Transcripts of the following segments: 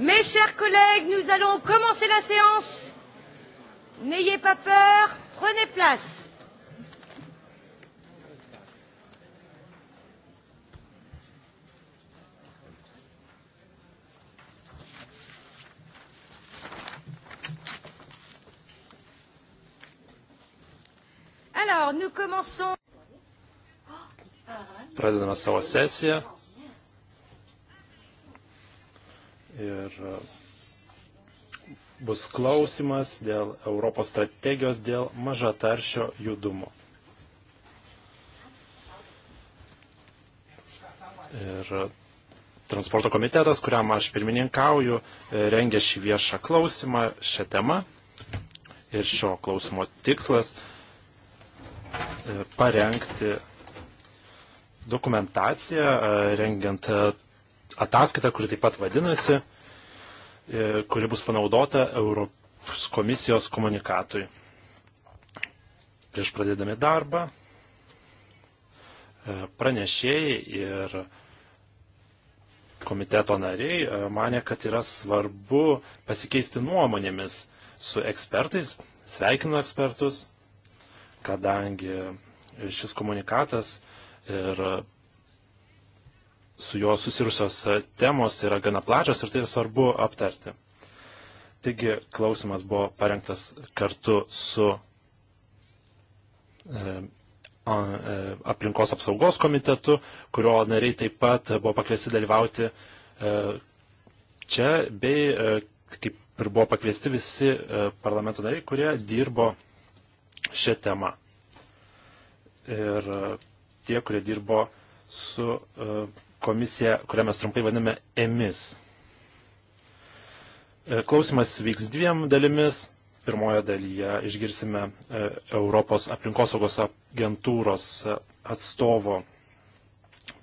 Mes chers collègues, nous allons commencer la séance. N'ayez pas peur, prenez place. Alors, nous commençons. Pradedame savo sesiją. ir e, bus klausimas dėl Europos strategijos dėl mažataršio judumo. Ir e, transporto komitetas, kuriam aš pirmininkauju, e, rengia šį viešą klausimą šią temą. Ir šio klausimo tikslas parengti dokumentaciją, rengiant ataskaitą, kuri taip pat vadinasi, e, kuri bus panaudota Europos komisijos komunikatui. Prieš pradėdami darbą, e, pranešėjai ir komiteto nariai e, mane, kad yra svarbu pasikeisti nuomonėmis su ekspertais, sveikinu ekspertus, kadangi šis komunikatas ir su juo susirusios temos yra gana plačios ir tai svarbu aptarti. Taigi klausimas buvo parengtas kartu su e, e, aplinkos apsaugos komitetu, kurio nariai taip pat buvo pakviesti dalyvauti e, čia, bei e, kaip ir buvo pakviesti visi e, parlamento nariai, kurie dirbo šią temą. Ir e, tie, kurie dirbo su uh, komisija, kurią mes trumpai vadiname EMIS. E, klausimas vyks dviem dalimis. Pirmoje dalyje išgirsime e, Europos aplinkosaugos agentūros atstovo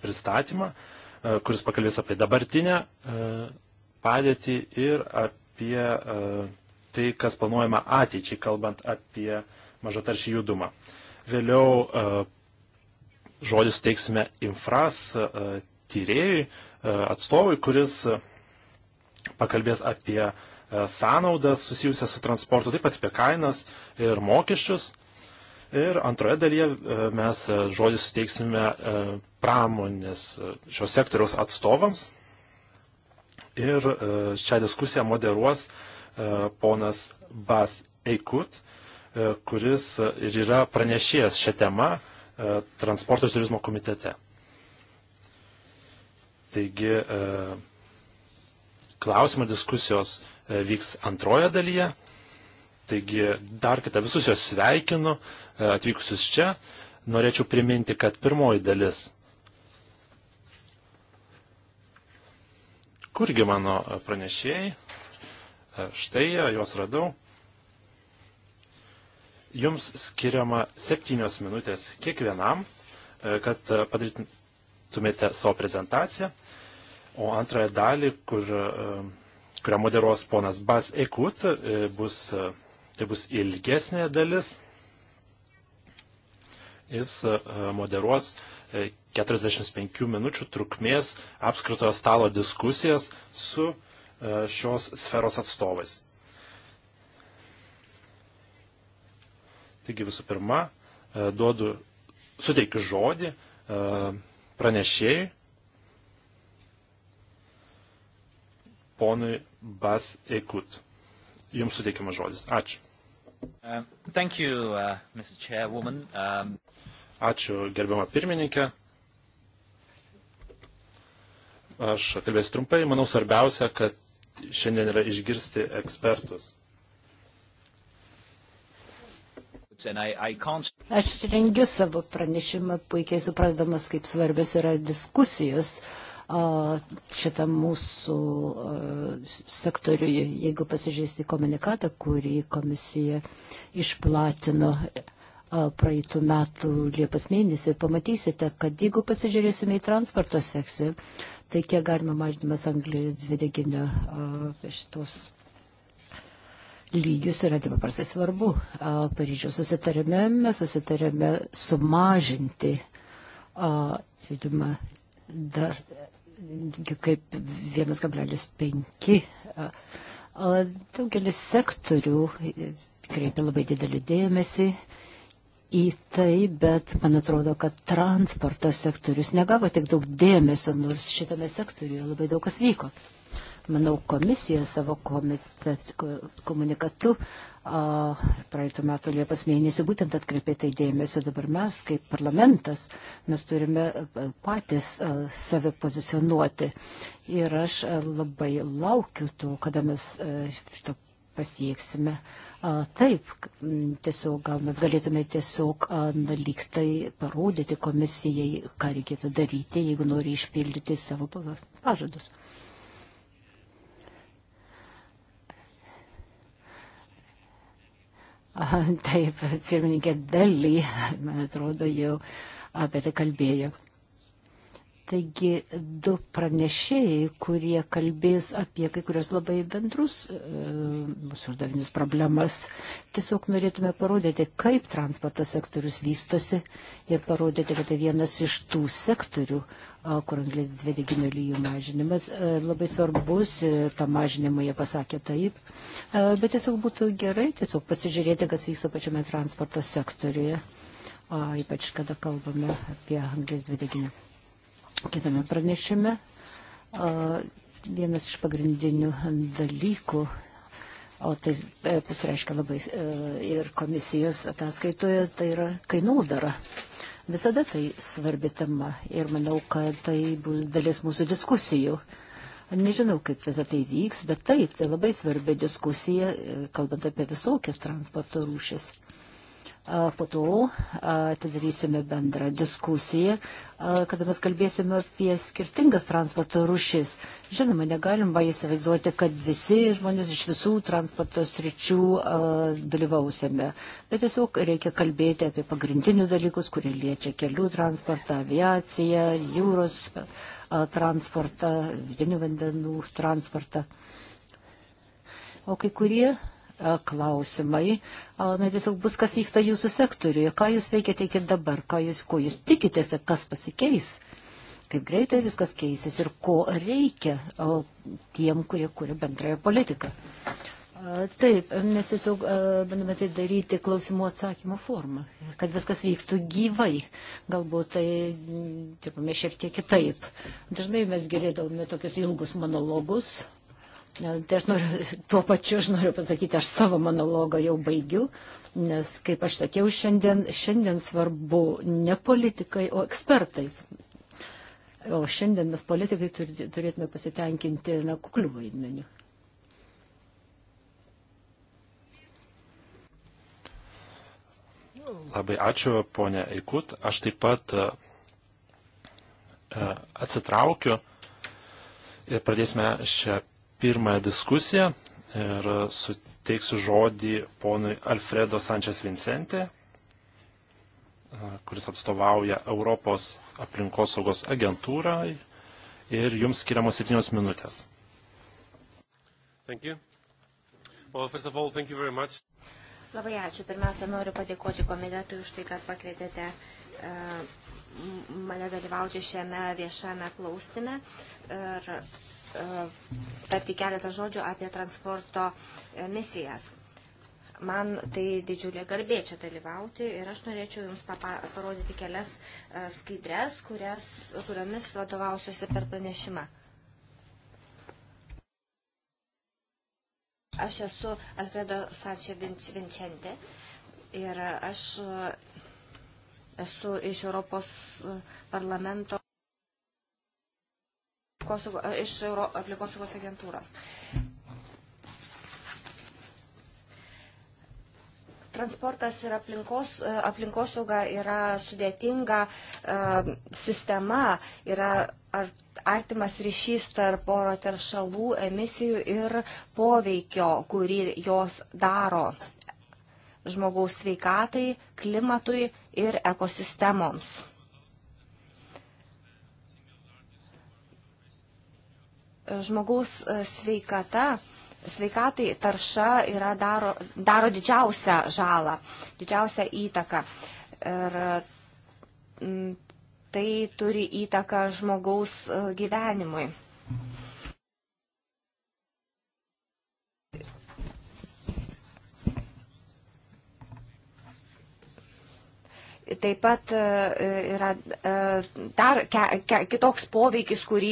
pristatymą, e, kuris pakalbės apie dabartinę padėtį ir apie tai, kas planuojama ateičiai, kalbant apie mažataršį judumą. Vėliau žodį suteiksime infras tyrėjui, e, atstovui, kuris pakalbės apie e, sąnaudas susijusias su transportu, taip pat apie kainas ir mokesčius. Ir antroje dalyje e, mes žodį suteiksime pramonės šios sektoriaus atstovams. Ir šią diskusiją moderuos ponas Bas Eikut, kuris ir yra pranešėjęs šią temą transporto ir turizmo komitete. Taigi e, klausimų diskusijos e, vyks antroje dalyje. Taigi dar kitą visus jos sveikinu e, atvykusius čia. Norėčiau priminti, kad pirmoji dalis. Kurgi mano pranešėjai? Štai juos radau. Jums skiriama septynios minutės kiekvienam, kad padarytumėte savo prezentaciją. O antrąją dalį, kur, e, kurią moderuos ponas Bas Ekut, e, bus, e, tai bus ilgesnė dalis. Jis moderuos 45 minučių trukmės apskritojo stalo diskusijas su šios sferos atstovais. Taigi visų pirma, duodu, suteikiu žodį pranešėjai ponui Bas Ekut. Jums suteikiamas žodis. Ačiū. Uh, thank you, uh, Mr. Chairwoman. Um... Ačiū, gerbiama pirmininkė. Aš kalbėsiu trumpai. Manau, svarbiausia, kad šiandien yra išgirsti ekspertus. Aš rengiu savo pranešimą puikiai suprasdamas, kaip svarbios yra diskusijos. Uh, šitam mūsų sektoriuje. Jeigu pasižiūrėsite komunikatą, kurį komisija išplatino praeitų metų Liepos mėnesį, pamatysite, kad jeigu pasižiūrėsime į transporto seksį, tai kiek galima mažinimas anglės dvideginio tai šitos lygius yra nepaprastai svarbu. Paryžiaus susitarėme, mes susitarėme sumažinti a, dar kaip 1,5. Daugelis sektorių kreipia labai didelį dėmesį į tai, bet man atrodo, kad transporto sektorius negavo tiek daug dėmesio, nors šitame sektoriuje labai daug kas vyko. Manau, komisija savo komitet, komunikatu praeitų metų Liepos mėnesį būtent atkreipė tai dėmesio. Dabar mes, kaip parlamentas, mes turime patys save pozicionuoti. Ir aš labai laukiu to, kada mes šito pasieksime. Taip, tiesiog gal mes galėtume tiesiog lygtai parodyti komisijai, ką reikėtų daryti, jeigu nori išpildyti savo pažadus. Pa Taip, pirmininkė daly, man atrodo, jau apie tai kalbėjo. Taigi du pranešėjai, kurie kalbės apie kai kurios labai bendrus e, mūsų uždavinius problemas, tiesiog norėtume parodyti, kaip transporto sektorius vystosi ir parodyti, kad tai vienas iš tų sektorių, kur anglės dvideginio lyjų mažinimas e, labai svarbus, tą mažinimą jie pasakė taip, e, bet tiesiog būtų gerai tiesiog pasižiūrėti, kas vyksta pačiame transporto sektoriuje, ypač kada kalbame apie anglės dvideginį. Kitame pranešime vienas iš pagrindinių dalykų O tai e, pasireiškia labai ir komisijos ataskaitoje, tai yra kainodara. Visada tai svarbi tema ir manau, kad tai bus dalis mūsų diskusijų. Nežinau, kaip visą tai vyks, bet taip, tai labai svarbi diskusija, kalbant apie visokias transporto rūšis. Po to atidarysime bendrą diskusiją, kada mes kalbėsime apie skirtingas transporto rušis. Žinoma, negalima įsivaizduoti, kad visi žmonės iš visų transporto sričių dalyvausime. Bet tiesiog reikia kalbėti apie pagrindinius dalykus, kurie liečia kelių transportą, aviaciją, jūros transportą, vidinių vandenų transportą. O kai kurie E, klausimai. Na, tiesiog bus, kas vyksta jūsų sektoriuje, ką jūs veikiate iki dabar, ką jūs, ko jūs tikitės, kas pasikeis, kaip greitai viskas keisis ir ko reikia tiem, kurie kuria bendrąją politiką. Taip, mes tiesiog bandome tai daryti klausimų atsakymų formą, kad viskas vyktų gyvai. Galbūt tai dirbame šiek tiek kitaip. Dažnai mes girdėdavome tokius ilgus monologus, Tai aš noriu, tuo pačiu aš noriu pasakyti, aš savo monologą jau baigiu, nes, kaip aš sakiau, šiandien, šiandien svarbu ne politikai, o ekspertais. O šiandien mes politikai turėtume pasitenkinti na, kuklių vaidmenių. Labai ačiū, ponė Eikut. Aš taip pat e, e, atsitraukiu ir pradėsime šią pirmąją diskusiją ir suteiksiu žodį ponui Alfredo Sančias Vincente, kuris atstovauja Europos aplinkosaugos agentūrai ir jums skiriamos 7 minutės. Thank you. Well, first of all, thank you very much. Labai ačiū. Pirmiausia, noriu padėkoti komitetui už tai, kad pakvietėte uh, mane dalyvauti šiame viešame klaustime. Ir uh, E, tarti keletą žodžių apie transporto e, misijas. Man tai didžiulė garbė čia dalyvauti ir aš norėčiau Jums parodyti kelias e, skaidrės, kurias, kuriomis vadovausiuosi per pranešimą. Aš esu Alfredo Sančia Vincente ir aš esu iš Europos parlamento aplinkosaugos, e, iš Euro, aplinkosaugos agentūros. Transportas ir aplinkos, e, aplinkosauga yra sudėtinga uh, sistema, yra ar, artimas ryšys tarp oro teršalų, emisijų ir poveikio, kurį jos daro žmogaus sveikatai, klimatui ir ekosistemoms. žmogaus e, sveikata, sveikatai tarša yra daro, daro didžiausią žalą, didžiausią įtaką. Ir tai turi įtaką žmogaus e, gyvenimui. Taip pat e, yra e, dar ke, ke, kitoks poveikis, kurį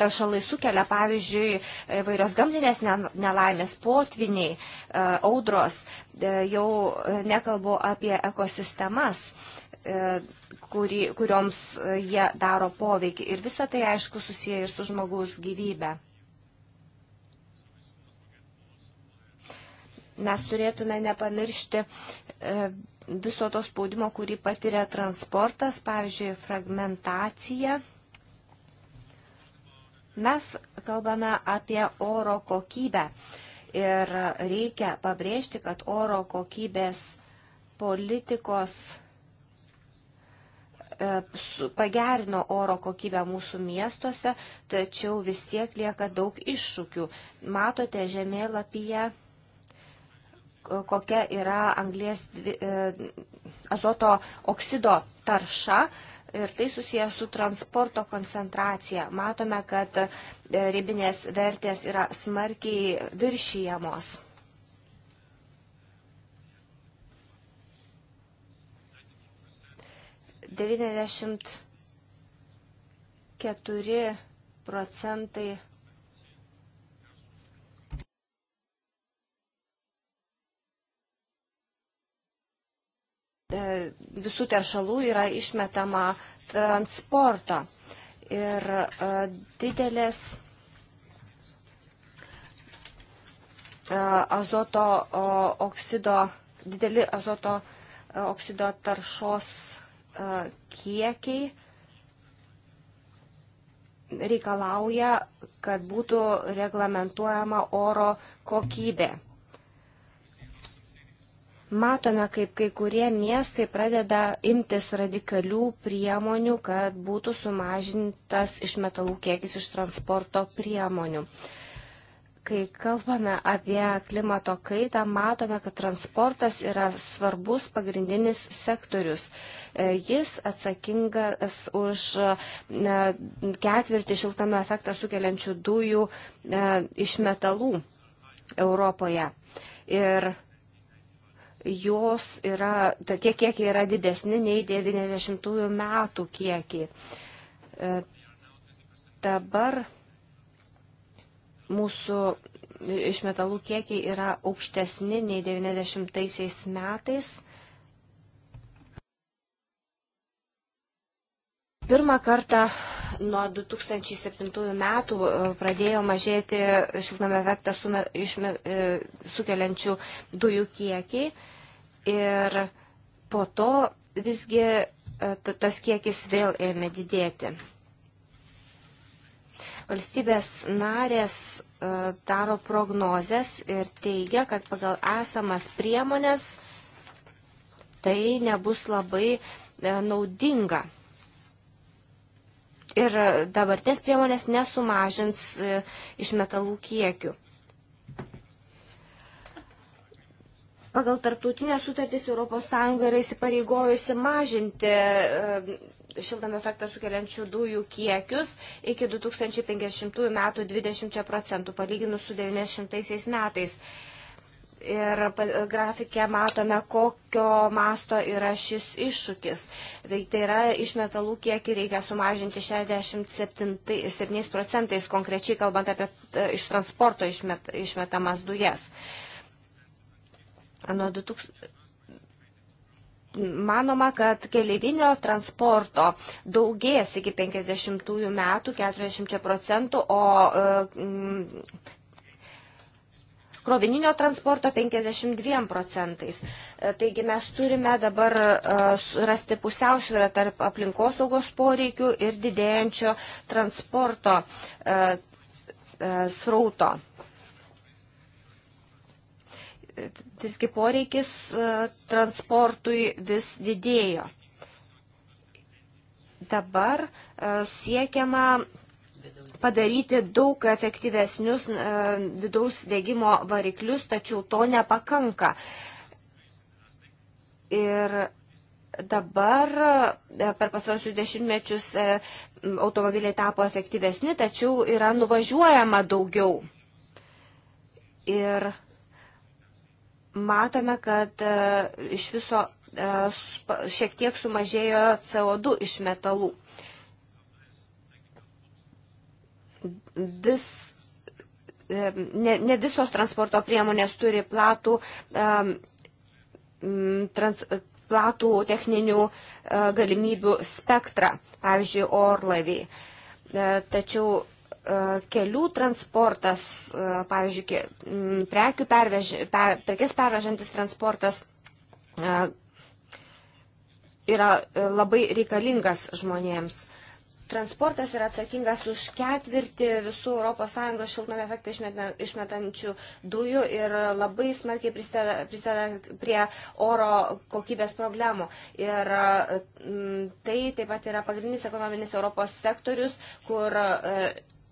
taršalai sukelia, pavyzdžiui, vairios gamtinės nelaimės, potviniai, e, audros, jau nekalbu apie ekosistemas kuri, kurioms jie daro poveikį. Ir visa tai, aišku, susiję ir su žmogaus gyvybė. Mes turėtume nepamiršti viso to spaudimo, kurį patiria transportas, pavyzdžiui, fragmentacija. Mes kalbame apie oro kokybę ir reikia pabrėžti, kad oro kokybės politikos e, pagerino oro kokybę mūsų miestuose, tačiau vis tiek lieka daug iššūkių. Matote žemėlapyje kokia yra anglės e, azoto oksido tarša. Ir tai susijęs su transporto koncentracija. Matome, kad e, ribinės vertės yra smarkiai viršijamos. Devyniasdešimt keturi procentai E, visų teršalų yra išmetama transporto. Ir e, didelės e, azoto oksido, dideli azoto oksido taršos kiekiai reikalauja, kad būtų reglamentuojama oro kokybė. Matome, kaip kai kurie miestai pradeda imtis radikalių priemonių, kad būtų sumažintas išmetalų kiekis iš transporto priemonių kai kalbame apie klimato kaitą, matome, kad transportas yra svarbus pagrindinis sektorius. E, jis atsakingas už ketvirtį šiltame efektą sukeliančių dujų e, iš metalų Europoje. Ir jos yra, tokie kiekiai yra didesni nei 90-ųjų metų kiekiai. E, dabar mūsų išmetalų kiekiai yra aukštesni nei 90-aisiais metais. Pirmą kartą nuo 2007 metų e, pradėjo mažėti šiltnamio efektą e, sukeliančių dujų kiekiai ir po to visgi e, tas kiekis vėl ėmė didėti. Valstybės narės e, daro prognozes ir teigia, kad pagal esamas priemonės tai nebus labai e, naudinga. Ir dabartės priemonės nesumažins išmetalų kiekių. Pagal tarptautinę sutartys ES yra įsipareigojusi mažinti e, šiltame efektą sukeliančių dujų kiekius iki 2050 metų 20 procentų, palyginus su 900 metais. Ir grafikė matome, kokio masto yra šis iššūkis. Tai, tai yra išmetalų kiekį reikia sumažinti 67 procentais, konkrečiai kalbant apie e, iš transporto išmet, išmetamas dujas. Uh, Nuo 2000... Manoma, kad keleivinio transporto daugės iki 50 metų 40 procentų, o e, mm, krovininio transporto 52 procentais. E, taigi mes turime dabar e, rasti pusiausvyrą tarp aplinkosaugos poreikių ir didėjančio transporto srauto. Uh, uh, visgi poreikis e, transportui vis didėjo. Dabar e, siekiama padaryti daug efektyvesnius e, vidaus dėgymo variklius, tačiau to nepakanka. Ir dabar per pasvaršius dešimtmečius automobiliai tapo efektyvesni, tačiau yra nuvažiuojama daugiau. Ir matome, kad e, iš viso e, šiek tiek sumažėjo CO2 iš metalų. Vis, e, ne, ne visos transporto priemonės turi platų, trans, platų techninių galimybių spektrą, pavyzdžiui, orlaviai. Tačiau E, kelių transportas, e, pavyzdžiui, prekių pervež, per, prekes pervežantis transportas e, yra labai reikalingas žmonėms. Transportas yra atsakingas už ketvirtį visų ES šiltnamio efektą išmetančių dujų ir labai smarkiai prisideda, prisideda prie oro kokybės problemų. Ir tai taip pat yra pagrindinis ekonominis Europos sektorius, kur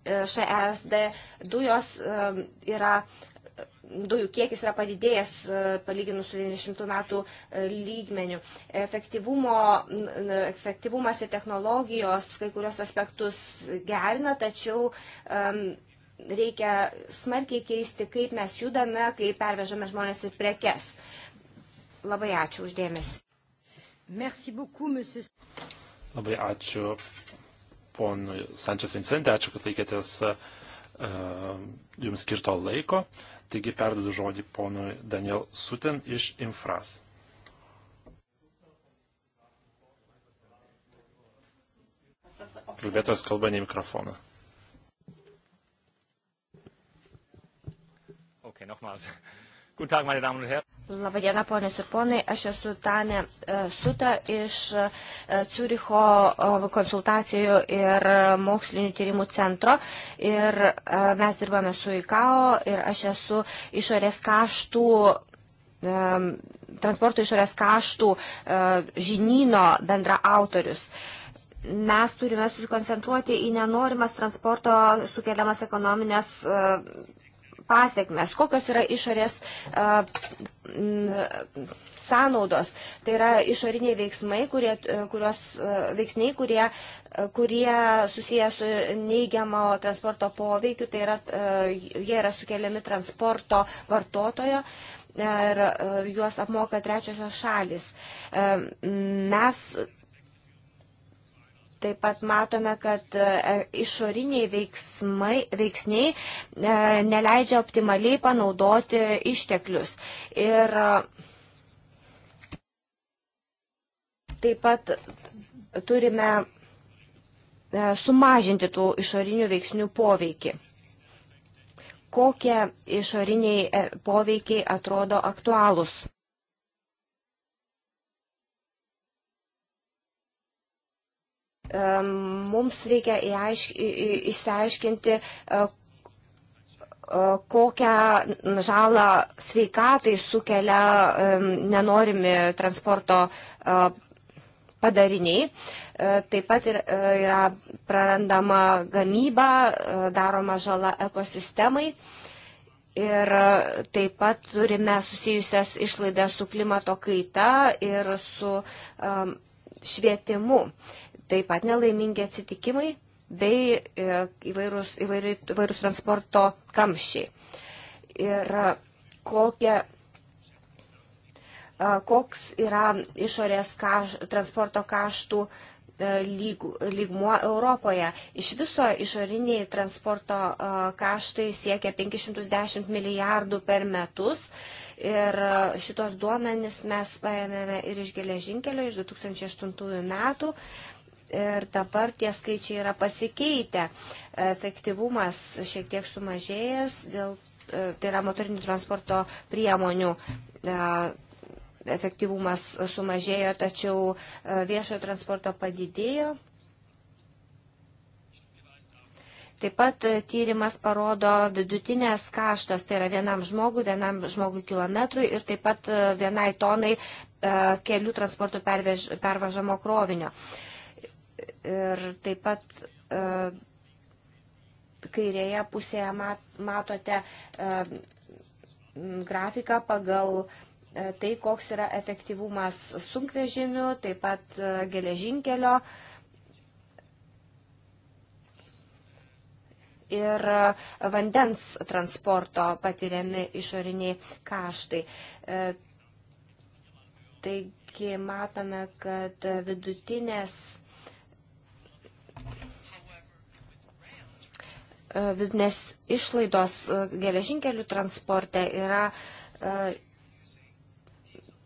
ŠESD dujos yra dujų kiekis yra padidėjęs e, palyginus su 90 metų e, lygmeniu. Efektyvumo, efektyvumas ir technologijos kai kurios aspektus gerina, tačiau um, reikia smarkiai keisti, kaip mes judame, kaip pervežame žmonės ir prekes. Labai ačiū uždėmesi. Merci beaucoup, monsieur. Labai ačiū, ponui Sančias Vincentė, ačiū, kad laikėtės e, jums skirto laiko. Taigi perdodu žodį ponui Daniel Suten iš Infras. Kalbėtojas kalba ne mikrofoną. Okay, nochmals. Guten Tag, meine Damen und Herren. Labadiena, ponės ir ponai, aš esu Tane e, Suta iš e, Ciuricho e, konsultacijų ir mokslinių tyrimų centro ir mes dirbame su IKAO ir aš esu išorės kaštų transporto išorės kaštų žinyno bendra autorius mes turime susikoncentruoti į nenorimas transporto sukeliamas ekonominės pasiekmes, kokios yra išorės uh, sąnaudos. Tai yra išoriniai veiksmai, kurie, kurios, veiksniai, kurie, kurie susiję su neigiamo transporto poveikiu, tai yra, jie yra sukeliami transporto vartotojo ir juos apmoka trečiosios šalis. Mes Taip pat matome, kad e, išoriniai veiksmai, veiksniai e, neleidžia optimaliai panaudoti išteklius. Ir e, taip pat turime sumažinti tų išorinių veiksnių poveikį. Kokie išoriniai poveikiai atrodo aktualūs? Mums reikia išsiaiškinti, e, e, kokią žalą sveikatai sukelia nenorimi transporto e, padariniai. Taip pat yra prarandama gamyba, daroma žala ekosistemai. Ir taip pat turime susijusias išlaidas su klimato kaita ir su um, švietimu taip pat nelaimingi atsitikimai bei e, įvairūs, įvairūs, įvairūs transporto kamščiai. Ir e, kokia, e, koks yra išorės kaš, transporto kaštų lyg, lygmuo Europoje. Iš viso išoriniai transporto kaštai siekia 510 milijardų per metus. Ir šitos duomenys mes paėmėme ir iš geležinkelio iš 2008 metų ir dabar tie skaičiai yra pasikeitę. Efektyvumas šiek tiek sumažėjęs, dėl, e, tai yra motorinių transporto priemonių e, efektyvumas sumažėjo, tačiau e, viešojo transporto padidėjo. Taip pat tyrimas parodo vidutinės kaštas, tai yra vienam žmogui, vienam žmogui kilometrui ir taip pat vienai tonai kelių transportų pervež, pervažamo krovinio. Uh, Ir taip pat e, kairėje pusėje matote e, grafiką pagal e, tai, koks yra efektyvumas sunkvežimių, taip pat geležinkelio. Ir vandens transporto patiriami išoriniai kaštai. Taigi matome, kad vidutinės vidinės išlaidos e, geležinkelių transporte yra e,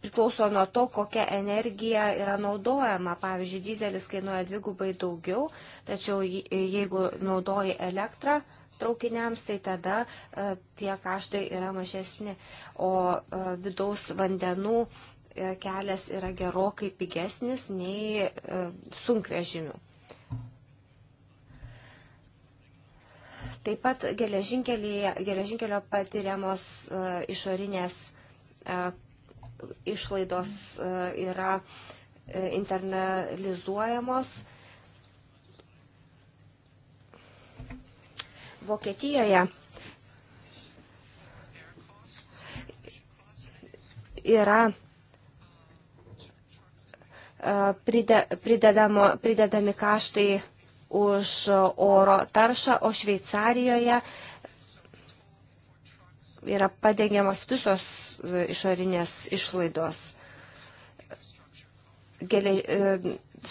priklauso nuo to, kokia energija yra naudojama. Pavyzdžiui, dizelis kainuoja dvigubai daugiau, tačiau jeigu naudoji elektrą traukiniams, tai tada e, tie kaštai yra mažesni, o vidaus vandenų kelias yra gerokai pigesnis nei sunkvežimių. Taip pat geležinkelio patiriamos e, išorinės e, išlaidos e, yra internalizuojamos. Vokietijoje yra pridedamo, pridedami kaštai už e, oro taršą, o Šveicarijoje yra padengiamos visos e, išorinės išlaidos. Gėlė, e,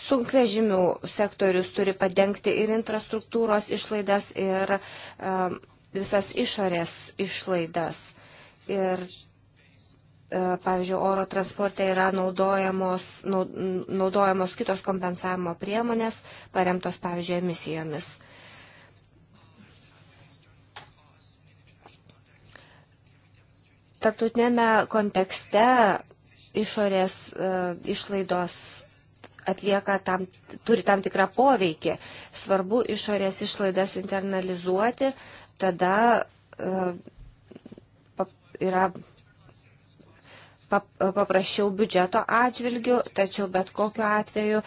sunkvežimių sektorius turi padengti ir infrastruktūros išlaidas, ir um, visas išorės išlaidas. Ir E, pavyzdžiui, oro transporte yra naudojamos, naudojamos kitos kompensavimo priemonės, paremtos, pavyzdžiui, emisijomis. Tarptautinėme kontekste išorės e, išlaidos atlieka tam, turi tam tikrą poveikį. Svarbu išorės išlaidas internalizuoti, tada e, yra paprašiau biudžeto atžvilgių, tačiau bet kokiu atveju e,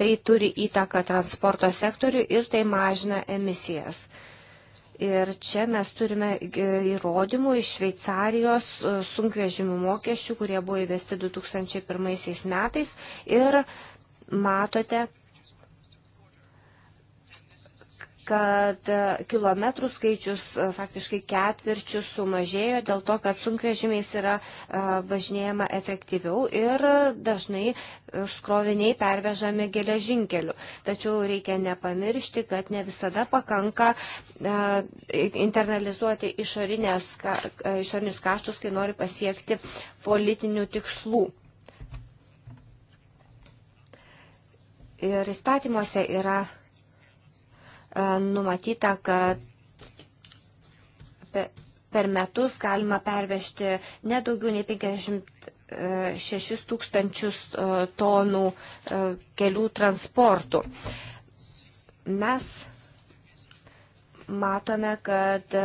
tai turi įtaką transporto sektoriui ir tai mažina emisijas. Ir čia mes turime e, įrodymų iš Šveicarijos e, sunkvežimių mokesčių, kurie buvo įvesti 2001 metais. Ir matote, kad e, kilometrų skaičius e, faktiškai ketvirčių sumažėjo dėl to, kad sunkvežimiais yra e, važinėjama efektyviau ir dažnai skroviniai pervežami geležinkeliu. Tačiau reikia nepamiršti, kad ne visada pakanka internalizuoti išorinės, išorinius kaštus, kai nori pasiekti politinių tikslų. Ir įstatymuose yra numatyta, kad per metus galima pervežti ne daugiau nei 56 e, tūkstančius e, tonų e, kelių transportų. Mes matome, kad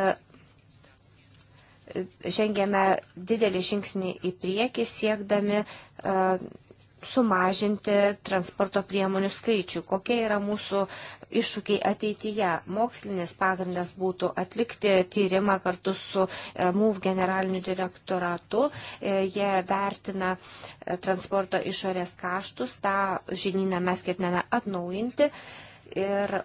žengėme didelį žingsnį į priekį siekdami sumažinti transporto priemonių skaičių. Kokie yra mūsų iššūkiai ateityje? Mokslinis pagrindas būtų atlikti tyrimą kartu su e, MUV generaliniu direktoratu. E, jie vertina e, transporto išorės kaštus. Ta žinyną mes ketiname atnaujinti. Ir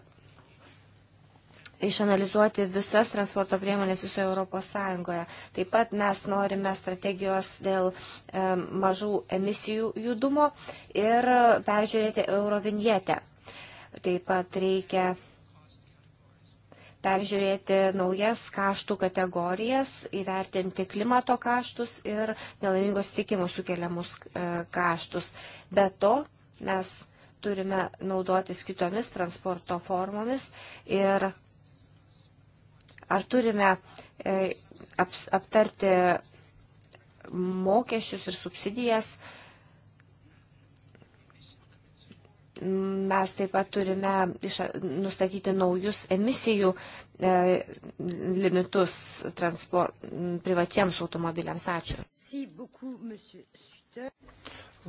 išanalizuoti visas transporto priemonės visoje Europos Sąjungoje. Taip pat mes norime strategijos dėl e, mažų emisijų judumo ir peržiūrėti eurovinietę. Taip pat reikia peržiūrėti naujas kaštų kategorijas, įvertinti klimato kaštus ir nelaimingos tikimų sukeliamus e, kaštus. Be to, mes turime naudotis kitomis transporto formomis ir Ar turime e, aptarti mokesčius ir subsidijas? Mes taip pat turime nustatyti naujus emisijų e, limitus transport, privatiems automobiliams. Ačiū.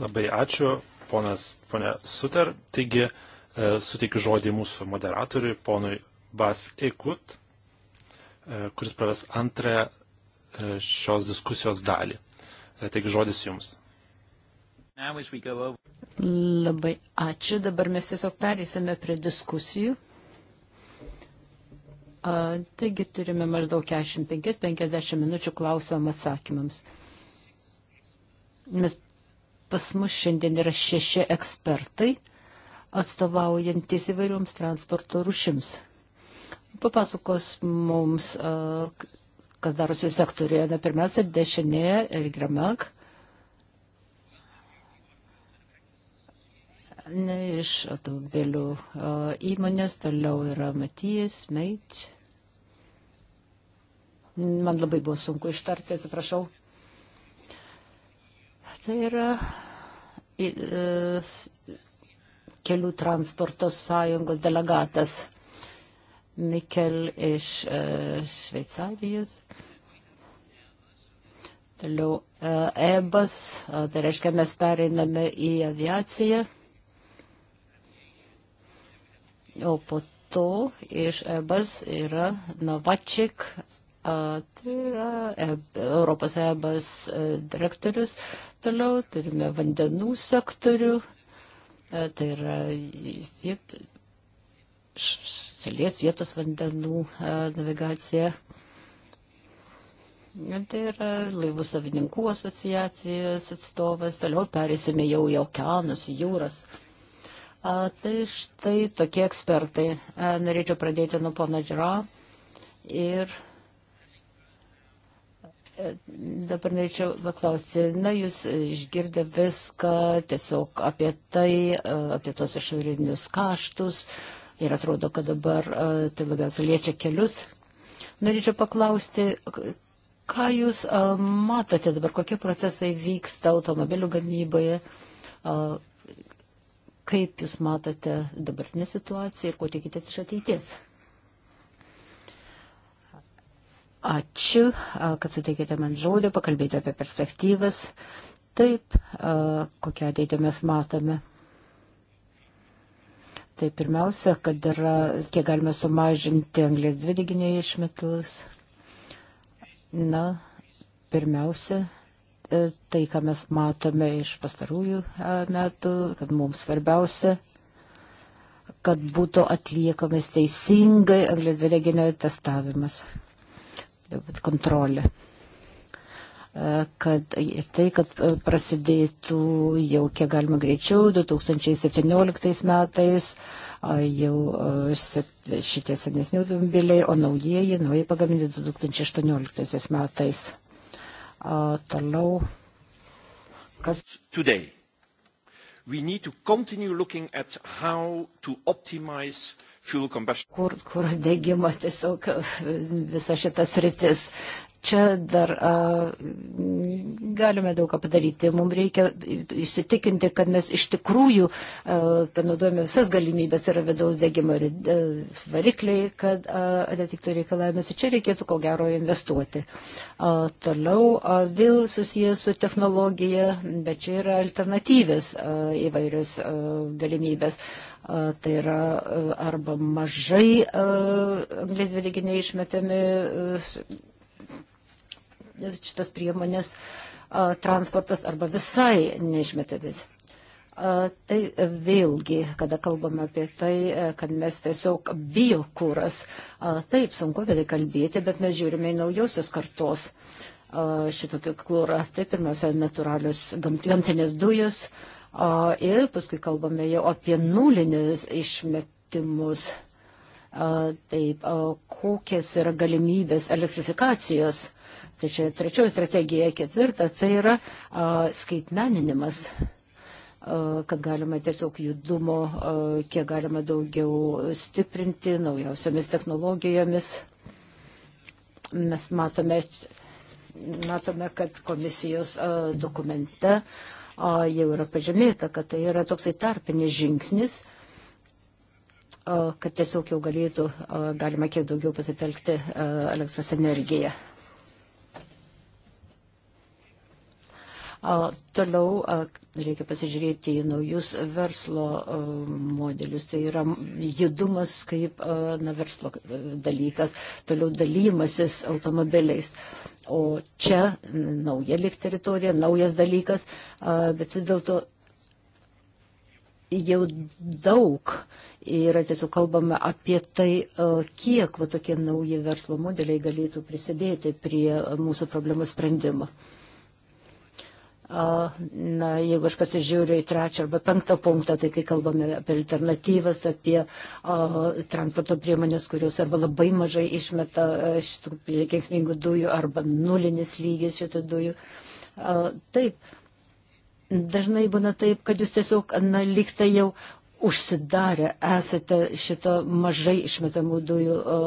Labai ačiū, ponas, ponė Suter. Taigi, e, suteikiu žodį mūsų moderatoriui, ponui Bas Ekut. E, kuris praves antrąją e, šios diskusijos dalį. E, taigi žodis jums. Labai ačiū. Dabar mes tiesiog perėsime prie diskusijų. A, taigi turime maždaug 45-50 minučių klausimam atsakymams. Mes pas mus šiandien yra šeši ekspertai, atstovaujantis įvairioms transporto rušims papasakos mums, kas darosi sektorėje. Na, pirmiausia, dešinė ir gramak. Ne iš automobilių įmonės, toliau yra Matijas, Meič. Man labai buvo sunku ištarti, atsiprašau. Tai yra e, kelių transporto sąjungos delegatas. Mikkel iš e, Šveicarijos. Toliau EBAS, e, tai reiškia mes pereiname į aviaciją. O po to iš EBAS yra Navačik, e, tai yra Europos EBAS direktorius. Toliau turime vandenų sektorių, tai yra šalies vietos vandenų navigacija. Tai yra laivų savininkų asociacijos atstovas, toliau perėsime jau į okeanus, į jūras. A, tai štai tokie ekspertai. A, norėčiau pradėti nuo pono Džira ir e, dabar norėčiau paklausti, na, jūs išgirdę viską tiesiog apie tai, apie tos išorinius kaštus, a, ir atrodo, kad dabar e, tai labiausiai liečia kelius. Norėčiau paklausti, ką Jūs e, matote dabar, kokie procesai vyksta automobilių gamyboje, e, kaip Jūs matote dabartinę situaciją ir ko tikitės iš ateities? Ačiū, kad suteikėte man žodį pakalbėti apie perspektyvas. Taip, kokią ateitį mes matome. Tai pirmiausia, kad yra, kiek galime sumažinti anglės dvideginiai išmetalus. Na, pirmiausia, e, tai, ką mes matome iš pastarųjų e, metų, kad mums svarbiausia kad būtų atliekamas teisingai anglės dvideginio testavimas, kontrolė kad tai, kad prasidėtų jau kiek galima greičiau 2017 metais, jau šitie senesni automobiliai, o naujieji, naujai pagaminti 2018 metais. Toliau. Kas? Today. We need to continue looking at how to optimize fuel combustion. Kur, kur degimo tiesiog visa šitas rytis čia dar a, galime daug ką padaryti. Mums reikia įsitikinti, kad mes iš tikrųjų panaudojame visas galimybės, tai yra vidaus degimo varikliai, kad atitiktų reikalavimus. Čia reikėtų ko gero investuoti. A, toliau a, vėl susijęs su technologija, bet čia yra alternatyvės a, įvairios a, galimybės tai yra arba mažai anglės dvideginiai išmetami šitas priemonės transportas arba visai neišmetamis. Tai vėlgi, kada kalbame apie tai, e, kad mes tiesiog biokūras, taip sunku apie tai kalbėti, bet mes žiūrime į naujosios kartos šitokį kūrą. Tai pirmiausia, natūralios gamtinės dujos ir paskui kalbame jau apie nulinius išmetimus. Taip, kokias yra galimybės elektrifikacijos Tai čia trečioji strategija, ketvirta, tai yra a, skaitmeninimas kad galima tiesiog judumo, a, kiek galima daugiau stiprinti naujausiomis technologijomis. Mes matome, matome kad komisijos a, dokumente a, jau yra pažymėta, kad tai yra toksai tarpinis žingsnis, a, kad tiesiog jau galėtų, a, galima kiek daugiau pasitelkti a, elektros energiją. Toliau reikia pasižiūrėti į naujus verslo modelius. Tai yra judumas kaip na, verslo e, dalykas, toliau dalymasis automobiliais. O čia nauja lik teritorija, naujas dalykas, bet vis dėlto jau daug yra tiesiog kalbame apie tai, kiek va, tokie nauji verslo modeliai galėtų prisidėti prie mūsų problemų sprendimo. Na, jeigu aš pasižiūriu į trečią arba penktą punktą, tai kai kalbame apie alternatyvas, apie o, transporto priemonės, kurios arba labai mažai išmeta e, šitų kenksmingų dujų, arba nulinis lygis šitų dujų. O, taip, dažnai būna taip, kad jūs tiesiog, na, liktai jau užsidarę esate šito mažai išmetamų dujų o,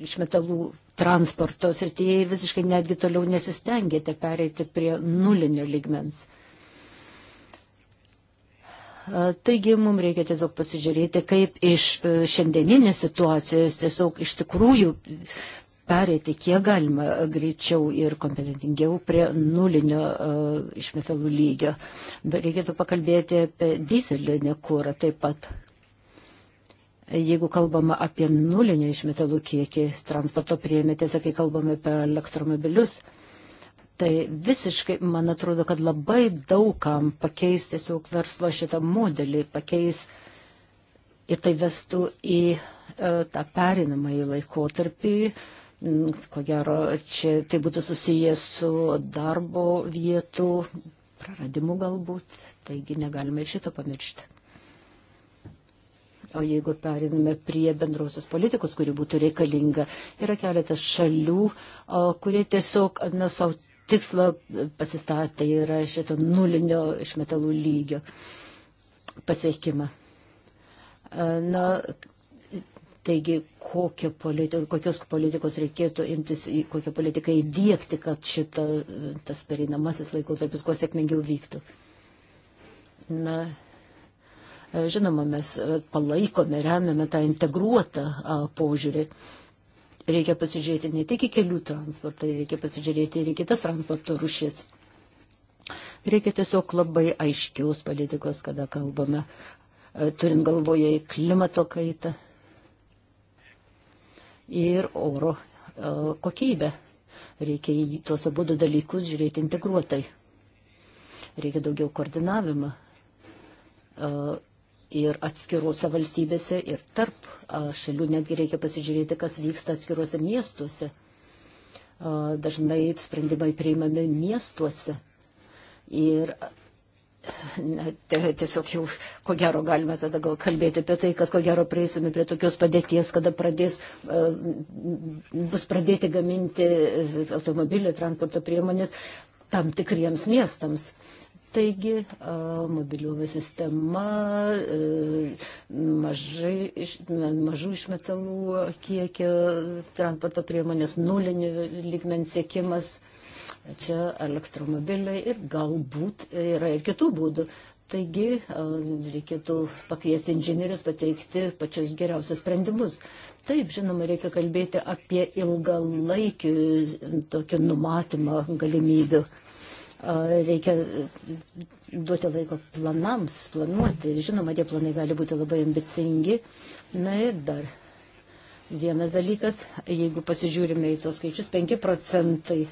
iš metalų transporto srityje ir visiškai netgi toliau nesistengėte pereiti prie nulinio ligmens. Taigi mums reikia tiesiog pasižiūrėti, kaip iš e, šiandieninės situacijos tiesiog iš tikrųjų pereiti kiek galima greičiau ir kompetentingiau prie nulinio uh, e, išmetalų lygio. Dar reikėtų pakalbėti apie dyzelinį kūrą taip pat. Jeigu kalbama apie nulinį išmetalų kiekį transporto priemėtėse, kai kalbame apie elektromobilius, tai visiškai, man atrodo, kad labai daugam pakeis tiesiog verslo šitą modelį, pakeis ir tai vestų į e, tą perinamąjį laikotarpį, mm, ko gero, čia tai būtų susijęs su darbo vietų praradimu galbūt, taigi negalime ir šito pamiršti. O jeigu periname prie bendrosios politikos, kuri būtų reikalinga, yra keletas šalių, kurie tiesiog, na, savo tikslą pasistatė yra šito nulinio išmetalų lygio pasiekimą. Na, taigi, kokio politi kokios politikos reikėtų imtis, kokią politiką įdėkti, kad šita, tas pereinamasis laikotarpis kuo sėkmingiau vyktų. Na, E, žinoma, mes e, palaikome, remiame tą integruotą požiūrį. Reikia pasižiūrėti ne tik į kelių transportą, reikia pasižiūrėti ir į kitas transporto rušis. Reikia tiesiog labai aiškiaus politikos, kada kalbame, e, turint galvoje į klimato kaitą ir oro kokybę. Reikia į tuos abu dalykus žiūrėti integruotai. Reikia daugiau koordinavimą ir atskiruose valstybėse, ir tarp šalių netgi reikia pasižiūrėti, kas vyksta atskiruose miestuose. Dažnai sprendimai priimami miestuose. Ir na, tiesiog jau, ko gero, galime tada gal kalbėti apie tai, kad ko gero prieisime prie tokios padėties, kada pradės, bus pradėti gaminti automobilių, transporto priemonės tam tikriems miestams. Uh, Taigi mobiliųjų sistema, mažai, mažų išmetalų kiekio transporto priemonės, nulinių lygmens siekimas, čia elektromobiliai ir galbūt yra ir kitų būdų. Taigi reikėtų pakviesti inžinierius pateikti pačius geriausius sprendimus. Taip, žinoma, reikia kalbėti apie ilgalaikį tokį numatymą galimybių reikia duoti laiko planams, planuoti. Ir žinoma, tie planai gali būti labai ambicingi. Na ir dar vienas dalykas, jeigu pasižiūrime į tuos skaičius, 5 procentai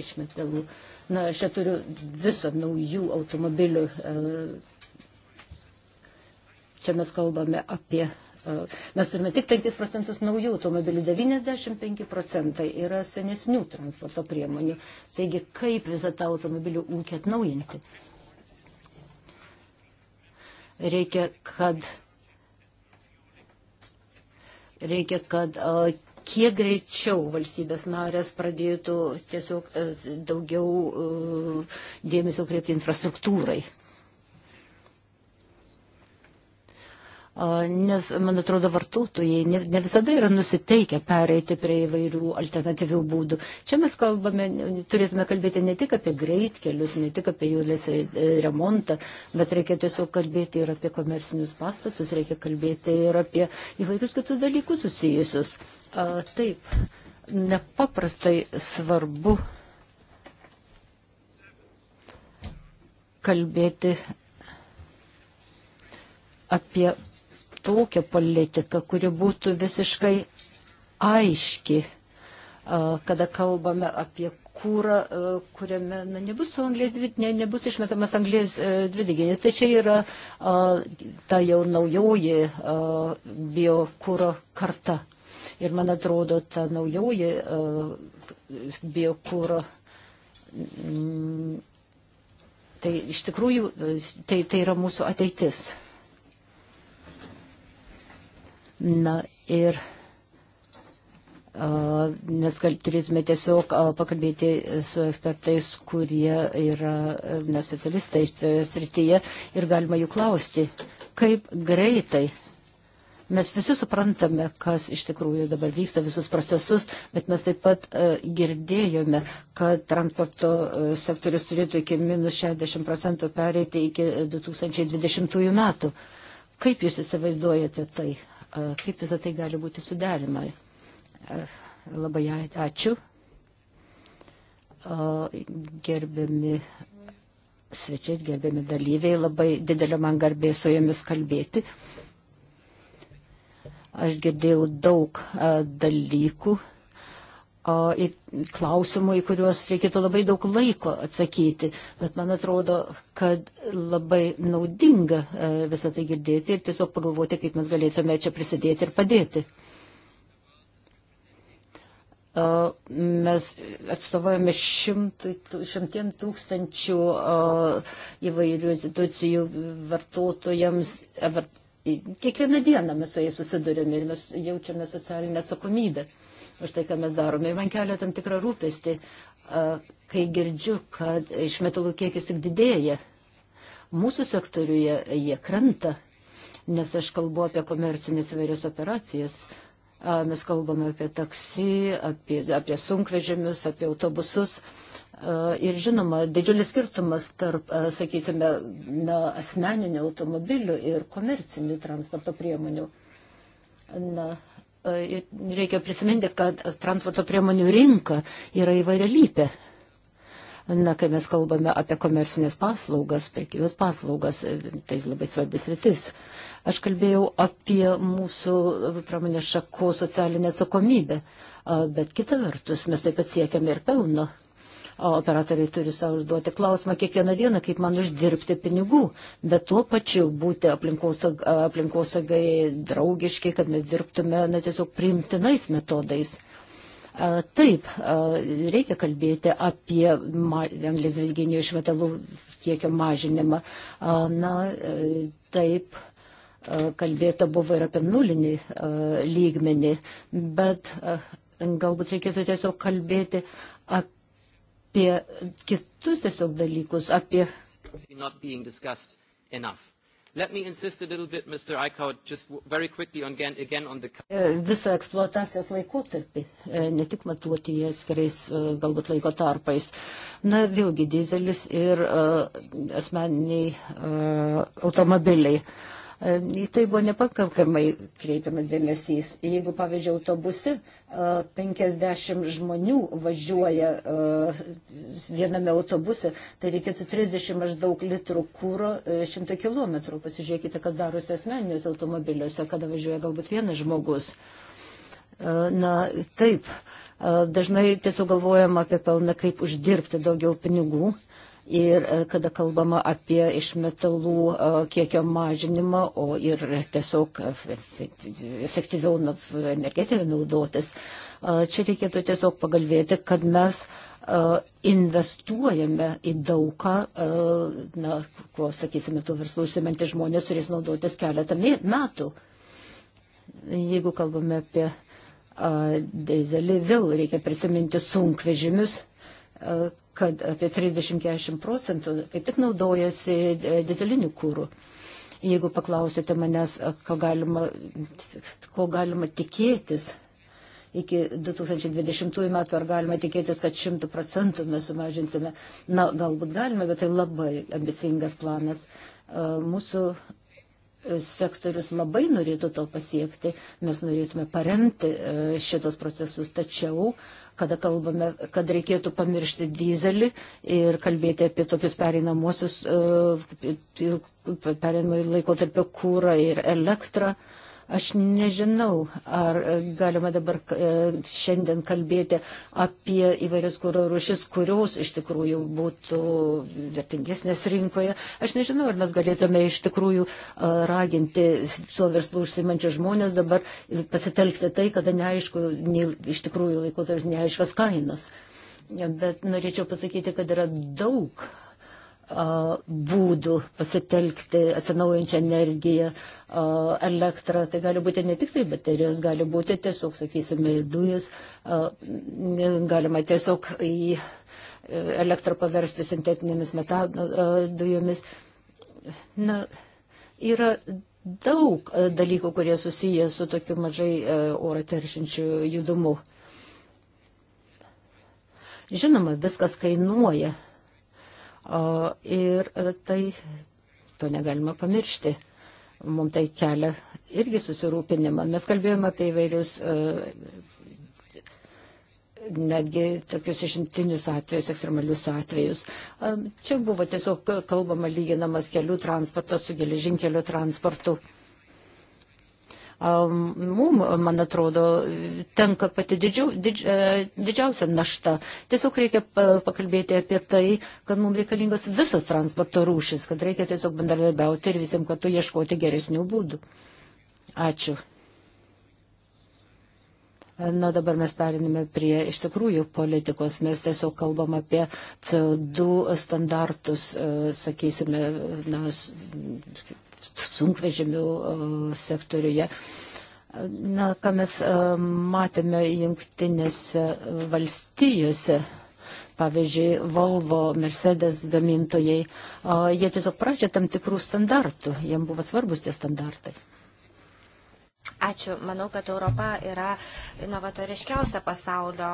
išmetalų. Na, aš čia turiu viso naujų automobilių. A, čia mes kalbame apie E, mes turime tik 5 procentus naujų automobilių, 95 procentai yra senesnių transporto priemonių. Taigi, kaip visą tą automobilių ūkį atnaujinti? Reikia, kad, reikia, kad e, kiek greičiau valstybės narės pradėtų tiesiog e, daugiau dėmesio kreipti infrastruktūrai nes, man atrodo, vartotojai ne, ne visada yra nusiteikę pereiti prie įvairių alternatyvių būdų. Čia mes kalbame, turėtume kalbėti ne tik apie greitkelius, ne tik apie jų e, remontą, bet reikia tiesiog kalbėti ir apie komercinius pastatus, reikia kalbėti ir apie įvairius kitus dalykus susijusius. A, taip, nepaprastai svarbu kalbėti apie tokią politiką, kuri būtų visiškai aiški, kada kalbame apie kūrą, kuriame na, nebus, anglės, ne, nebus išmetamas anglės dvideginis. Tai čia yra a, ta jau naujoji biokūro karta. Ir man atrodo, ta naujoji biokūro. Tai iš tikrųjų, tai, tai yra mūsų ateitis. Na ir nes gal, turėtume tiesiog pakalbėti su ekspertais, kurie yra ne specialistai šitoje srityje ir galima jų klausti, kaip greitai. Mes visi suprantame, kas iš tikrųjų dabar vyksta, visus procesus, bet mes taip pat uh, girdėjome, kad transporto uh, sektorius turėtų iki minus 60 procentų pereiti iki 2020 metų. Kaip jūs įsivaizduojate tai? kaip visą tai gali būti suderima. Labai ačiū. Gerbiami svečiai, gerbiami dalyviai, labai didelė man garbė su jumis kalbėti. Aš girdėjau daug dalykų į klausimų, į kuriuos reikėtų labai daug laiko atsakyti. Bet man atrodo, kad labai naudinga e, visą tai girdėti ir tiesiog pagalvoti, kaip mes galėtume čia prisidėti ir padėti. Mes atstovavome šimtiem tūkstančių įvairių institucijų vartotojams. E, kiekvieną dieną mes su jais susidurėme ir mes jaučiame socialinę atsakomybę. Uh, už tai, ką mes darome. Ir man kelia tam tikrą rūpestį, kai girdžiu, kad išmetalų kiekis tik didėja. Mūsų sektoriuje jie krenta, nes aš kalbu apie komercinės įvairias operacijas. Mes kalbame apie taksi, apie, apie sunkvežimius, apie autobusus. Ir žinoma, didžiulis skirtumas tarp, sakysime, na, asmeninių automobilių ir komercinių transporto priemonių. Na, E, reikia prisiminti, kad transporto priemonių rinka yra įvairialypė. Na, kai mes kalbame apie komersinės paslaugas, prekybės paslaugas, e, tai labai svarbis rytis. Aš kalbėjau apie mūsų pramonės šakų socialinę atsakomybę, e, bet kita vertus mes taip pat siekiame ir pelno. O operatoriai turi savo užduoti klausimą kiekvieną dieną, kaip man uždirbti pinigų, bet tuo pačiu būti aplinkosaugai aplinkos draugiški, kad mes dirbtume na, tiesiog priimtinais metodais. Taip, reikia kalbėti apie anglės dvideginio išmetalų kiekio mažinimą. Na, e, taip, kalbėta buvo ir apie nulinį lygmenį, bet galbūt reikėtų tiesiog kalbėti apie kitus tiesiog dalykus, apie. Let me insist a little bit, Mr. Eichhout, just very quickly on, again, again on the... E, visą eksploatacijos laikotarpį, e, ne tik matuoti jie atskirais e, galbūt laiko tarpais. Na, vėlgi, dizelis ir uh, asmeniniai uh, automobiliai. Uh, į tai buvo nepakankamai kreipiamas dėmesys. Jeigu, pavyzdžiui, autobuse 50 e, žmonių važiuoja e, viename autobuse, tai reikėtų 30 maždaug litrų kūro 100 km. Pasižiūrėkite, kas darosi asmeniniuose automobiliuose, kada važiuoja galbūt vienas žmogus. E, na, taip. Dažnai tiesiog galvojama apie pelną, kaip uždirbti daugiau pinigų. Uh, ir e, kada kalbama apie išmetalų e, kiekio mažinimą, o ir tiesiog efektyviau energetiką naudotis, e, čia reikėtų tiesiog pagalvėti, kad mes investuojame į daugą, na, kuo, sakysime, tų verslų užsimantys žmonės turės naudotis keletą metų. Jeigu kalbame apie dizelį, vėl reikia prisiminti sunkvežimius, kad apie 30-40 procentų kaip tik naudojasi e, dizeliniu kūru. Jeigu paklausite manęs, ko galima, ko galima tikėtis iki 2020 metų, ar galima tikėtis, kad 100 procentų mes sumažinsime, na, galbūt galime, bet tai labai ambicingas planas. Mūsų sektorius labai norėtų to pasiekti, mes norėtume paremti e, šitos procesus, tačiau, kada kalbame, kad reikėtų pamiršti dizelį ir kalbėti apie tokius pereinamosius, e, pereinamąjį laikotarpio kūrą ir elektrą, Aš nežinau, ar e, galima dabar e, šiandien kalbėti apie įvairias kūro rušis, kurios iš tikrųjų būtų vertingesnės rinkoje. Aš nežinau, ar mes galėtume iš tikrųjų e, raginti savo verslų užsimančius žmonės dabar pasitelkti tai, kada neaišku, ne, iš tikrųjų laikotarpis neaiškas kainos. Bet norėčiau pasakyti, kad yra daug būdų pasitelkti atsinaujančią energiją, elektrą. Tai gali būti ne tik tai baterijos, gali būti tiesiog, sakysime, dujas. Galima tiesiog į elektrą paversti sintetinėmis dujomis. Na, yra daug dalykų, kurie susiję su tokiu mažai oro teršinčiu judumu. Žinoma, viskas kainuoja. Ir e, tai, to negalima pamiršti. Mums tai kelia irgi susirūpinimą. Mes kalbėjome apie įvairius e, netgi tokius išimtinius atvejus, ekstremalius atvejus. E, čia buvo tiesiog kalbama lyginamas kelių transportas su geležinkeliu transportu. Su mums, man atrodo, tenka pati didžiau, didž, e, didžiausia našta. Tiesiog reikia e, pakalbėti apie tai, kad mums reikalingas visas transporto rūšis, kad reikia tiesiog bendradarbiauti ir visiems kartu ieškoti geresnių būdų. Ačiū. Na dabar mes perinime prie iš tikrųjų politikos. Mes tiesiog kalbam apie CO2 standartus, e, sakysime, na, sunkvežimių e, sektoriuje. Na, ką mes e, matėme jungtinėse valstijose, pavyzdžiui, Volvo, Mercedes gamintojai, e, jie tiesiog prašė tam tikrų standartų, jiems buvo svarbus tie standartai. Ačiū. Manau, kad Europa yra inovatoriškiausia pasaulio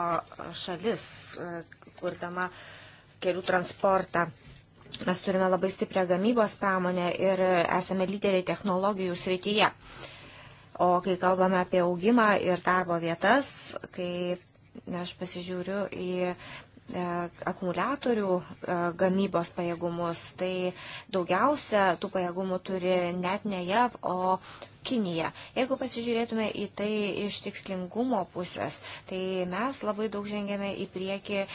šalis, kurdama kelių transportą. Mes turime labai stiprią gamybos pramonę ir esame lyderiai technologijų srityje. O kai kalbame apie augimą ir darbo vietas, kai aš pasižiūriu į e, akumuliatorių e, gamybos pajėgumus, tai daugiausia tų pajėgumų turi net ne JAV, o Kinija. Jeigu pasižiūrėtume į tai iš tikslingumo pusės, tai mes labai daug žengėme į priekį e,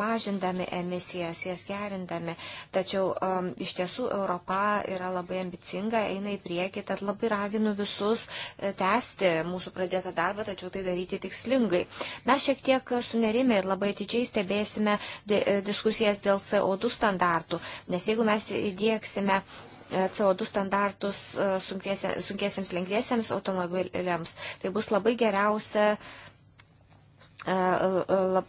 mažindami emisijas, jas gerindami. Tačiau um, iš tiesų Europa yra labai ambicinga, eina į priekį, tad labai raginu visus e, tęsti mūsų pradėtą darbą, tačiau tai daryti tikslingai. Mes šiek tiek sunerime ir labai atidžiai stebėsime e, diskusijas dėl CO2 standartų, nes jeigu mes įdėksime CO2 standartus e, sunkiesiems lengviesiems automobiliams. Tai bus labai geriausia e, e,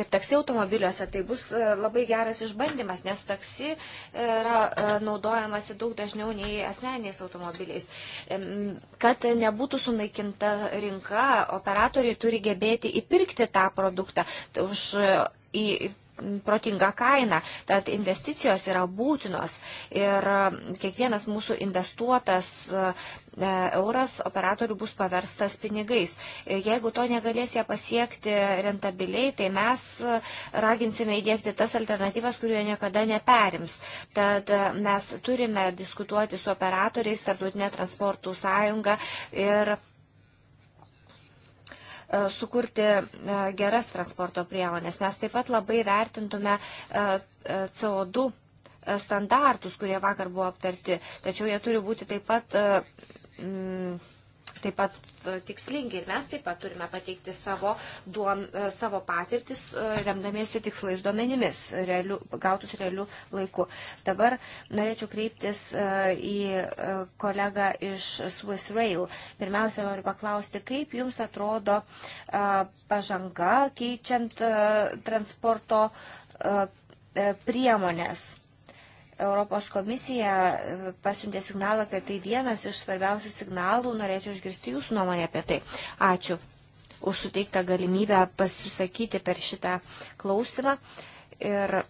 ir taksi automobiliuose tai bus labai geras išbandymas, nes taksi yra naudojamasi daug dažniau nei asmeniniais automobiliais. Kad nebūtų sunaikinta rinka, operatoriai turi gebėti įpirkti tą produktą už į protingą kainą. Tad investicijos yra būtinos ir e, kiekvienas mūsų investuotas e, euras operatorių bus paverstas pinigais. E, jeigu to negalės jie pasiekti rentabiliai, tai mes raginsime įdėkti tas alternatyvas, kurių jie niekada neperims. Tad mes turime diskutuoti su operatoriais, tarptautinė transportų sąjunga ir E, sukurti e, geras transporto priemonės. Mes taip pat labai vertintume e, CO2 standartus, kurie vakar buvo aptarti, tačiau jie turi būti taip pat taip pat e, tikslingi ir mes taip pat turime pateikti savo, duom, e, savo patirtis, e, remdamiesi tikslais duomenimis, realiu, gautus realiu laiku. Dabar norėčiau kreiptis į kolegą iš Swiss Rail. Pirmiausia, noriu paklausti, kaip jums atrodo pažanga keičiant transporto priemonės Europos komisija e, pasiuntė signalą, kad tai vienas iš svarbiausių signalų. Norėčiau išgirsti jūsų nuomonę apie tai. Ačiū už suteiktą galimybę pasisakyti per šitą klausimą. Ir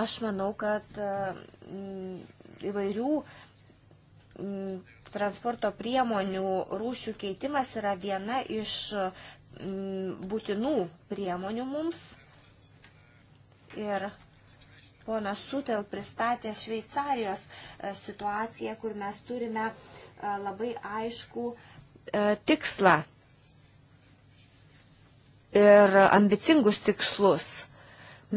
aš manau, kad e, įvairių transporto priemonių rūšių keitimas yra viena iš būtinų priemonių mums. Ir ponas Sutel pristatė Šveicarijos e, situaciją, kur mes turime e, labai aišku e, tikslą ir ambicingus tikslus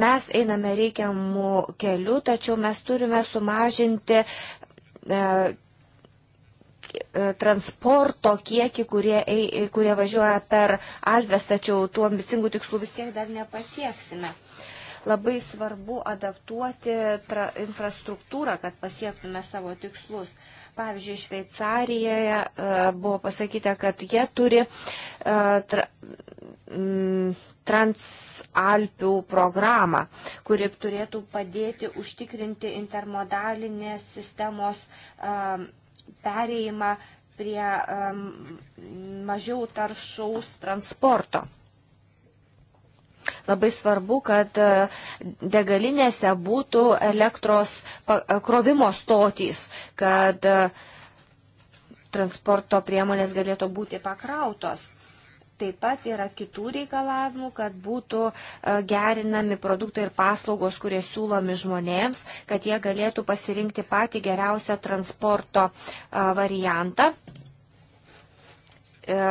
mes einame reikiamų kelių, tačiau mes turime sumažinti E, transporto kiekį, kurie, kurie važiuoja per Alves, tačiau tų ambicingų tikslų vis tiek dar nepasieksime. Labai svarbu adaptuoti tra, infrastruktūrą, kad pasiektume savo tikslus. Pavyzdžiui, Šveicarijoje uh, buvo pasakyta, kad jie turi uh, tra, um, Transalpių programą, kuri turėtų padėti užtikrinti intermodalinės sistemos uh, pereimą prie um, mažiau taršaus transporto. Labai svarbu, kad e, degalinėse būtų elektros e, krovimo stotys, kad e, transporto priemonės galėtų būti pakrautos. Taip pat yra kitų reikalavimų, kad būtų e, gerinami produktai ir paslaugos, kurie siūlomi žmonėms, kad jie galėtų pasirinkti patį geriausią transporto e, variantą. E,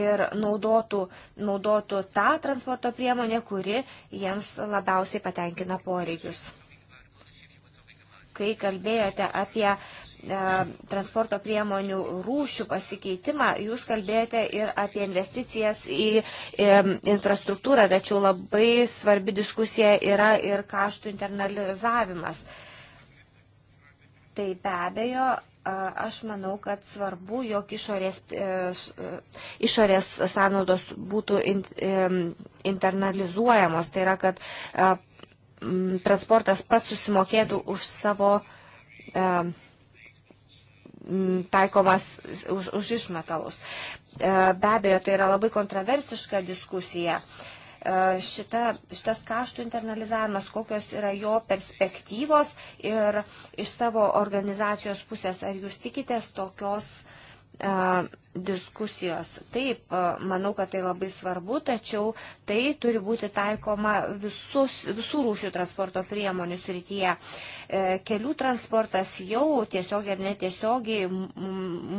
ir naudotų, naudotų tą transporto priemonę, kuri jiems labiausiai patenkina poreikius. Kai kalbėjote apie E, transporto priemonių rūšių pasikeitimą, jūs kalbėjote ir apie investicijas į infrastruktūrą, tačiau labai svarbi diskusija yra ir kaštų internalizavimas. Tai be abejo, e, aš manau, kad svarbu, jog išorės, e, išorės sąnaudos būtų internalizuojamos. Tai yra, kad transportas pats susimokėtų už savo Mm, taikomas už, už išmetalus. E, be abejo, tai yra labai kontroversiška diskusija. E, šita, šitas kaštų internalizavimas, kokios yra jo perspektyvos ir iš savo organizacijos pusės, ar jūs tikitės tokios uh, E, diskusijos. Taip, e, manau, kad tai labai svarbu, tačiau tai turi būti taikoma visus, visų rūšių transporto priemonių srityje. E, kelių transportas jau tiesiogiai ir netiesiogiai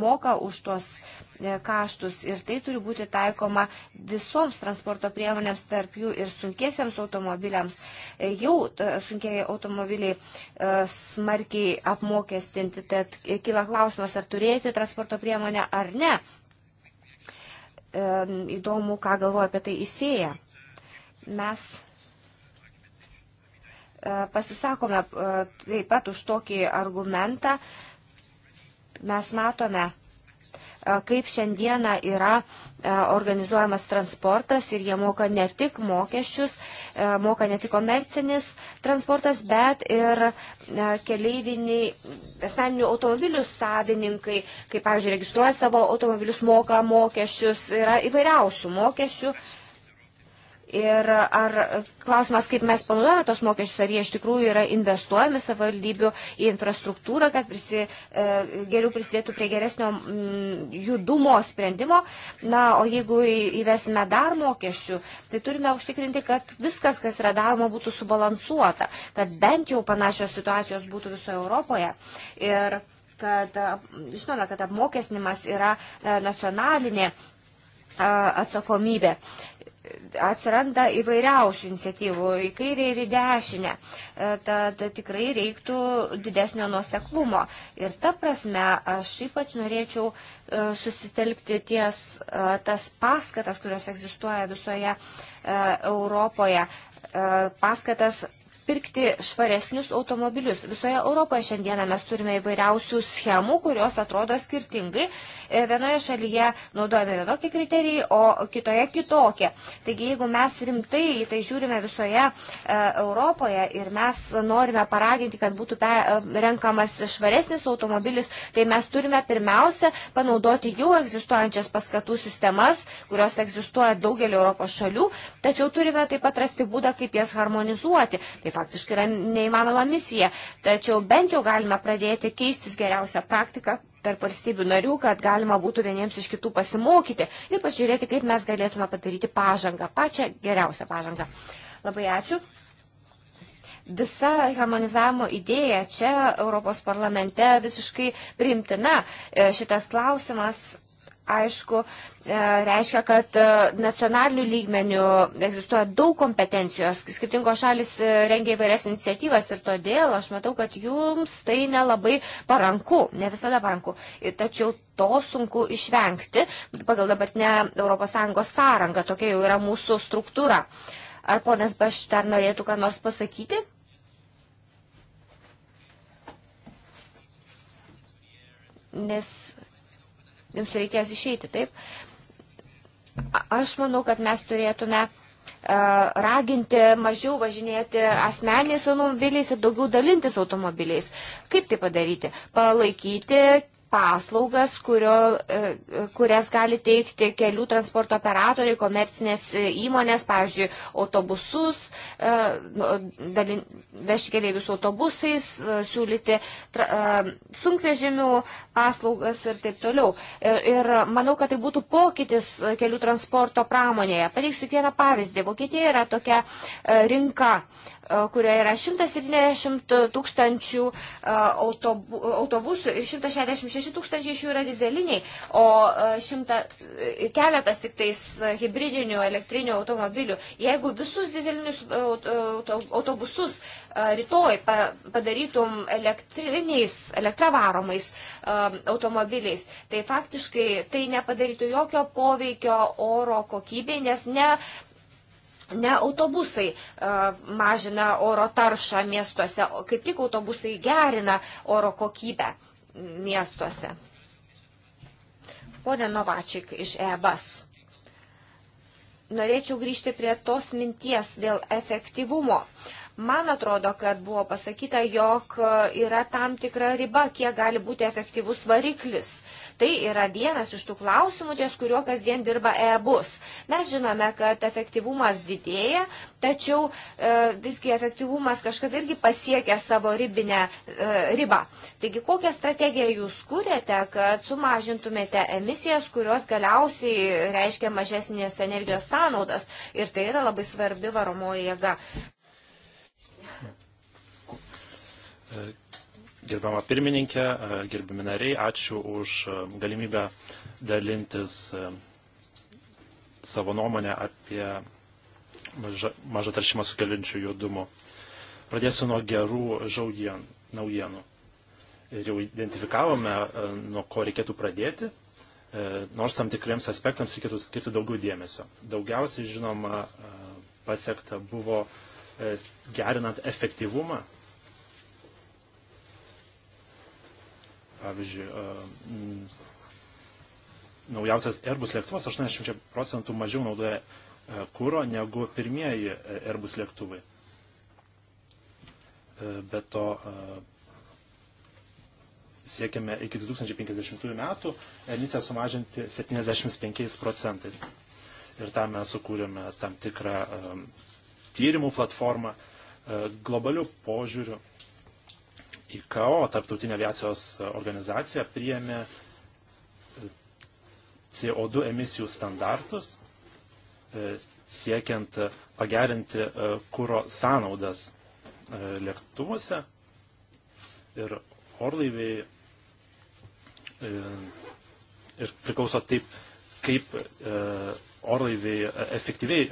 moka už tuos E, kaštus ir tai turi būti taikoma visoms transporto priemonėms, tarp jų ir sunkiesiams automobiliams. E, jau e, sunkiai automobiliai smarkiai apmokestinti, tad kyla klausimas, ar turėti transporto priemonę ar ne. Įdomu, ką galvoja apie tai įsėja. Mes pasisakome taip pat už tokį argumentą. Mes matome, kaip šiandieną yra organizuojamas transportas ir jie moka ne tik mokesčius, moka ne tik komercinis transportas, bet ir keleiviniai asmeninių automobilių savininkai, kaip, pavyzdžiui, registruoja savo automobilius, moka mokesčius, yra įvairiausių mokesčių Ir ar klausimas, kaip mes panaudojame tos mokesčius, ar jie iš tikrųjų yra investuojami savaldybių į infrastruktūrą, kad prisi, e, geriau prisidėtų prie geresnio mm, judumo sprendimo. Na, o jeigu įvesime dar mokesčių, tai turime užtikrinti, kad viskas, kas yra daroma, būtų subalansuota, kad bent jau panašios situacijos būtų visoje Europoje. Ir kad e, žinome, kad apmokesnimas yra e, nacionalinė atsakomybė atsiranda įvairiausių iniciatyvų į kairę ir į dešinę. E, tad tikrai reiktų didesnio nuoseklumo. Ir ta prasme aš ypač norėčiau e, susitelkti ties e, tas paskatas, kurios egzistuoja visoje Europoje paskatas pirkti švaresnius automobilius. Visoje Europoje šiandieną mes turime įvairiausių schemų, kurios atrodo skirtingai. E, vienoje šalyje naudojame vienokie kriterijai, o kitoje kitokie. Taigi, jeigu mes rimtai į tai žiūrime visoje e, Europoje ir mes norime paraginti, kad būtų pe, e, renkamas švaresnis automobilis, tai mes turime pirmiausia panaudoti jau egzistuojančias paskatų sistemas, kurios egzistuoja daugelį Europos šalių, tačiau turime taip pat rasti būdą, kaip jas harmonizuoti. Taip faktiškai yra neįmanoma misija. Tačiau bent jau galime pradėti keistis geriausią praktiką tarp valstybių narių, kad galima būtų vieniems iš kitų pasimokyti ir pasižiūrėti, kaip mes galėtume padaryti pažangą, pačią geriausią pažangą. Labai ačiū. Visa harmonizavimo idėja čia Europos parlamente visiškai priimtina. E, šitas klausimas aišku, e, reiškia, kad e, nacionalinių lygmenių egzistuoja daug kompetencijos, skirtingos šalis e, rengia įvairias iniciatyvas ir todėl aš matau, kad jums tai nelabai paranku, ne visada paranku. Tačiau to sunku išvengti pagal dabartinę ES sąrangą, tokia jau yra mūsų struktūra. Ar ponas Baš dar norėtų ką nors pasakyti? Nes jums reikės išeiti, taip? Aš manau, kad mes turėtume raginti mažiau važinėti asmeniais automobiliais ir daugiau dalintis automobiliais. Kaip tai padaryti? Palaikyti paslaugas, kurio, e, e, kurias gali teikti kelių transporto operatoriai, komercinės e, įmonės, pavyzdžiui, autobusus, dalin, vežti keliaivius autobusais, siūlyti sunkvežimių paslaugas ir taip toliau. Ir manau, kad tai būtų pokytis kelių transporto pramonėje. Pateiksiu vieną pavyzdį. Vokietija yra tokia rinka kurioje yra 170 tūkstančių e, autobusų ir 166 tūkstančiai iš jų yra dizeliniai, o e, šimta, e, keletas tik tais hybridinių elektrinių automobilių. Jeigu visus dizelinius autobusus rytoj padarytum elektriniais, elektravaromais automobiliais, tai faktiškai tai nepadarytų jokio poveikio oro kokybei, nes ne Ne autobusai e, mažina oro taršą miestuose, kaip tik autobusai gerina oro kokybę miestuose. Pone Novačik iš EBAS norėčiau grįžti prie tos minties dėl efektyvumo. Man atrodo, kad buvo pasakyta, jog e, yra tam tikra riba, kiek gali būti efektyvus variklis. Tai yra vienas iš tų klausimų, ties kuriuo kasdien dirba e-bus. Mes žinome, kad efektyvumas didėja, tačiau e, visgi efektyvumas kažkada irgi pasiekia savo ribinę e, ribą. Taigi, kokią strategiją jūs kūrėte, kad sumažintumėte emisijas, kurios galiausiai reiškia mažesnės energijos sąnaudas. Ir tai yra labai svarbi varomoji jėga. Gerbama pirmininkė, gerbimi nariai, ačiū už e, galimybę dalintis e, savo nuomonę apie mažą, mažą taršimą sukeliančių juodumų. Pradėsiu nuo gerų žaudien, naujienų. Ir jau identifikavome, e, nuo ko reikėtų pradėti, nors tam tikriems aspektams reikėtų skirti daugiau dėmesio. Daugiausiai, žinoma, pasiekta buvo gerinant efektyvumą Pavyzdžiui, e, mm, naujausias Airbus lėktuvas 80 procentų mažiau naudoja e, kūro negu pirmieji e, Airbus lėktuvai. Be to siekiame iki 2050 metų emisiją sumažinti 75 procentais. Ir tam mes sukūrėme tam tikrą tyrimų platformą globalių požiūrių IKO, Tarptautinė aviacijos organizacija, priėmė e, CO2 emisijų standartus, e, siekiant e, pagerinti kūro sąnaudas lėktuvuose ir orlaiviai ir priklauso taip, kaip orlaiviai efektyviai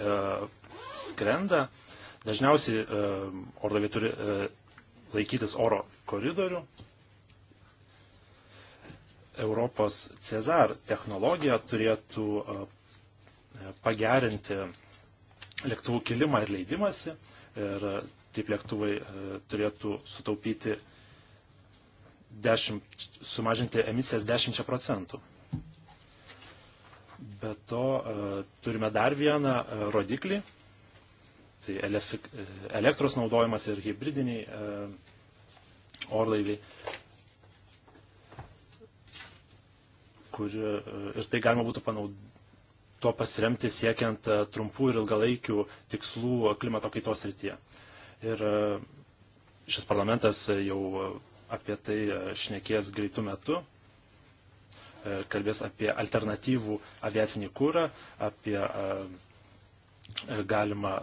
skrenda. Dažniausiai orlaiviai turi laikytis oro koridorių. Europos Cezar technologija turėtų e, pagerinti lėktuvų kilimą ir leidimąsi ir taip lėktuvai e, turėtų sutaupyti 10, sumažinti emisijas 10 procentų. Be to e, turime dar vieną rodiklį, tai elektros naudojimas ir hybridiniai e, orlaiviai. Kur, e, ir tai galima būtų panaudoti tuo pasiremti siekiant e, trumpų ir ilgalaikių tikslų klimato kaitos rytyje. Ir šis parlamentas jau apie tai šnekės greitų metų, kalbės apie alternatyvų aviacinį kūrą, apie galimą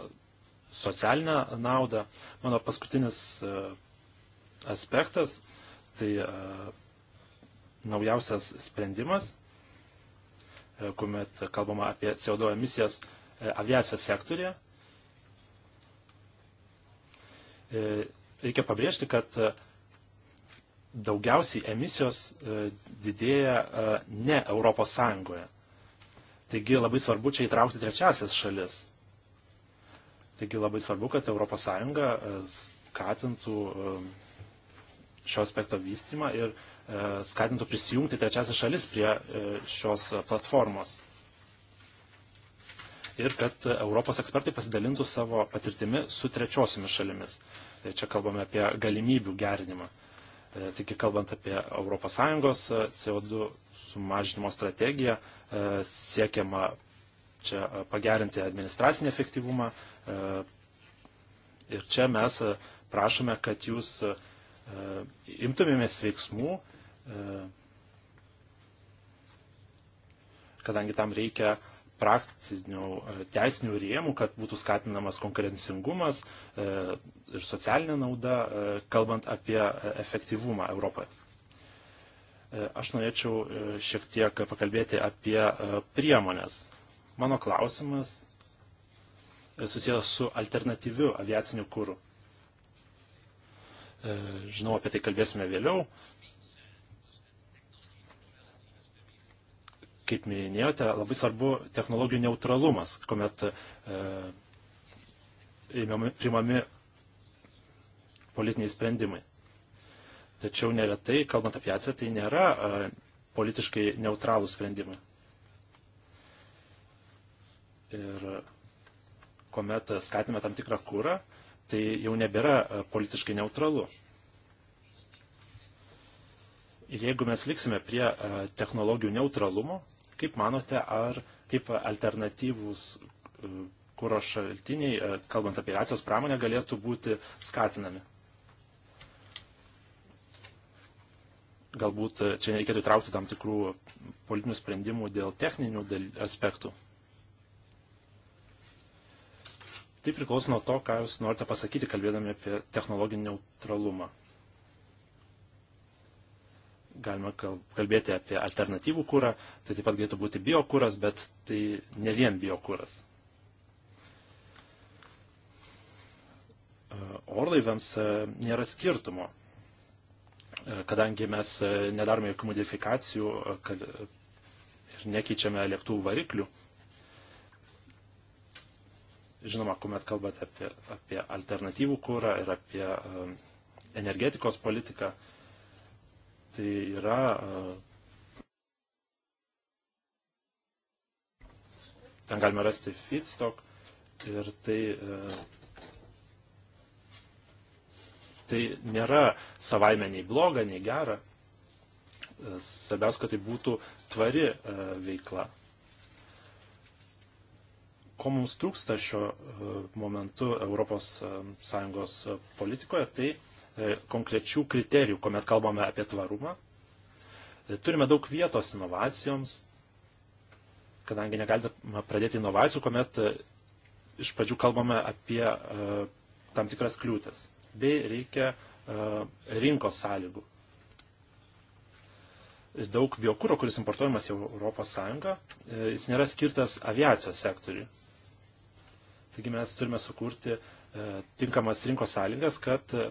socialinę naudą. Mano paskutinis e, aspektas tai e, naujausias sprendimas, e, kuomet kalbama apie CO2 emisijas aviacijos sektorėje. Reikia pabrėžti, kad daugiausiai emisijos didėja ne Europos Sąjungoje. Taigi labai svarbu čia įtraukti trečiasias šalis. Taigi labai svarbu, kad ES e, skatintų e, šio aspekto vystymą ir e, skatintų prisijungti trečiasias šalis prie šios platformos. Ir kad Europos ekspertai pasidalintų savo patirtimi su trečiosiomis šalimis. Čia kalbame apie galimybių gerinimą. Tik kalbant apie ES CO2 sumažinimo strategiją, siekiama čia pagerinti administracinį efektyvumą, E, ir čia mes e, prašome, kad jūs e, imtumėmės veiksmų, kadangi tam reikia praktinių teisinių rėmų, kad būtų skatinamas konkurencingumas ir socialinė nauda, kalbant apie efektyvumą Europoje. Aš norėčiau šiek tiek pakalbėti apie priemonės. Mano klausimas susijęs su alternatyviu aviaciniu kūru. E, žinau, apie tai kalbėsime vėliau. Kaip minėjote, labai svarbu technologijų neutralumas, kuomet e, primami politiniai sprendimai. Tačiau neretai, kalbant apie atsę, tai nėra e, politiškai neutralų sprendimai. Ir kuomet skatiname tam tikrą kūrą, tai jau nebėra e, politiškai neutralu. Ir jeigu mes liksime prie e, technologijų neutralumo, kaip manote, ar kaip alternatyvūs e, kūro šaltiniai, kalbant apie aviacijos pramonę, galėtų būti skatinami? Galbūt čia nereikėtų įtraukti tam tikrų politinių sprendimų dėl techninių aspektų. Tai priklauso nuo to, ką jūs norite pasakyti, kalbėdami apie technologinį neutralumą. Galima kalbėti apie alternatyvų kūrą, tai taip pat galėtų būti biokūras, bet tai ne vien biokūras. E, orlaiviams e, nėra skirtumo, e, kadangi mes nedarome jokių modifikacijų ir nekeičiame lėktuvų variklių Žinoma, kuomet kalbate apie, apie alternatyvų kūrą ir apie uh, energetikos politiką, tai yra uh, ten galime rasti feedstock ir tai, uh, tai nėra savaime nei bloga, nei gera. Svarbiausia, kad tai būtų tvari uh, veikla ko mums trūksta šiuo e, momentu ES e, e, politikoje, tai konkrečių kriterijų, kuomet kalbame apie tvarumą. Turime daug vietos inovacijoms, kadangi negalite pradėti inovacijų, kuomet iš pradžių kalbame apie tam tikras kliūtis. Bei reikia rinkos sąlygų. Daug biokūro, kuris importuojamas į ES, jis nėra skirtas aviacijos sektoriui Taigi mes turime sukurti e, tinkamas rinkos sąlygas, kad e,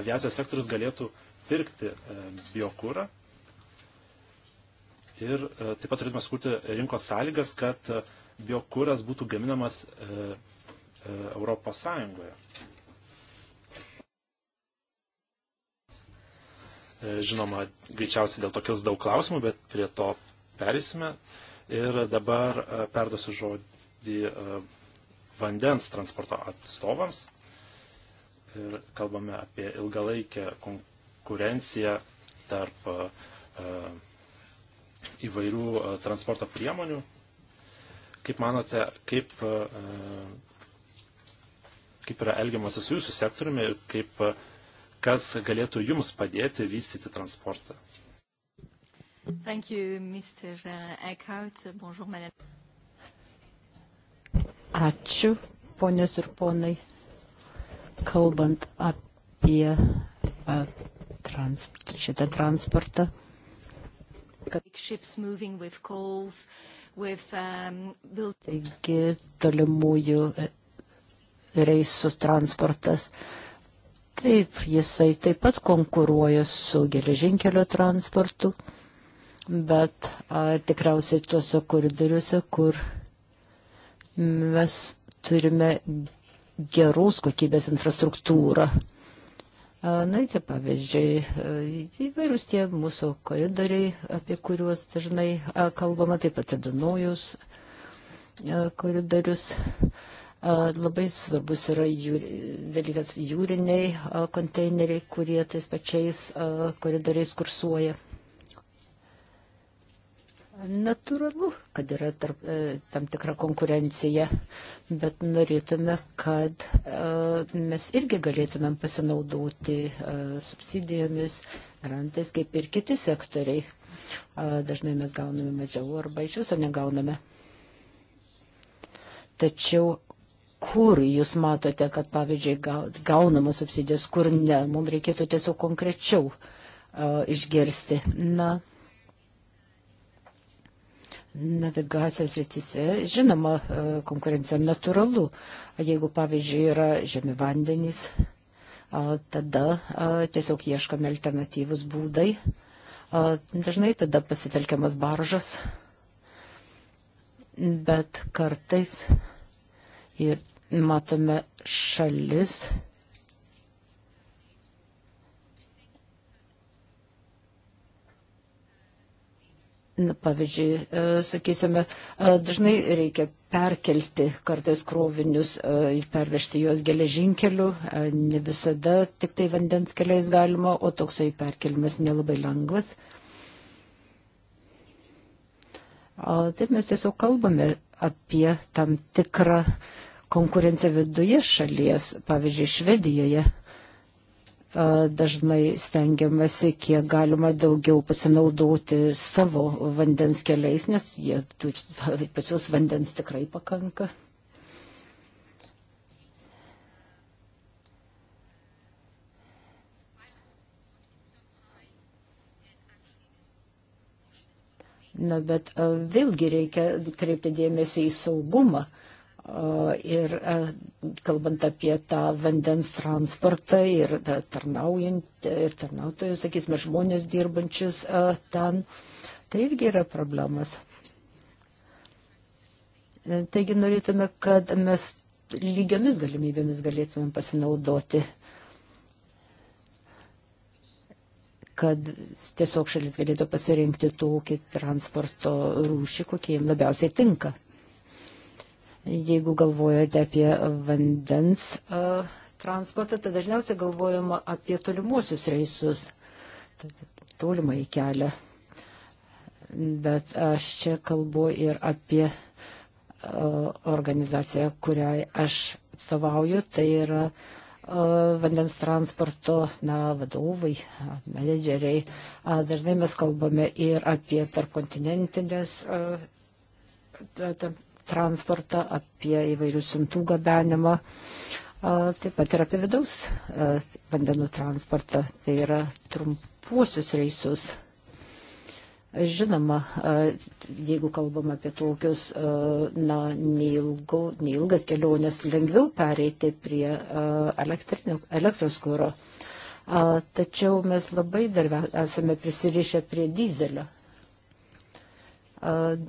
aviacijos sektorius galėtų pirkti e, biokūrą. Ir taip pat turėtume sukurti rinkos sąlygas, kad biokūras būtų gaminamas Europos Sąjungoje. Žinoma, greičiausiai dėl tokios daug klausimų, bet prie to perėsime. Ir dabar perduosiu žodį vandens transporto atstovams. Ir kalbame apie ilgalaikę konkurenciją tarp e, įvairių e, transporto priemonių. Kaip manote, kaip, e, kaip yra elgiamasi su jūsų sektoriumi ir kaip, kas galėtų jums padėti vystyti transportą? Thank you, Mr. Uh, Eckhout. Bonjour, madame. Ačiū, ponios ir ponai, kalbant apie a, e, trans, šitą transportą. Kad... Um, Taigi tolimųjų e, reisų transportas. Taip, jisai taip pat konkuruoja su geležinkelio transportu, bet a, tikriausiai tuose koridoriuose, kur mes turime geros kokybės infrastruktūrą. Na, tie pavyzdžiai, e, įvairūs tie mūsų koridoriai, apie kuriuos dažnai kalbama, taip pat ir Dunojus e, koridorius. Labai svarbus yra jūri, dalykas jūriniai konteineriai, kurie tais pačiais koridoriais kursuoja. Natūralu, kad yra tarp, e, tam tikra konkurencija, bet norėtume, kad e, mes irgi galėtumėm pasinaudoti e, subsidijomis, grantais, kaip ir kiti sektoriai. Dažnai mes gauname mažiau arba iš viso negauname. Tačiau kur jūs matote, kad pavyzdžiui gaunamos subsidijos, kur ne, mums reikėtų tiesiog konkrečiau išgirsti. Na, navigacijos rytise, žinoma, e, konkurencija natūralu. Jeigu, pavyzdžiui, yra žemi vandenys, tada tiesiog ieškame alternatyvus būdai. Dažnai tada pasitelkiamas baržas, bet kartais ir matome šalis, Pavyzdžiui, e, sakysime, e, dažnai reikia perkelti kartais krovinius, e, pervežti juos geležinkeliu, ne visada tik tai vandens keliais galima, o toksai perkelimas nelabai lengvas. O taip mes tiesiog kalbame apie tam tikrą konkurenciją viduje šalies, pavyzdžiui, Švedijoje dažnai stengiamasi kiek galima daugiau pasinaudoti savo vandens keliais, nes jie, pas juos vandens tikrai pakanka. Na, bet vėlgi reikia kreipti dėmesį į saugumą. E, ir e, kalbant apie tą vandens transportą ir, e, tarnaujant, ir tarnautojus, sakysime, žmonės dirbančius ten, tai irgi yra problemas. Taigi norėtume, kad mes lygiomis galimybėmis galėtumėm pasinaudoti kad tiesiog šalis galėtų pasirinkti tokį transporto rūšį, kokie jiems labiausiai tinka. Jeigu galvojate apie vandens e, transportą, tai dažniausiai galvojama apie tolimuosius reisus, tolimą į kelią. Bet aš čia kalbu ir apie e, organizaciją, kuriai aš atstovauju, tai yra e, vandens transporto na, vadovai, menedžeriai. Dažnai mes kalbame ir apie tarpkontinentinės tarp transportą, apie įvairių siuntų gabenimą, taip pat ir apie vidaus vandenų transportą, tai yra trumpuosius reisus. Žinoma, jeigu kalbam apie tokius, na, neilgo, neilgas keliones, lengviau pereiti prie elektros kūro. Tačiau mes labai dar esame prisirišę prie dizelio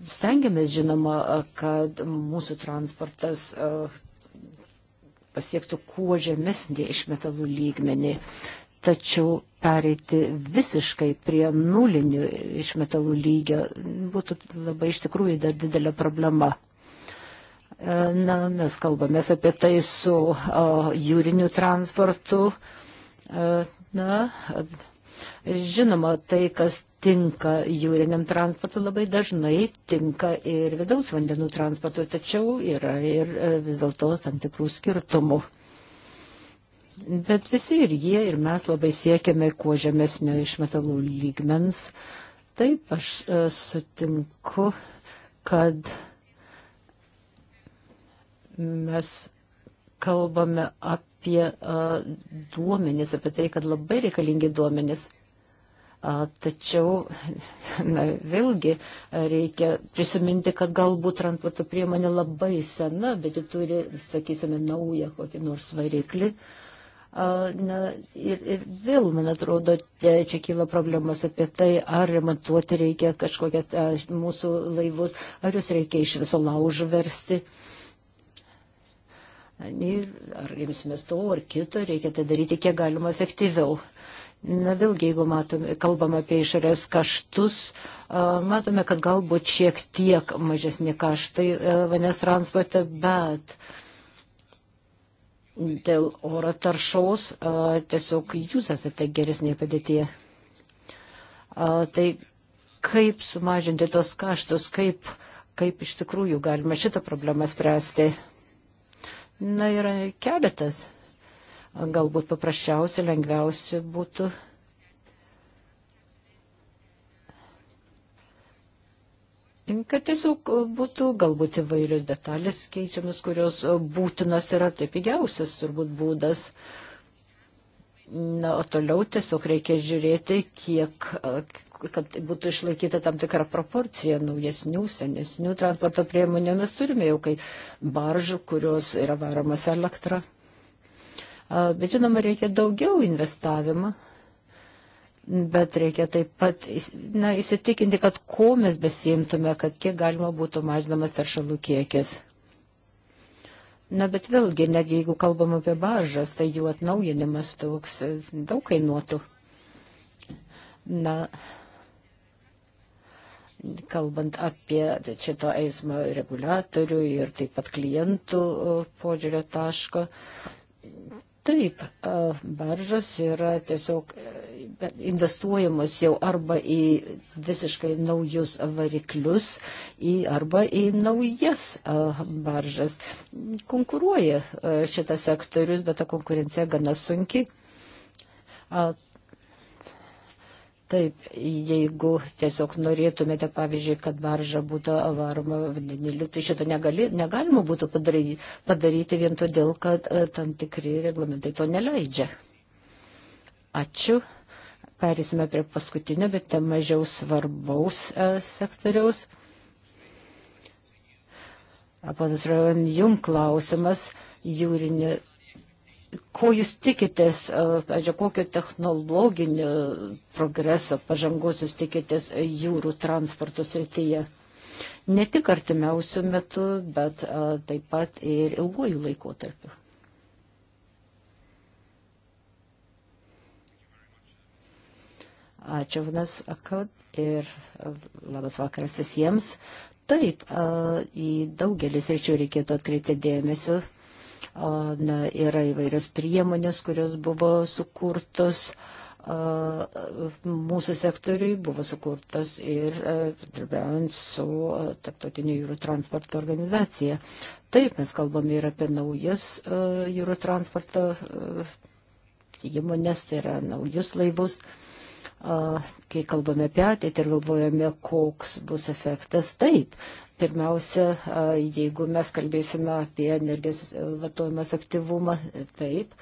Stengiamės, žinoma, kad mūsų transportas pasiektų kuo žemesnį išmetalų lygmenį, tačiau pereiti visiškai prie nulinių išmetalų lygio būtų labai iš tikrųjų dar didelė problema. Na, mes kalbame apie tai su o, jūriniu transportu. Na, Žinoma, tai, kas tinka jūriniam transportui, labai dažnai tinka ir vidaus vandenų transportui, tačiau yra ir e, vis dėlto tam tikrų skirtumų. Bet visi ir jie, ir mes labai siekiame kuo žemesnio išmetalų lygmens. Taip, aš e, sutinku, kad mes kalbame apie apie uh, duomenis, apie tai, kad labai reikalingi duomenis. Uh, tačiau, na, vėlgi, reikia prisiminti, kad galbūt transporto priemonė labai sena, bet ji turi, sakysime, naują kokį nors variklį. Uh, na, ir, ir vėl, man atrodo, čia, čia kyla problemas apie tai, ar remontuoti reikia kažkokią mūsų laivus, ar jūs reikia iš viso laužų versti. Uh, Ar imsimės to ar kito, reikia tai daryti kiek galima efektyviau. Na vėlgi, jeigu matome, kalbam apie išorės kaštus, matome, kad galbūt šiek tiek mažesni kaštai vandens transporte, bet dėl oro taršaus tiesiog jūs esate geresnėje padėtyje. Tai kaip sumažinti tos kaštus, kaip, kaip iš tikrųjų galima šitą problemą spręsti? Na ir keletas. Galbūt paprasčiausia, lengviausia būtų kad tiesiog būtų galbūt įvairios detalės keičiamas, kurios būtinas yra tai pigiausias turbūt būdas. Na, o toliau tiesiog reikia žiūrėti, kiek kad būtų išlaikyta tam tikra proporcija naujesnių, senesnių transporto priemonėmis. Turime jau kai baržų, kurios yra varomas elektra. Bet žinoma, reikia daugiau investavimą. Bet reikia taip pat na, įsitikinti, kad ko mes besimtume, kad kiek galima būtų mažinamas taršalų kiekis. Na, bet vėlgi, netgi jeigu kalbam apie baržas, tai jų atnaujinimas toks e, daug kainuotų. Na, kalbant apie šito eismo reguliatorių ir taip pat klientų e, požiūrio taško. Taip, e, baržas yra tiesiog e, investuojamos jau arba į visiškai naujus variklius, į, arba į naujas baržas. Konkuruoja šitas sektorius, bet ta konkurencija gana sunki Taip, jeigu tiesiog norėtumėte, pavyzdžiui, kad barža būtų varoma vandeniliu, tai šito negali, negalima būtų padaryti, padaryti vien todėl, kad e, tam tikri reglamentai to neleidžia. Ačiū. Perėsime prie paskutinio, bet mažiau svarbaus e, sektoriaus. Panas Rajon, jum klausimas jūrinio ko jūs tikitės, e, pažiūrėjau, kokio technologinio progreso pažangos jūs tikitės jūrų transporto srityje? Ne tik artimiausių metų, bet a, e, taip pat ir ilguoju laikotarpiu. Ačiū, Vanas Akad, ir labas vakaras visiems. Taip, a, e, į daugelis ryčių reikėtų atkreipti dėmesio na, yra įvairios priemonės, kurios buvo sukurtos mūsų sektoriui buvo sukurtas ir e, darbiaujant su e, Tarptautinė jūrų transporto organizacija. Taip, mes kalbame ir apie naujas e, jūrų transporto įmonės, tai yra naujus laivus. Kai kalbame apie ateitį ir galvojame, koks bus efektas, taip, Pirmiausia, jeigu mes kalbėsime apie energijos e, vartojimo efektyvumą, taip,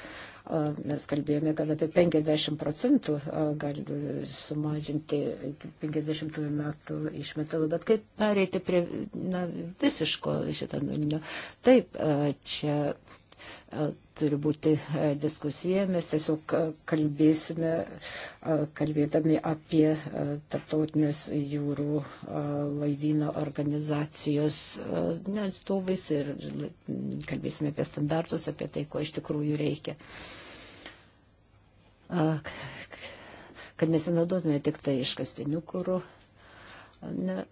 mes kalbėjome, kad apie 50 procentų gali sumažinti iki 50 metų išmetalų, bet kaip pereiti prie na, visiško šitą nulinio. Taip, čia E, turi būti e, diskusija, mes tiesiog e, kalbėsime, kalbėdami apie tarptautinės jūrų laivyno organizacijos neatstovais ir kalbėsime apie standartus, apie tai, ko iš tikrųjų reikia kad nesinaudotume tik tai iškastiniu kūru. Ne,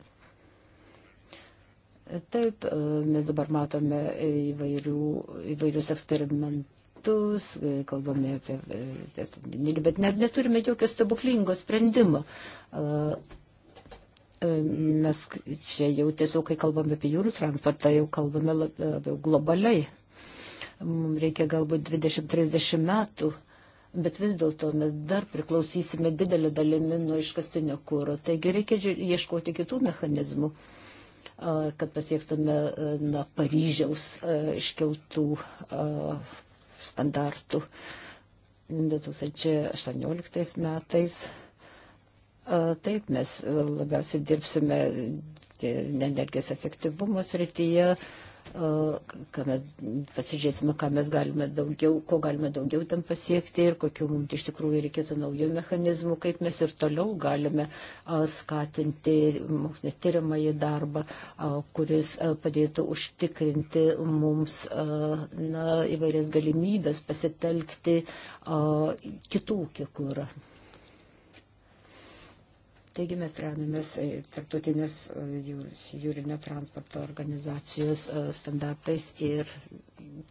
Taip, e, mes dabar matome įvairių, įvairius eksperimentus, e, kalbame apie, e, bet net neturime jokio stebuklingo sprendimo. Mes čia jau tiesiog, kai kalbame apie jūrų transportą, jau kalbame labiau globaliai. Mums reikia galbūt 20-30 metų bet vis dėlto mes dar priklausysime didelį dalimi nuo iškastinio kūro. Taigi reikia ieškoti kitų mechanizmų. Uh, kad pasiektume na, Paryžiaus iškeltų standartų. 2018 metais. Taip, mes labiausiai dirbsime e, energijos efektyvumo srityje, Ką mes, pasižiūrėsime, ką mes galime daugiau, ko galime daugiau tam pasiekti ir kokiu mums iš tikrųjų reikėtų naujų mechanizmų, kaip mes ir toliau galime skatinti mokslinį tyrimąjį darbą, kuris padėtų užtikrinti mums na, įvairias galimybės pasitelkti kitų kiekvieną Taigi mes remiamės e, tarptautinės e, jūrinio transporto organizacijos e, standartais ir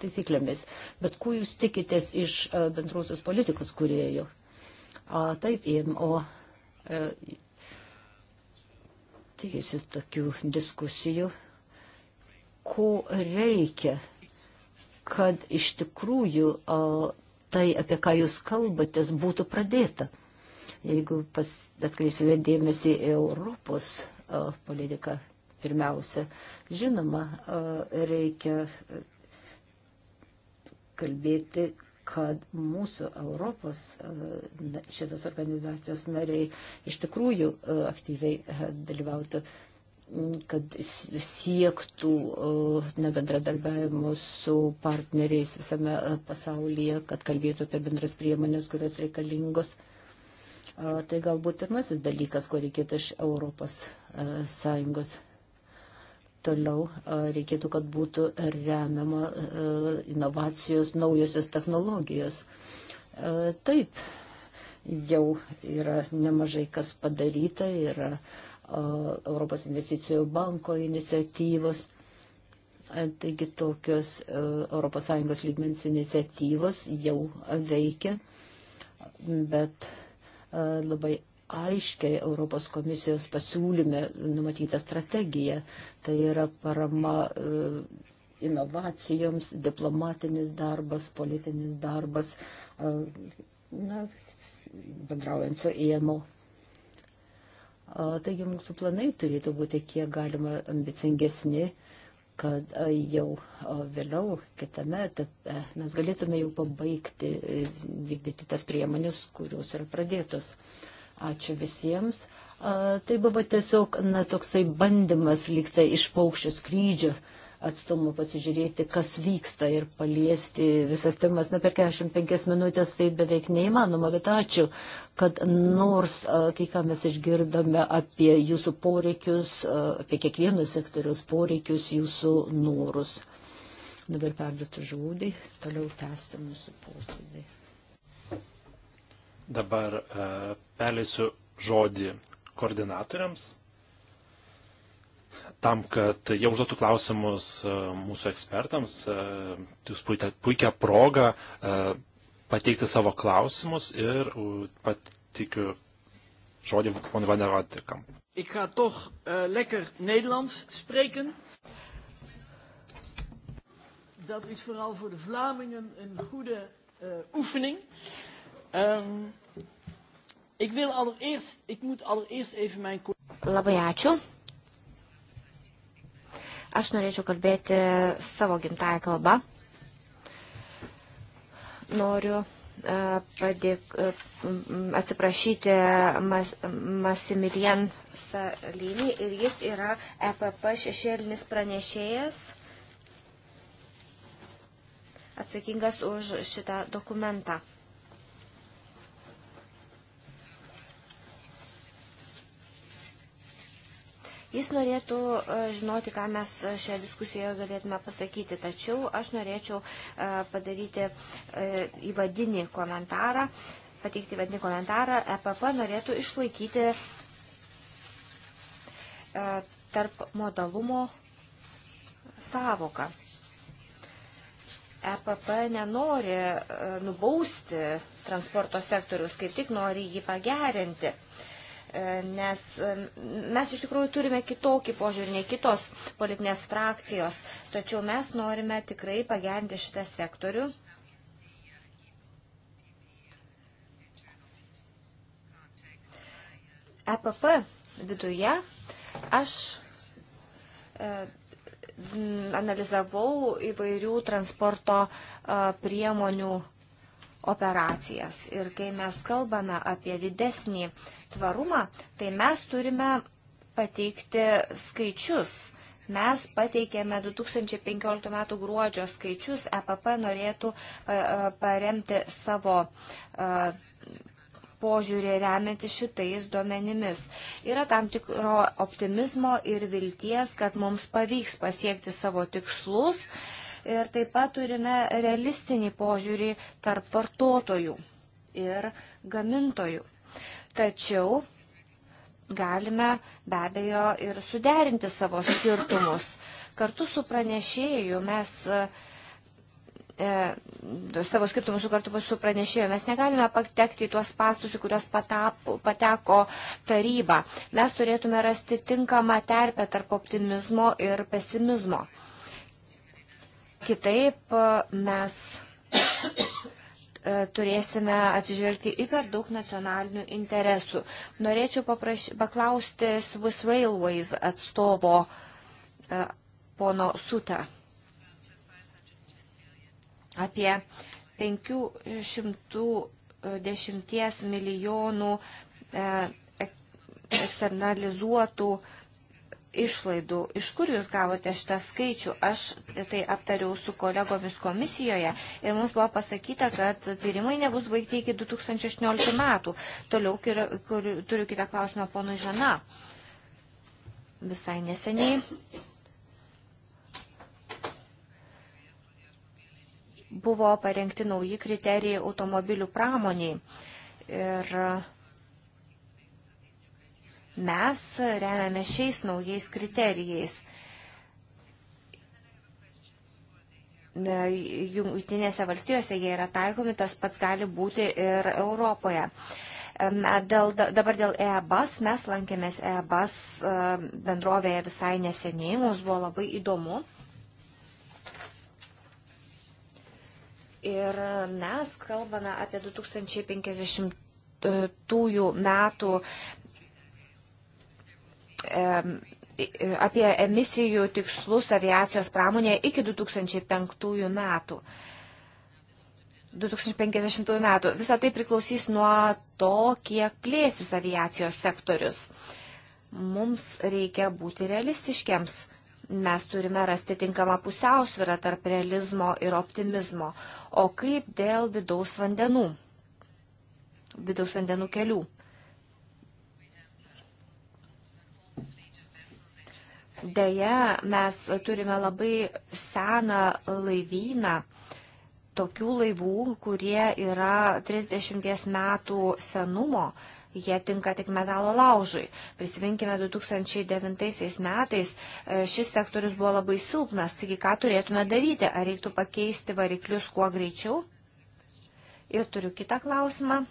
taisyklėmis. Bet kuo jūs tikitės iš bendrosios politikos kuriejų? Taip, IMO teisi tokių diskusijų, ko reikia, kad iš tikrųjų tai, apie ką jūs kalbatės, būtų pradėta. Jeigu atkreipsime dėmesį į Europos politiką pirmiausia, žinoma, reikia kalbėti, kad mūsų Europos šitos organizacijos nariai iš tikrųjų aktyviai dalyvautų kad siektų nebendradarbiavimo su partneriais visame pasaulyje, kad kalbėtų apie bendras priemonės, kurios reikalingos. Uh, Tai galbūt pirmasis dalykas, ko reikėtų iš Europos e, Sąjungos. Toliau e, reikėtų, kad būtų remiama e, inovacijos, naujosios technologijos. Taip, jau yra nemažai kas padaryta, yra Europos investicijų banko iniciatyvos. Taigi tokios ES lygmens iniciatyvos jau veikia, bet E, labai aiškiai Europos komisijos pasiūlyme numatytą strategiją. Tai yra parama e, inovacijoms, diplomatinis darbas, politinis darbas, e, na, bendraujant su EMO. Taigi mūsų planai turėtų būti kiek galima ambicingesni kad e, jau e, vėliau kitame etape mes galėtume jau pabaigti e, vykdyti tas priemonės, kurios yra pradėtos. Ačiū visiems. Tai buvo tiesiog na, toksai bandymas liktai iš paukščio skrydžio atstumų pasižiūrėti, kas vyksta ir paliesti visas temas. Na, per 45 minutės tai beveik neįmanoma, bet ačiū, kad nors tai, ką mes išgirdome apie jūsų poreikius, apie kiekvieno sektoriaus poreikius, jūsų norus. Dabar perduotų žodį, toliau tęsti mūsų posėdį. Dabar perleisiu žodį koordinatoriams tam, kad jie užduotų klausimus e, mūsų ekspertams. E, jūs puikia, puikia proga e, pateikti savo klausimus ir patikiu žodį ponui Vandevatikam. Ik ga toch uh, lekker Nederlands spreken. Dat is vooral voor de Vlamingen een goede uh, oefening. Um, ik, wil allereerst, ik moet allereerst even mijn... Labai ačiū. Aš norėčiau kalbėti savo gimtąją kalbą. Noriu e, padėk, e, atsiprašyti Mas, Masimilian Salinį ir jis yra EPP šešėlinis pranešėjas atsakingas už šitą dokumentą. Jis norėtų e, žinoti, ką mes e, šioje diskusijoje galėtume pasakyti, tačiau aš norėčiau e, padaryti įvadinį komentarą, pateikti įvadinį komentarą. EPP norėtų išlaikyti tarp modalumo savoką. EPP nenori nubausti transporto sektorius, kaip tik nori jį pagerinti. Uh, E, nes e, mes iš tikrųjų turime kitokį požiūrį nei kitos politinės frakcijos, tačiau mes norime tikrai pagerinti šitą sektorių. EPP viduje aš e, analizavau įvairių transporto priemonių operacijas. Ir kai mes kalbame apie didesnį tvarumą, tai mes turime pateikti skaičius. Mes pateikėme 2015 m. gruodžio skaičius, EPP norėtų e, e, paremti savo e, požiūrį remianti šitais duomenimis. Yra tam tikro optimizmo ir vilties, kad mums pavyks pasiekti savo tikslus. Uh, ir taip pat turime realistinį požiūrį tarp vartotojų ir gamintojų. Tačiau galime be abejo ir suderinti savo skirtumus. Kartu su pranešėju mes e, savo skirtumus su kartu su pranešėju. Mes negalime patekti į tuos pastus, į kuriuos patapo, pateko taryba. Mes turėtume rasti tinkamą terpę tarp optimizmo ir pesimizmo. E, Kitaip mes e, turėsime atsižvelgti į per daug nacionalinių interesų. Norėčiau papraš... paklausti Swiss Railways atstovo e, pono Suta apie 510 milijonų e, eksternalizuotų išlaidų. Iš kur jūs gavote šitą skaičių? Aš tai aptariau su kolegomis komisijoje ir mums buvo pasakyta, kad tyrimai nebus baigti iki 2018 metų. Toliau kur, kur, turiu kitą klausimą ponui Žana. Visai neseniai. Buvo parengti nauji kriterijai automobilių pramoniai. Ir uh, Mes remiame šiais naujais kriterijais. Jungtinėse valstijose jie yra taikomi, tas pats gali būti ir Europoje. Dėl, dabar dėl EBAS, mes lankėmės EBAS e, bendrovėje visai neseniai, mums buvo labai įdomu. Ir mes kalbame apie 2050 tųjų metų apie emisijų tikslus aviacijos pramonėje iki 2005 metų. 2050 metų. Visą tai priklausys nuo to, kiek plėsis aviacijos sektorius. Mums reikia būti realistiškiams. Mes turime rasti tinkamą pusiausvyrą tarp realizmo ir optimizmo. O kaip dėl vidaus vandenų? Vidaus vandenų kelių. Deja, mes turime labai seną laivyną tokių laivų, kurie yra 30 metų senumo. Jie tinka tik metalo laužui. Prisiminkime, 2009 metais e, šis sektorius buvo labai silpnas, taigi ką turėtume daryti? Ar reiktų pakeisti variklius kuo greičiau? Ir turiu kitą klausimą.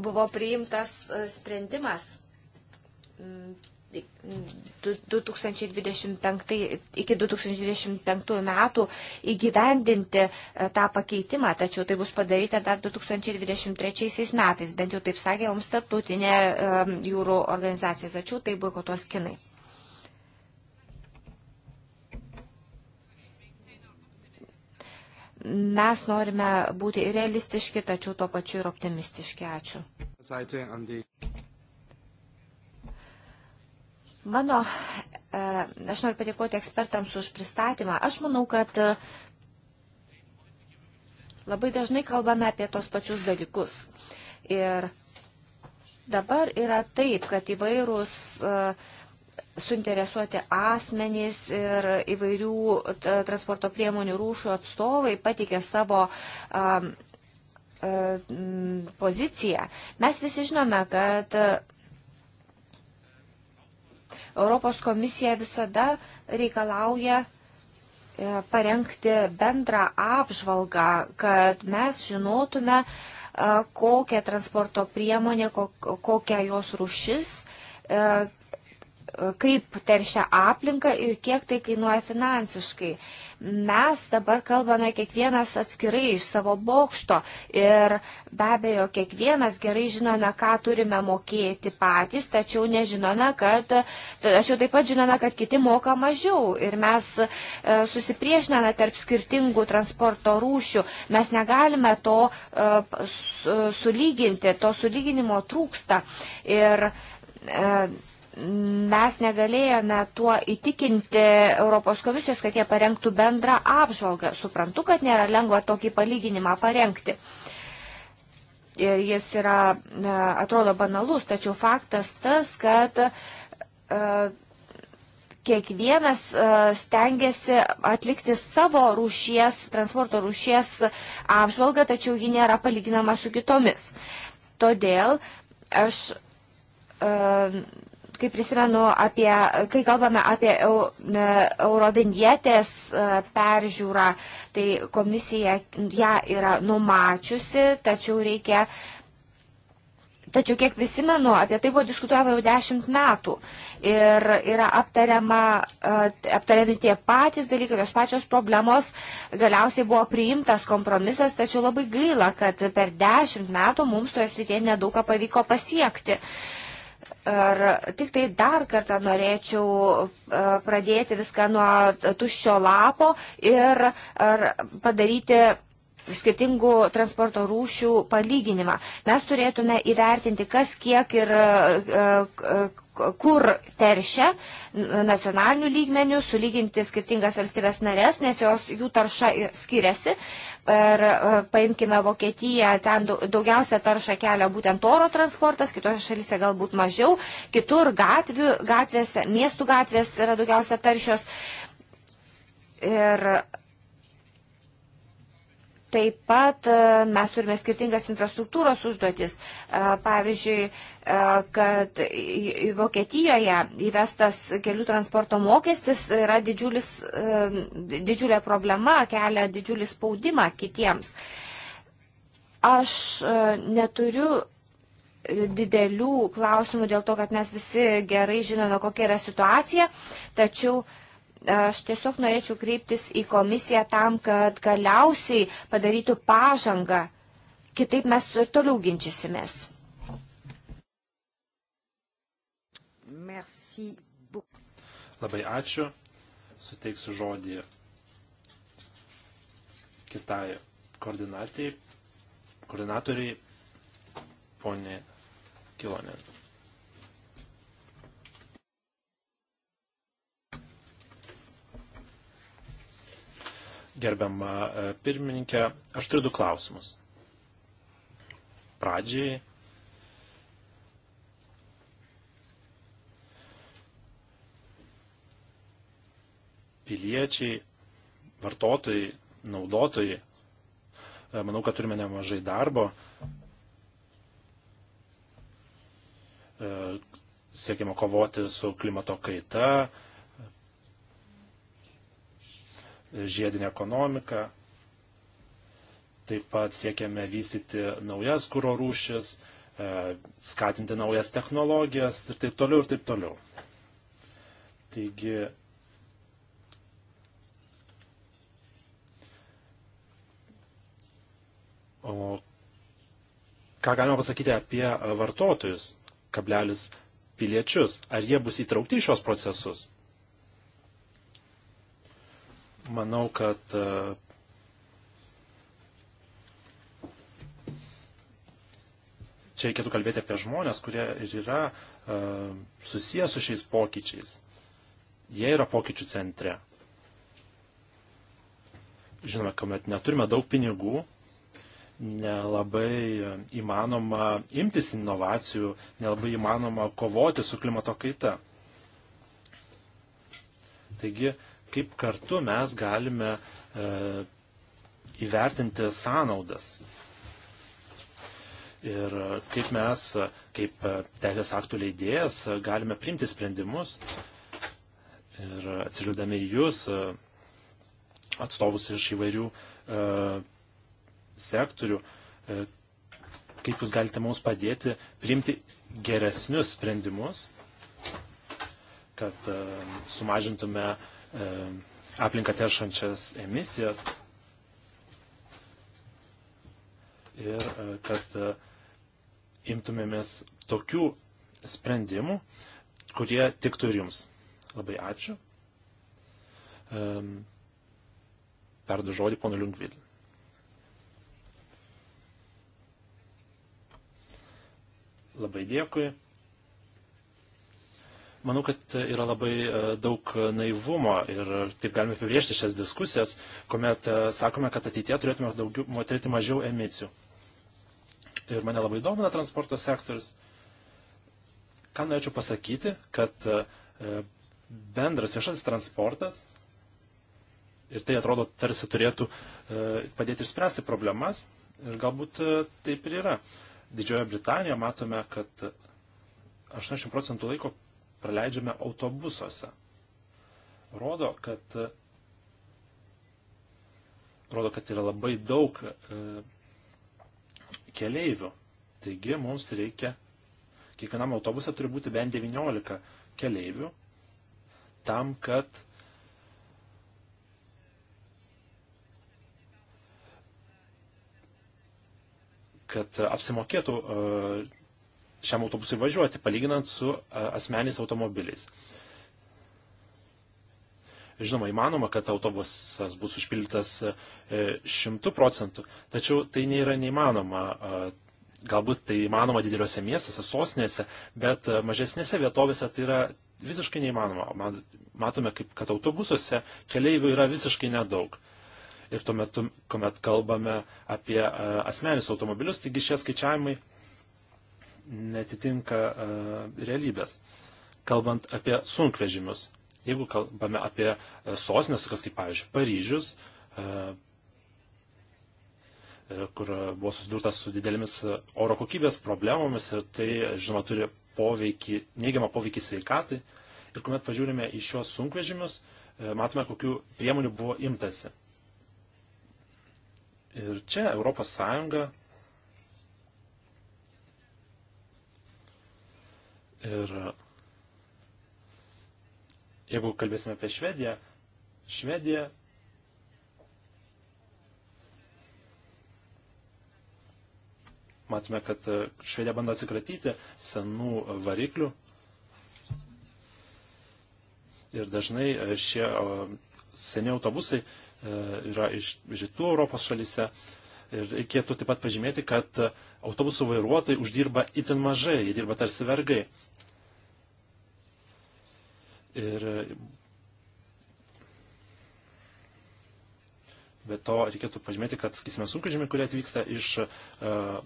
buvo priimtas e, sprendimas 2025, mm, iki 2025 metų įgyvendinti e, tą pakeitimą, tačiau tai bus padaryta dar 2023 metais, bent jau taip sakė mums tarptautinė e, jūrų organizacija, tačiau tai boikotuos kinai. mes norime būti ir realistiški, tačiau tuo pačiu ir optimistiški. Ačiū. Mano, e, aš noriu padėkoti ekspertams už pristatymą. Aš manau, kad e, labai dažnai kalbame apie tos pačius dalykus. Ir dabar yra taip, kad įvairūs uh, suinteresuoti asmenys ir įvairių transporto priemonių rūšių atstovai patikė savo um, um, poziciją. Mes visi žinome, kad Europos komisija visada reikalauja e, parengti bendrą apžvalgą, kad mes žinotume, e, kokią transporto priemonę, kokią jos rušis kaip teršia aplinką ir kiek tai kainuoja finansiškai. Mes dabar kalbame kiekvienas atskirai iš savo bokšto ir be abejo kiekvienas gerai žinome, ką turime mokėti patys, tačiau nežinome, kad, tačiau taip pat žinome, kad kiti moka mažiau ir mes e, susipriešiname tarp skirtingų transporto rūšių. Mes negalime to e, sulyginti, to sulyginimo trūksta. Ir, e, mes negalėjome tuo įtikinti Europos komisijos, kad jie parengtų bendrą apžvalgą. Suprantu, kad nėra lengva tokį palyginimą parengti. Ir jis yra, atrodo, banalus, tačiau faktas tas, kad e, kiekvienas e, stengiasi atlikti savo rūšies, transporto rūšies apžvalgą, tačiau ji nėra palyginama su kitomis. Todėl aš e, kai prisimenu apie, kai kalbame apie e, eurovinietės e, peržiūrą, tai komisija ją yra numačiusi, tačiau reikia. Tačiau, kiek prisimenu, apie tai buvo diskutuojama jau dešimt metų ir yra aptariama, e, aptariami tie patys dalykai, tos pačios problemos, galiausiai buvo priimtas kompromisas, tačiau labai gaila, kad per dešimt metų mums toje srityje nedaug ką pavyko pasiekti. Uh, Ir tik tai dar kartą norėčiau e, pradėti viską nuo tuščio lapo ir padaryti skirtingų transporto rūšių palyginimą. Mes turėtume įvertinti, kas kiek ir e, e, kur teršia nacionalinių lygmenių, sulyginti skirtingas valstybės narės, nes jos, jų tarša skiriasi. Ir e, paimkime Vokietiją, ten daugiausia tarša kelia būtent oro transportas, kitose šalyse galbūt mažiau, kitur gatvių, gatvėse, miestų gatvės yra daugiausia taršios. Ir Taip pat e, mes turime skirtingas infrastruktūros užduotis. E, pavyzdžiui, e, kad Vokietijoje įvestas kelių transporto mokestis yra didžiulis, didžiulė problema, kelia didžiulį spaudimą kitiems. Aš neturiu didelių klausimų dėl to, kad mes visi gerai žinome, kokia yra situacija, tačiau uh, Aš tiesiog norėčiau kreiptis į komisiją tam, kad galiausiai padarytų pažangą. Kitaip mes ir toliau ginčysimės. Merci. Labai ačiū. Suteiksiu žodį kitai koordinatoriai, poniai Kilonin. Gerbiama e, pirmininkė, aš turiu du klausimus. Pradžiai. Piliečiai, vartotojai, naudotojai. E, manau, kad turime nemažai darbo. E, siekiama kovoti su klimato kaita, žiedinę ekonomiką. Taip pat siekiame vystyti naujas kūro rūšis, e, skatinti naujas technologijas ir taip toliau ir taip toliau. Taigi O ką galima pasakyti apie vartotojus, kablelis piliečius? Ar jie bus įtraukti į šios procesus? Manau, kad e, čia reikėtų kalbėti apie žmonės, kurie ir yra e, susijęs su šiais pokyčiais. Jie yra pokyčių centre. Žinoma, kuomet neturime daug pinigų, nelabai įmanoma imtis inovacijų, nelabai įmanoma kovoti su klimato kaita. Taigi kaip kartu mes galime e, įvertinti sąnaudas. Ir kaip mes, kaip e, teisės aktų leidėjas, e, galime priimti sprendimus ir atsiliūdami į jūs, e, atstovus iš įvairių e, sektorių, e, kaip jūs galite mums padėti priimti geresnius sprendimus, kad e, sumažintume e, E, aplinką teršančias emisijas ir e, kad e, imtumėmės tokių sprendimų, kurie tiktų ir jums. Labai ačiū. Perdu žodį ponu Liungvilį. Labai dėkui. Manau, kad yra labai e, daug naivumo ir taip galime apibriežti šias diskusijas, kuomet e, sakome, kad ateitie turėtume daugiau, turėti mažiau emisijų. Ir mane labai domina transporto sektorius. Ką norėčiau pasakyti, kad e, bendras viešasis transportas, ir tai atrodo tarsi turėtų padėti išspręsti problemas, ir galbūt taip ir yra. Didžiojo Britanijoje matome, kad 80 procentų laiko praleidžiame autobusuose. Rodo, kad, rodo, kad yra labai daug e, keleivių. Taigi mums reikia, kiekvienam autobuse turi būti bent 19 keleivių, tam, kad kad apsimokėtų uh, šiam autobusui važiuoti, palyginant su asmeniais automobiliais. Žinoma, įmanoma, kad autobusas bus užpildytas e, šimtų procentų, tačiau tai nėra neįmanoma. Galbūt tai įmanoma dideliuose miestuose, sostinėse, bet mažesnėse vietovėse tai yra visiškai neįmanoma. Matome, kaip, kad autobusuose keleivių yra visiškai nedaug. Ir tuomet, kuomet kalbame apie asmenius automobilius, taigi šie skaičiavimai netitinka e, realybės. Kalbant apie sunkvežimius, jeigu kalbame apie e, sostinės, kas kaip pavyzdžiui Paryžius, e, kur buvo susidurtas su didelėmis oro kokybės problemomis ir tai, žinoma, turi poveikį, neigiamą poveikį sveikatai. Ir kuomet pažiūrime į šios sunkvežimius, matome, kokiu priemonių buvo imtasi. Ir čia Europos Sąjunga Ir e, jeigu kalbėsime apie Švediją, Švedija matome, kad e, Švedija bando atsikratyti senų variklių. Ir dažnai e, šie seni autobusai yra iš rytų Europos šalyse. Ir reikėtų taip pat pažymėti, kad autobusų vairuotojai uždirba itin mažai, jie dirba tarsi vergai. Ir be to reikėtų pažymėti, kad, sakysime, sunkvežimiai, kurie atvyksta iš uh,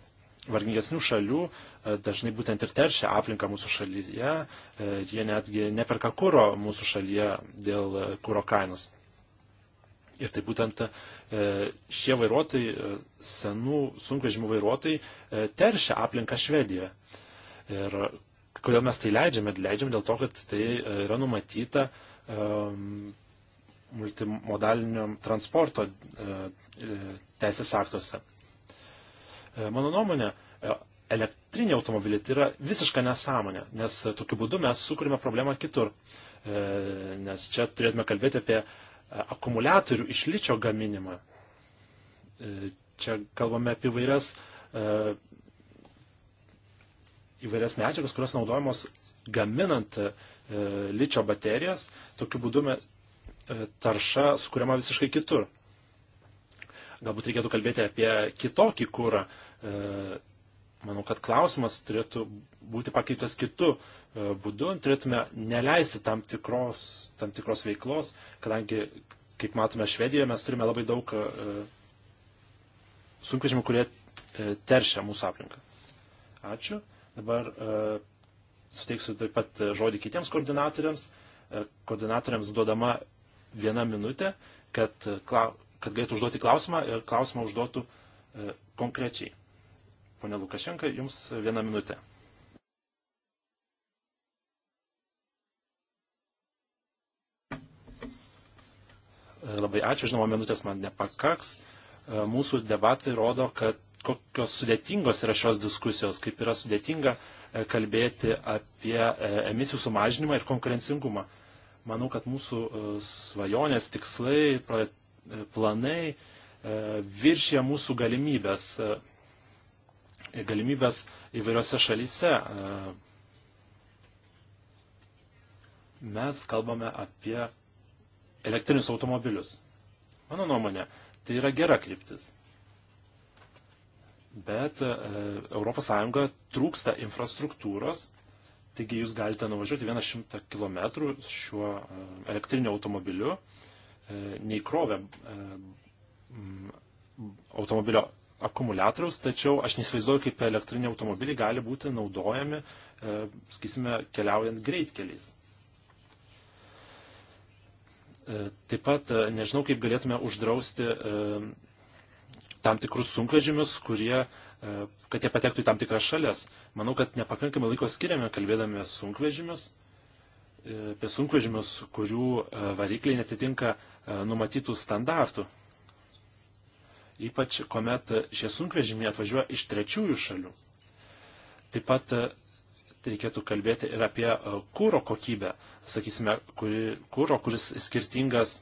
vargingesnių šalių, uh, dažnai būtent ir teršia aplinką mūsų šalyje, uh, jie netgi neperka kūro mūsų šalyje dėl uh, kūro kainos. Ir tai būtent šie vairuotojai, senų sunkvežimių vairuotojai, teršia aplinką Švedijoje. Ir Kodėl mes tai leidžiame? Leidžiame dėl to, kad tai e, yra numatyta um, multimodalinio transporto uh, teisės aktuose. Mano nuomonė, elektrinė automobilį tai yra visiška nesąmonė, nes tokiu būdu mes sukūrime problemą kitur. Nes čia turėtume kalbėti apie akumuliatorių iš ličio gaminimą. Čia kalbame apie vairias įvairias medžiagas, kurios naudojamos gaminant e, ličio baterijas, tokiu būdu e, tarša sukuriama visiškai kitur. Galbūt reikėtų kalbėti apie kitokį kūrą. E, manau, kad klausimas turėtų būti pakeistas kitu e, būdu. Turėtume neleisti tam tikros, tam tikros veiklos, kadangi, kaip matome, Švedijoje mes turime labai daug e, sunkvežimų, kurie e, teršia mūsų aplinką. Ačiū. Dabar e, suteiksiu taip pat e, žodį kitiems koordinatoriams. E, koordinatoriams duodama viena minutė, kad, kad galėtų užduoti klausimą ir klausimą užduotų konkrečiai. Pone Lukašenka, jums viena minutė. Labai ačiū, žinoma, minutės man nepakaks. Mūsų debatai rodo, kad kokios sudėtingos yra šios diskusijos, kaip yra sudėtinga e, kalbėti apie e, emisijų sumažinimą ir konkurencingumą. Manau, kad mūsų e, svajonės, tikslai, planai viršė mūsų galimybės, galimybės įvairiose šalyse. Mes kalbame apie elektrinius automobilius. Mano nuomonė, tai yra gera kryptis bet ES trūksta infrastruktūros, taigi jūs galite nuvažiuoti 100 km šiuo e, elektriniu automobiliu, e, neįkrovę e, automobilio akumuliatoriaus, tačiau aš nesivaizduoju, kaip elektriniai automobiliai gali būti naudojami, sakysime, keliaujant greitkeliais. Taip pat nežinau, kaip galėtume uždrausti tam tikrus sunkvežimius, kurie, e, kad jie patektų į tam tikras šalias. Manau, kad nepakankamai laiko skiriame kalbėdami sunkvežimius, e, apie sunkvežimius, kurių e, varikliai netitinka numatytų standartų. Ypač, kuomet šie sunkvežimiai atvažiuoja iš trečiųjų šalių. Taip pat reikėtų kalbėti ir apie kūro kokybę, sakysime, kuri, kūro, kuris skirtingas,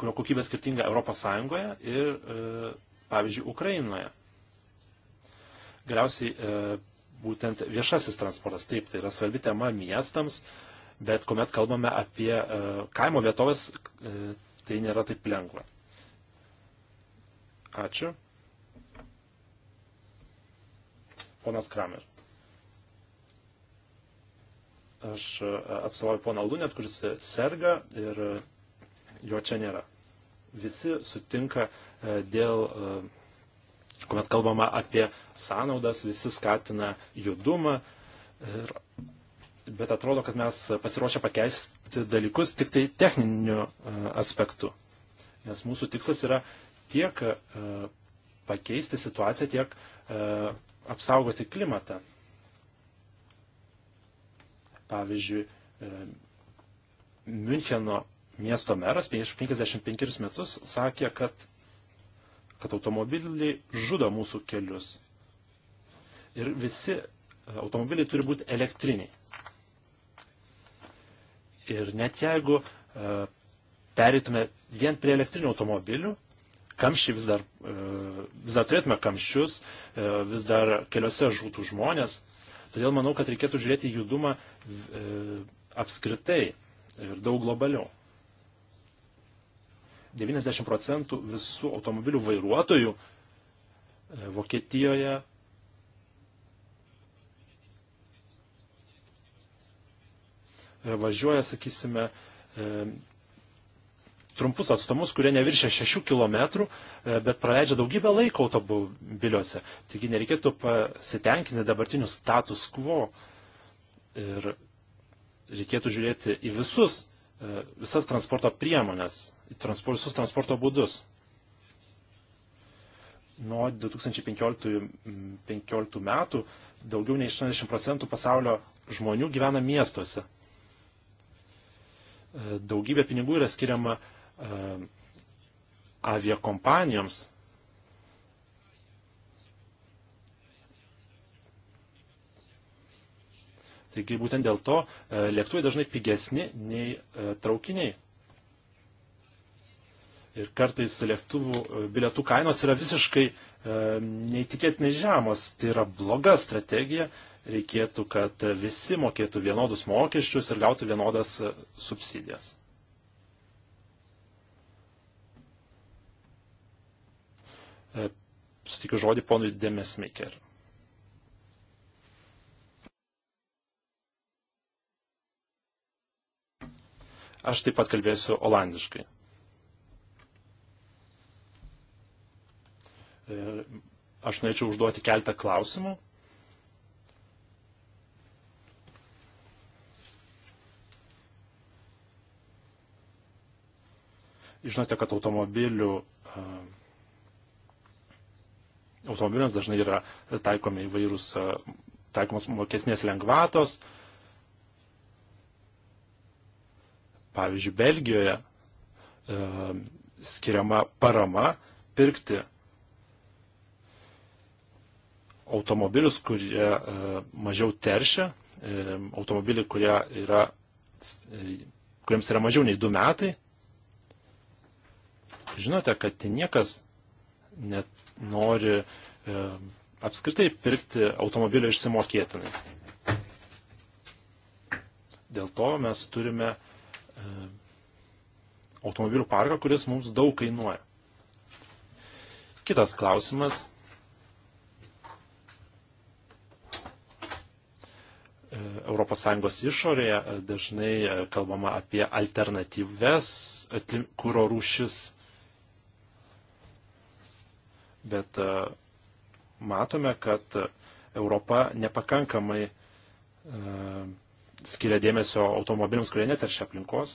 kurio kokybė skirtinga Europos Sąjungoje ir pavyzdžiui, Ukrainoje. Galiausiai e, būtent viešasis transportas, taip, tai yra svarbi tema miestams, bet kuomet kalbame apie e, kaimo vietovės, e, tai nėra taip lengva. Ačiū. Ponas Kramer. Aš e, atstovauju poną Lunet, kuris serga ir e, jo čia nėra visi sutinka e, dėl, e, kuomet kalbama apie sąnaudas, visi skatina judumą, ir, bet atrodo, kad mes pasiruošę pakeisti dalykus tik tai techniniu e, aspektu. Nes mūsų tikslas yra tiek pakeisti situaciją, tiek apsaugoti klimatą. Pavyzdžiui, Müncheno miesto meras prieš 55 metus sakė, kad, kad automobiliai žudo mūsų kelius. Ir visi e, automobiliai turi būti elektriniai. Ir net jeigu e, perėtume vien prie elektrinių automobilių, kamščiai vis dar, e, vis dar turėtume kamščius, e, vis dar keliuose žūtų žmonės. Todėl manau, kad reikėtų žiūrėti judumą e, apskritai ir daug globaliau. 90 procentų visų automobilių vairuotojų e, Vokietijoje e, važiuoja, sakysime, e, trumpus atstumus, kurie neviršia 6 km, bet praleidžia daugybę laiko automobiliuose. Taigi nereikėtų pasitenkinti dabartiniu status quo ir reikėtų žiūrėti į visus, visas transporto priemonės transport, visus transporto būdus. Nuo 2015 mm, metų daugiau nei 80 procentų pasaulio žmonių gyvena miestuose. E, daugybė pinigų yra skiriama uh, aviakompanijoms. Taigi būtent dėl to uh, lėktuvai dažnai pigesni nei uh, traukiniai ir kartais lėktuvų e, bilietų kainos yra visiškai e, neįtikėtinai žemos. Tai yra bloga strategija. Reikėtų, kad visi mokėtų vienodus mokesčius ir gautų vienodas e, subsidijas. E, Sutikiu žodį ponui Demesmaker. Aš taip pat kalbėsiu olandiškai. Aš norėčiau užduoti keltą klausimų. Žinote, kad automobilių e, automobiliams dažnai yra taikomi įvairūs, e, taikomas mokesnės lengvatos. Pavyzdžiui, Belgijoje e, skiriama parama pirkti automobilius, kurie e, mažiau teršia, e, automobiliai, kurie yra, e, kuriems yra mažiau nei du metai. Žinote, kad niekas net nori apskritai pirkti automobilio išsimokėtinais. Dėl to mes turime automobilių parką, kuris mums daug kainuoja. Kitas klausimas ES išorėje e, dažnai e, kalbama apie alternatyves e, kūro rūšis, bet matome, kad Europa nepakankamai skiria dėmesio automobiliams, kurie neteršia aplinkos.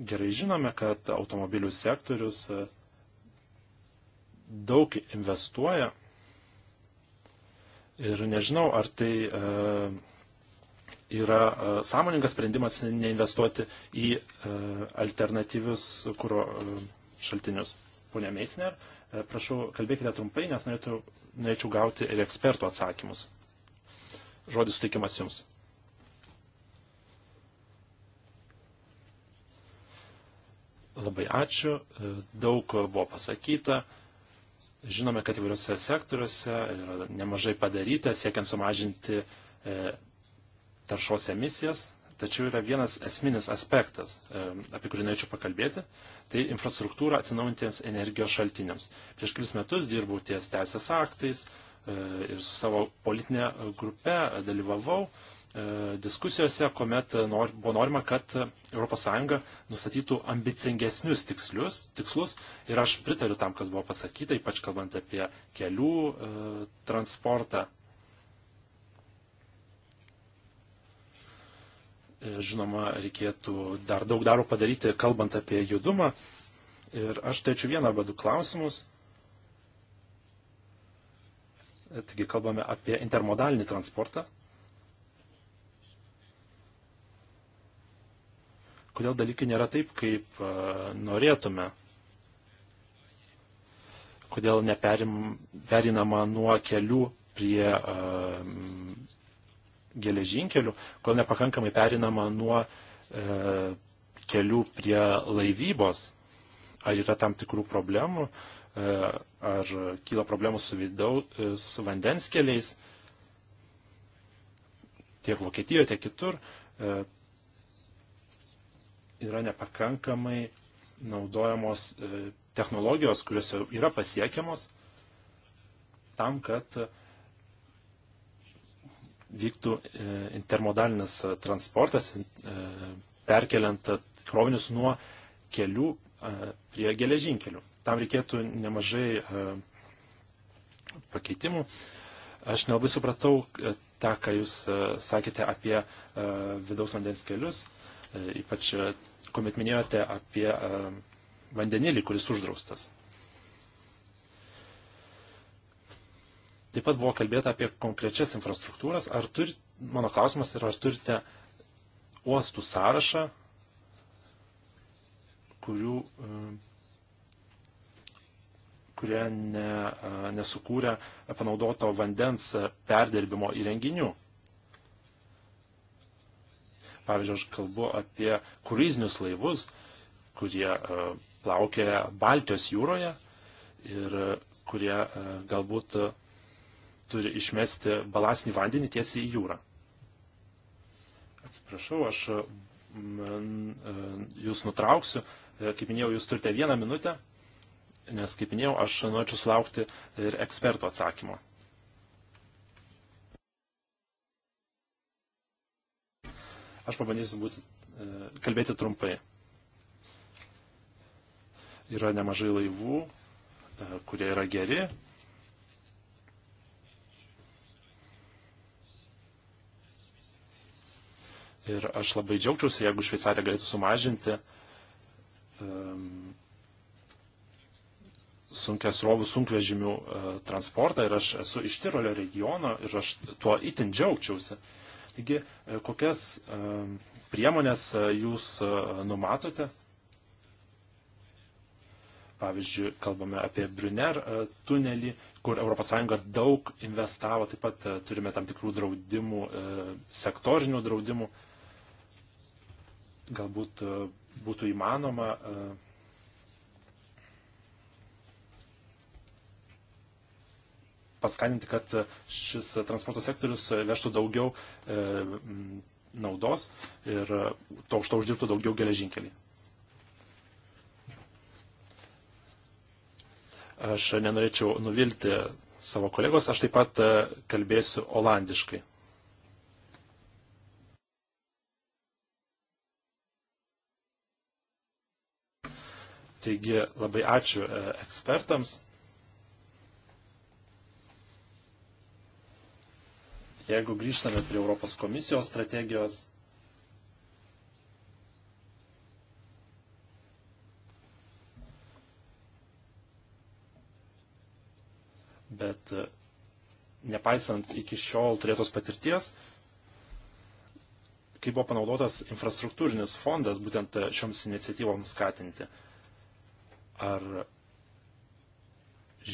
Gerai žinome, kad automobilių sektorius uh, daug investuoja ir nežinau, ar tai e, yra e, sąmoningas sprendimas neinvestuoti į e, alternatyvius kūro e, šaltinius. Pone Meisner, e, prašau, kalbėkite trumpai, nes norėtų, norėčiau gauti ir ekspertų atsakymus. Žodis suteikiamas jums. Labai ačiū, e, daug buvo pasakyta. E, Žinome, kad įvairiose sektoriuose yra nemažai padaryta, siekiant sumažinti e, taršos emisijas, tačiau yra vienas esminis aspektas, e, apie kurį norėčiau pakalbėti, tai infrastruktūra atsinaujantiems energijos šaltiniams. Prieš kelis metus dirbau ties teisės aktais e, ir su savo politinė grupe dalyvavau E, diskusijose, kuomet e, nor, buvo norima, kad ES nustatytų ambicingesnius tikslius, tikslus ir aš pritariu tam, kas buvo pasakyta, ypač kalbant apie kelių e, transportą. E, žinoma, reikėtų dar daug darbo padaryti, kalbant apie judumą. Ir aš turėčiau vieną arba du klausimus. Taigi kalbame apie intermodalinį transportą. kodėl dalykai nėra taip, kaip e, norėtume, kodėl neperim, perinama nuo kelių prie um, geležinkelių, kol nepakankamai perinama nuo e, kelių prie laivybos. Ar yra tam tikrų problemų, e, ar kyla problemų su vidaus e, vandens keliais, tiek Vokietijoje, tiek kitur. E, yra nepakankamai naudojamos e, technologijos, kurios yra pasiekiamos tam, kad vyktų e, intermodalinis transportas, e, perkeliant krovinius nuo kelių prie geležinkelių. Tam reikėtų nemažai pakeitimų. Aš nelabai supratau tą, ką jūs sakėte apie vidaus vandens kelius. E, ypač e, kuomet minėjote apie e, vandenilį, kuris uždraustas. Taip pat buvo kalbėta apie konkrečias infrastruktūras. Ar turi, mano klausimas yra, ar turite uostų sąrašą, kurių, kurie ne, nesukūrė panaudoto vandens perdirbimo įrenginių? Pavyzdžiui, aš kalbu apie kruizinius laivus, kurie e, plaukia Baltijos jūroje ir e, kurie e, galbūt turi išmesti balasnį vandenį tiesiai į jūrą. Atsiprašau, aš man, jūs nutrauksiu. Kaip minėjau, jūs turite vieną minutę, nes, kaip minėjau, aš norėčiau sulaukti ir ekspertų atsakymo. Aš pabandysiu būti, e, kalbėti trumpai. Yra nemažai laivų, e, kurie yra geri. Ir aš labai džiaugčiausi, jeigu Šveicarija galėtų sumažinti um, sunkės rovų sunkvežimių uh, transportą. Ir aš esu iš Tirolio regiono ir aš tuo itin džiaugčiausi. Uh, Taigi, e, kokias e, priemonės e, jūs numatote? Pavyzdžiui, kalbame apie Brunner tunelį, kur ES daug investavo, taip pat turime tam tikrų draudimų, sektorinių draudimų. Galbūt būtų įmanoma uh, paskatinti, kad šis transporto sektorius veštų daugiau e, naudos ir to už to uždirbtų daugiau geležinkeliai. Aš nenorėčiau nuvilti savo kolegos, aš taip pat e, kalbėsiu olandiškai. Taigi labai ačiū e, ekspertams. Jeigu grįžtame prie Europos komisijos strategijos, bet e, nepaisant iki šiol turėtos patirties, kai buvo panaudotas infrastruktūrinis fondas būtent e, šioms iniciatyvoms skatinti. Ar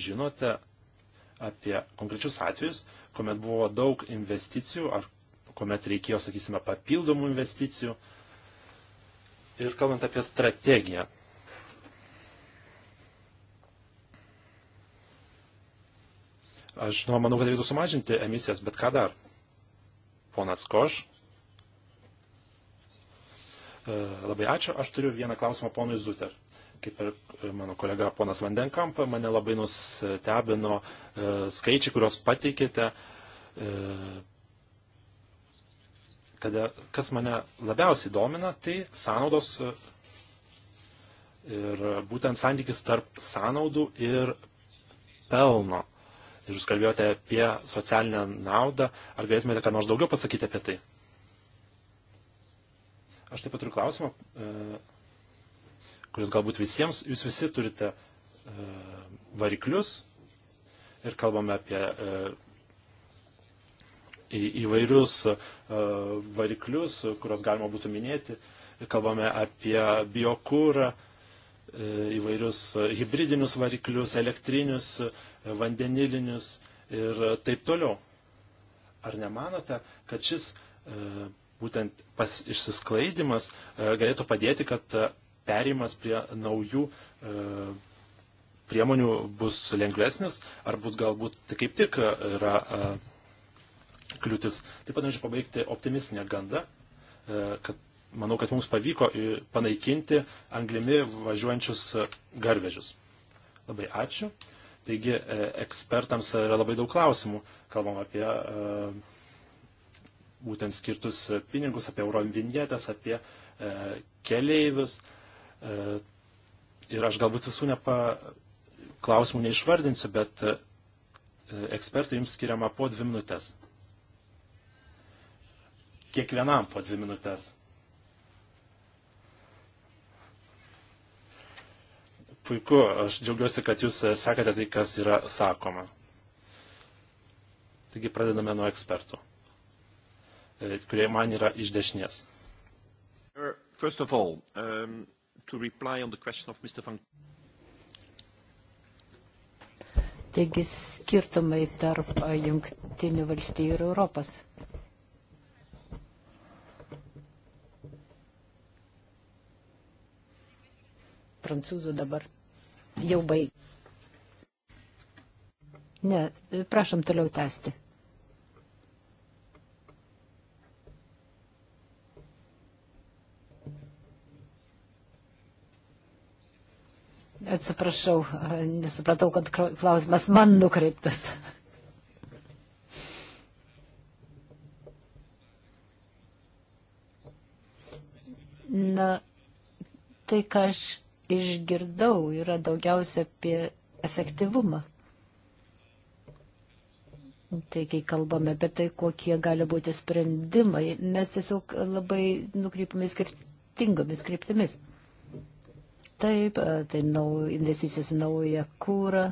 žinote, apie konkrečius atvejus, kuomet buvo daug investicijų ar kuomet reikėjo, sakysime, papildomų investicijų. Ir kalbant apie strategiją. Aš žinoma, nu, manau, kad reikėtų sumažinti emisijas, bet ką dar? Ponas Koš. E, labai ačiū. Aš turiu vieną klausimą ponui Zuter kaip ir mano kolega ponas Vandenkampa, mane labai nustebino e, skaičiai, kuriuos pateikėte. E, kada, kas mane labiausiai domina, tai sąnaudos e, ir būtent santykis tarp sąnaudų ir pelno. Ir jūs kalbėjote apie socialinę naudą. Ar galėtumėte ką nors daugiau pasakyti apie tai? Aš taip pat turiu klausimą. E, kuris galbūt visiems, jūs visi turite e, variklius ir kalbame apie e, įvairius e, variklius, kuriuos galima būtų minėti. Kalbame apie biokūrą, įvairius hybridinius variklius, elektrinius, vandenilinius ir taip toliau. Ar nemanote, kad šis būtent pas, išsisklaidimas galėtų padėti, kad perėjimas prie naujų e, priemonių bus lengvesnis, ar bus galbūt tai kaip tik e, yra e, kliūtis. Taip pat norėčiau pabaigti optimistinę gandą, e, kad manau, kad mums pavyko panaikinti anglimi važiuojančius e, garvežius. Labai ačiū. Taigi e, ekspertams yra labai daug klausimų. Kalbam apie būtent skirtus pinigus, apie euro vinjetės, apie keleivius, E, ir aš galbūt visų nepa, klausimų neišvardinsiu, bet e, ekspertai jums skiriama po dvi minutės. Kiekvienam po dvi minutės. Puiku, aš džiaugiuosi, kad jūs e, sekate tai, kas yra sakoma. Taigi pradedame nuo ekspertų, kurie man yra iš dešinės. First of all, um, to reply on the question of Mr. Van. Taigi skirtumai tarp jungtinių valstybių ir Europos. Prancūzų dabar jau baig. Ne, prašom toliau tęsti. Atsiprašau, nesupratau, kad klausimas man nukreiptas. Na, tai, ką aš išgirdau, yra daugiausia apie efektyvumą. Tai kai kalbame apie tai, kokie gali būti sprendimai, mes tiesiog labai nukrypame skirtingomis kryptimis kitaip, e, tai nau, investicijos į naują kūrą.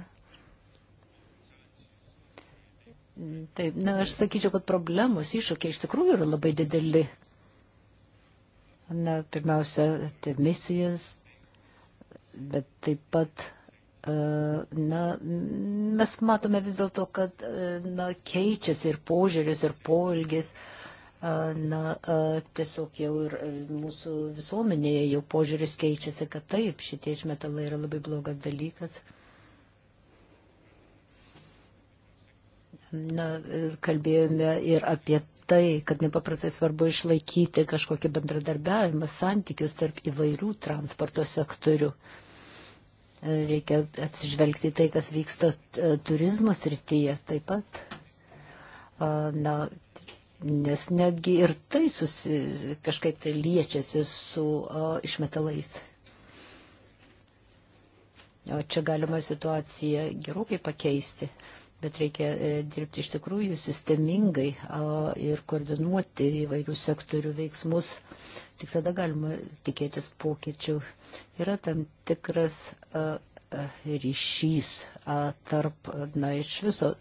Taip, na, aš sakyčiau, kad problemos iššūkiai iš tikrųjų yra labai dideli. Na, pirmiausia, tai misijas, bet taip pat, e, na, mes matome vis dėlto, kad, e, na, keičiasi ir požiūris, ir polgis. Po Na, tiesiog jau ir e, mūsų visuomenėje jau požiūris keičiasi, kad taip, šitie išmetalai yra labai blogas dalykas. Na, e, kalbėjome ir apie tai, kad nepaprastai svarbu išlaikyti kažkokį bendradarbiavimą, santykius tarp įvairių transporto sektorių. E, reikia atsižvelgti tai, kas vyksta turizmo srityje taip pat. Na, nes netgi ir tai susi, kažkaip tai liečiasi su o, išmetalais. O čia galima situaciją gerokai pakeisti, bet reikia e, dirbti iš tikrųjų sistemingai o, ir koordinuoti įvairių sektorių veiksmus. Tik tada galima tikėtis pokyčių. Yra tam tikras o, e, ryšys tarp, na, iš viso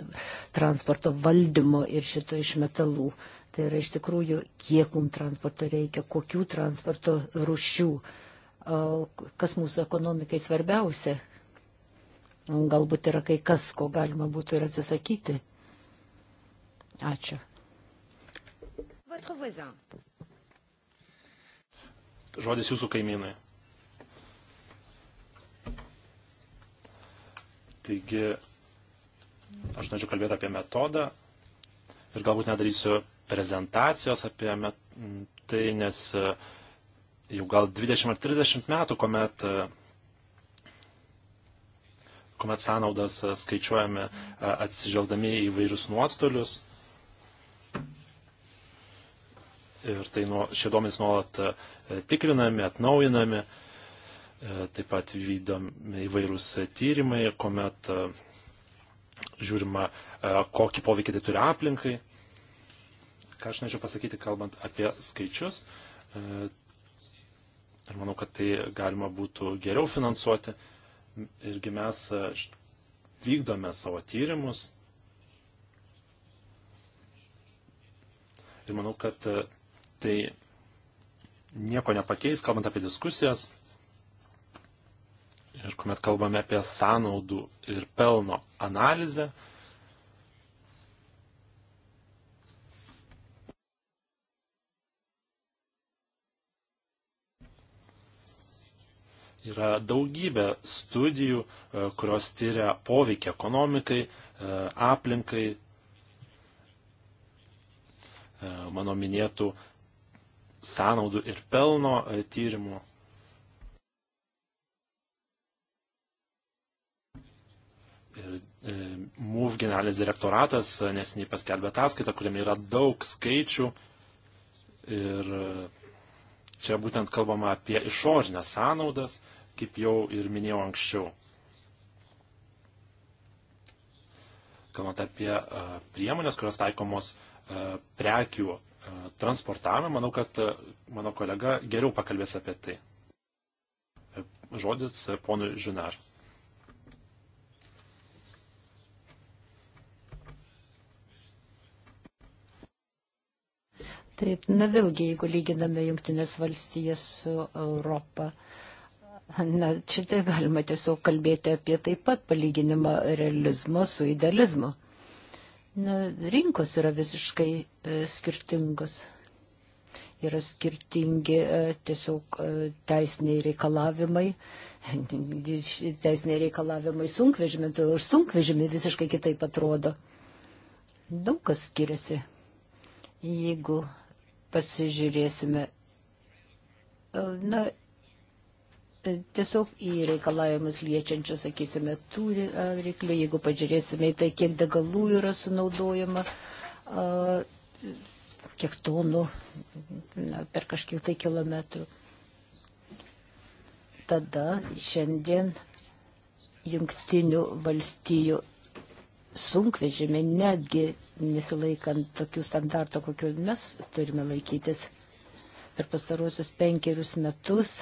transporto valdymo ir šito iš metalų. Tai yra iš tikrųjų, kiek mums transporto reikia, kokių transporto rušių, kas mūsų ekonomikai svarbiausia. Galbūt yra kai kas, ko galima būtų ir atsisakyti. Ačiū. Žodis jūsų kaimynai. Taigi, aš norėčiau kalbėti apie metodą ir galbūt nedarysiu prezentacijos apie met... tai, nes e, jau gal 20 ar 30 metų, kuomet, e, kuomet sąnaudas e, skaičiuojame atsižvelgdami į vairius nuostolius. Ir tai nuo, šie duomenys nuolat tikrinami, atnaujinami. Uh, E, taip pat vykdomi įvairūs tyrimai, kuomet e, žiūrima, e, kokį poveikį tai turi aplinkai. Ką aš norėčiau pasakyti, kalbant apie skaičius. Ir manau, kad tai galima būtų geriau finansuoti. Irgi mes vykdome savo tyrimus. Ir manau, kad tai nieko nepakeis, kalbant apie diskusijas. Ir kuomet kalbame apie sąnaudų ir pelno analizę, yra daugybė studijų, e, kurios tyria poveikį ekonomikai, e, aplinkai, e, mano minėtų sąnaudų ir pelno tyrimų Ir e, MUV generalinis direktoratas e, nesiniai paskelbė ataskaitą, kuriame yra daug skaičių. Ir e, čia būtent kalbama apie išorinės sąnaudas, kaip jau ir minėjau anksčiau. Kalbant apie e, priemonės, kurios taikomos prekių transportavimą, manau, kad mano kolega geriau pakalbės apie tai. Žodis ponui Žinar. Taip, na vėlgi, jeigu lyginame Junktinės valstijas su Europą, na, čia tai galima tiesiog kalbėti apie taip pat palyginimą realizmo su idealizmu. Na, rinkos yra visiškai e, skirtingos. Yra skirtingi e, tiesiog e, teisiniai reikalavimai. Teisiniai reikalavimai sunkvežimė, tai ir sunkvežimė visiškai kitaip atrodo. Daug kas skiriasi. Jeigu pasižiūrėsime. Na, tiesiog į reikalavimus liečiančius, sakysime, turi reiklių, jeigu pažiūrėsime į tai, kiek degalų yra sunaudojama, kiek tonų na, per kažkiek tai kilometrų. Tada šiandien jungtinių valstijų sunkvežimiai netgi nesilaikant tokių standartų, kokiu mes turime laikytis per pastaruosius penkerius metus.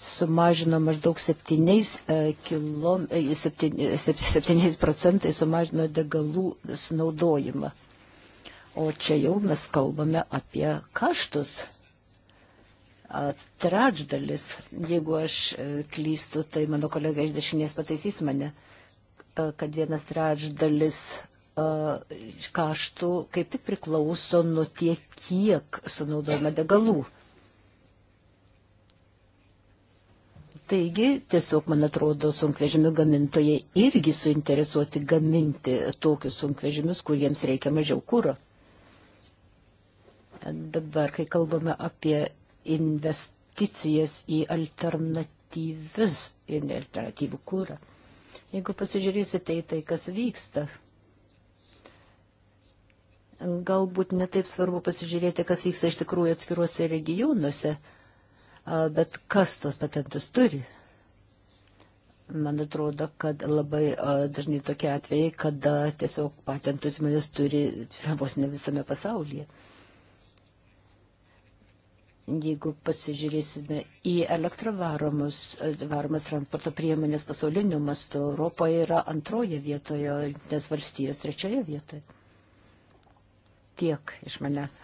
sumažino maždaug 7, e, kilom, 7, 7 procentai sumažino degalų sunaudojimą. O čia jau mes kalbame apie kaštus trečdalis, jeigu aš e, klystu, tai mano kolega iš dešinės pataisys mane, kad vienas trečdalis kaštų kaip tik priklauso nuo tiek, kiek sunaudojama degalų. Taigi, tiesiog, man atrodo, sunkvežimių gamintojai irgi suinteresuoti gaminti tokius sunkvežimius, kuriems reikia mažiau kūro. Dabar, kai kalbame apie investicijas į alternatyvius, į alternatyvų kūrą. Jeigu pasižiūrėsite į tai, kas vyksta, galbūt netaip svarbu pasižiūrėti, kas vyksta iš tikrųjų atskiruose regionuose, bet kas tos patentus turi. Man atrodo, kad labai dažnai tokie atvejai, kada tiesiog patentus įmonės turi vos ne visame pasaulyje. Jeigu pasižiūrėsime į elektrovaromus varomas transporto priemonės pasauliniu mastu, Europoje yra antroje vietoje, nes valstijos trečioje vietoje. Tiek iš manęs.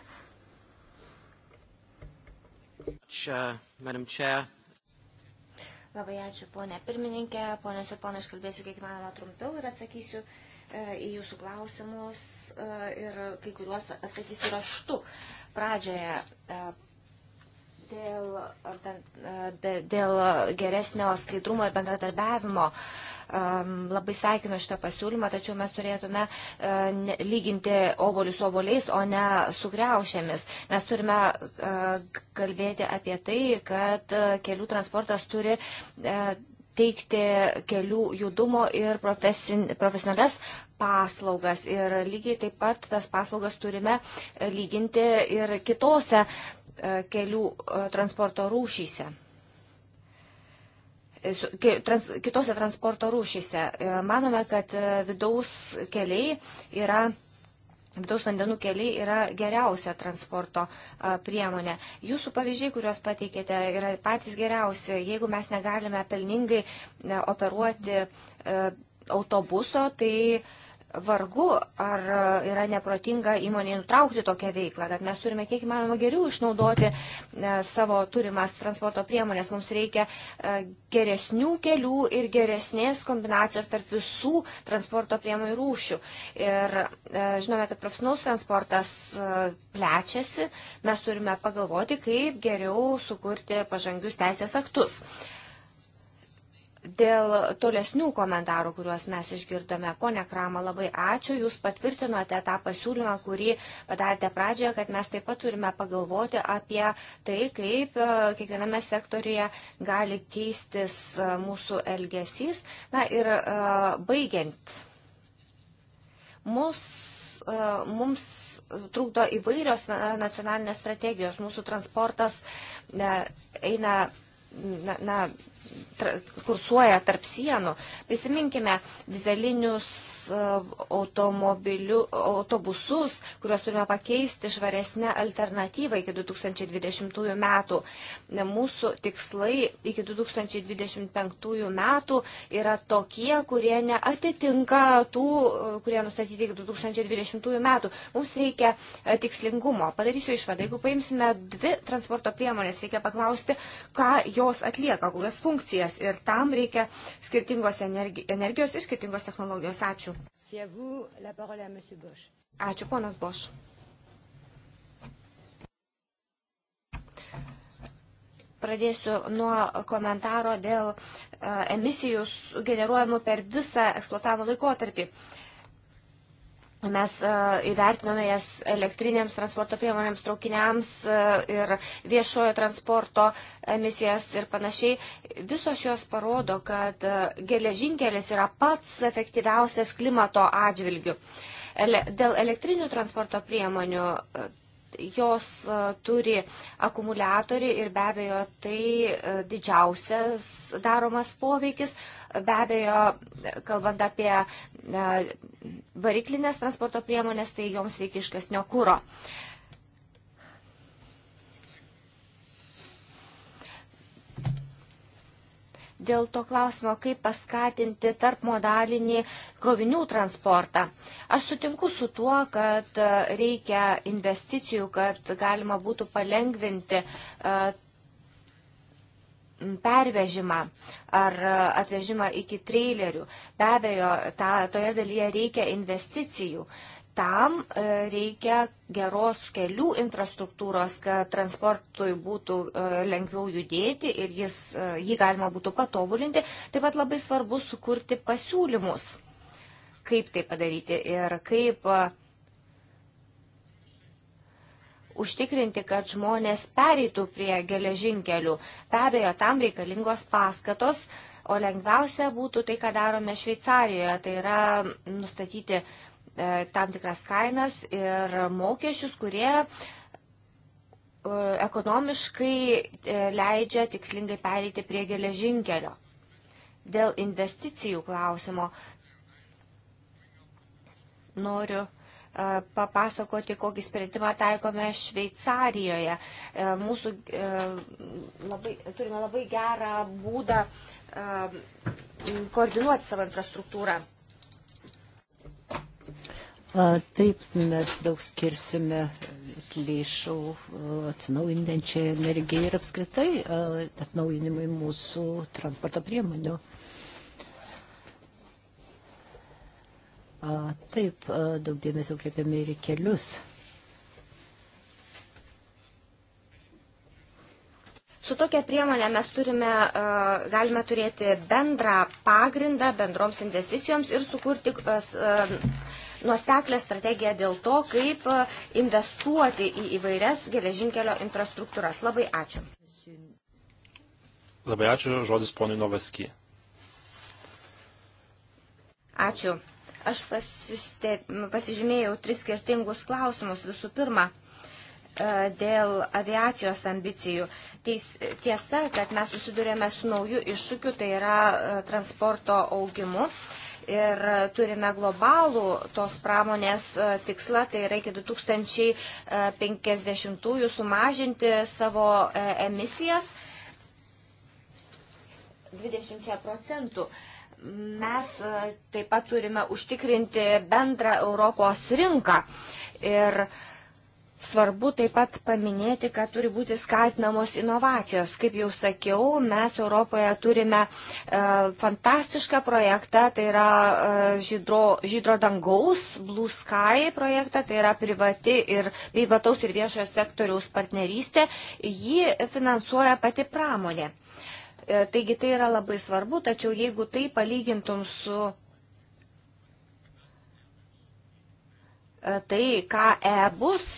Labai ačiū, ponė pirmininkė. Ponės ir ponai, aš kalbėsiu kiek įmanoma trumpiau ir atsakysiu e, į jūsų klausimus e, ir kai kuriuos atsakysiu raštu. Pradžioje e, dėl, e, dėl geresnio skaidrumo ir bendradarbiavimo. Labai sveikinu šitą pasiūlymą, tačiau mes turėtume e, lyginti obolius oboliais, o ne su greušėmis. Mes turime e, kalbėti apie tai, kad kelių transportas turi teikti kelių judumo ir profesin, profesionales paslaugas. Ir lygiai taip pat tas paslaugas turime lyginti ir kitose E, kelių e, transporto rūšyse e, trans, kitose transporto rūšyse. Manome, kad vidaus keliai yra. Vidaus vandenų keliai yra geriausia transporto priemonė. Jūsų pavyzdžiai, kuriuos pateikėte, yra patys geriausi. Jeigu mes negalime pelningai operuoti autobuso, tai vargu, ar e, yra neprotinga įmonė nutraukti tokią veiklą, kad mes turime kiek įmanoma geriau išnaudoti e, savo turimas transporto priemonės. Mums reikia e, geresnių kelių ir geresnės kombinacijos tarp visų transporto priemonių rūšių. Ir žinome, kad profesionalus transportas plečiasi, mes turime pagalvoti, kaip geriau sukurti pažangius teisės aktus. Dėl tolesnių komentarų, kuriuos mes išgirdome, ponia Krama, labai ačiū, jūs patvirtinote tą pasiūlymą, kurį padarėte pradžioje, kad mes taip pat turime pagalvoti apie tai, kaip e, kiekviename sektorija gali keistis e, mūsų elgesys. Na ir e, baigiant, mums, mums trukdo įvairios nacionalinės strategijos, mūsų transportas eina. Na, na, tra, kursuoja tarp sienų. Prisiminkime dizelinius e, autobusus, kuriuos turime pakeisti švaresnę alternatyvą iki 2020 metų. Mūsų tikslai iki 2025 metų yra tokie, kurie neatitinka tų, e, kurie nustatyti iki 2020 metų. Mums reikia e, tikslingumo. Padarysiu išvadą. Jeigu paimsime dvi transporto priemonės, reikia paklausti, ką jos atlieka, kokias funkcijas funkcijas ir tam reikia skirtingos energijos ir skirtingos technologijos. Ačiū. Ačiū, ponas Boš. Pradėsiu nuo komentaro dėl e, emisijų generuojamų per visą eksploatavimo laikotarpį. Uh, Mes e, įvertinome jas elektrinėms transporto priemonėms, traukiniams e, ir viešojo transporto emisijas ir panašiai. Visos jos parodo, kad e, geležinkelis yra pats efektyviausias klimato atžvilgių. Dėl elektrinių transporto priemonių jos e, turi akumuliatorį ir be abejo tai e, didžiausias daromas poveikis. Be abejo, kalbant apie e, variklinės transporto priemonės, tai joms reikia iškasnio kūro. Uh, dėl to klausimo, kaip paskatinti tarp modalinį krovinių transportą. Aš sutinku su tuo, kad e, reikia investicijų, kad galima būtų palengvinti e, pervežimą ar atvežimą iki trailerių. Be abejo, ta, toje dalyje reikia investicijų. Uh, tam e, reikia geros kelių infrastruktūros, kad transportui būtų e, lengviau judėti ir jis, e, jį galima būtų patobulinti. Taip pat labai svarbu sukurti pasiūlymus, kaip tai padaryti ir kaip užtikrinti, kad žmonės pereitų prie geležinkelių. Be abejo, tam reikalingos paskatos, o lengviausia būtų tai, ką darome Šveicarijoje, tai yra nustatyti uh, E, tam tikras kainas ir mokesčius, kurie e, ekonomiškai e, leidžia tikslingai pereiti prie geležinkelio. Dėl investicijų klausimo noriu papasakoti, kokį sprendimą taikome Šveicarijoje. Mūsų labai, turime labai gerą būdą koordinuoti savo infrastruktūrą. Taip, mes daug skirsime lėšų atsinaujinančiai energijai ir apskritai atnaujinimui mūsų transporto priemonių. Taip, daug dėmesio kreipiame ir į kelius. Su tokia priemonė mes turime, e, galime turėti bendrą pagrindą bendroms investicijoms ir sukurti e, e, nuoseklę strategiją dėl to, kaip investuoti į įvairias geležinkelio infrastruktūras. Labai ačiū. Labai ačiū. Žodis ponui Novaski. Ačiū. Aš pasistė, pasižymėjau tris skirtingus klausimus. Visų pirma, E, dėl aviacijos ambicijų. Teis, tiesa, kad mes susidurėme su nauju iššūkiu, tai yra e, transporto augimu. Ir turime globalų tos pramonės e, tikslą, tai yra iki 2050-ųjų sumažinti savo emisijas 20 procentų mes taip pat turime užtikrinti bendrą Europos rinką. Ir uh, Svarbu taip pat paminėti, kad turi būti skatinamos inovacijos. Kaip jau sakiau, mes Europoje turime e, fantastišką projektą, tai yra e, žydro, žydro dangaus, Blue Sky projektą, tai yra privati ir privataus ir viešojo sektoriaus partnerystė. Ji finansuoja pati pramonė. E, taigi tai yra labai svarbu, tačiau jeigu tai palygintum su e, tai, ką e bus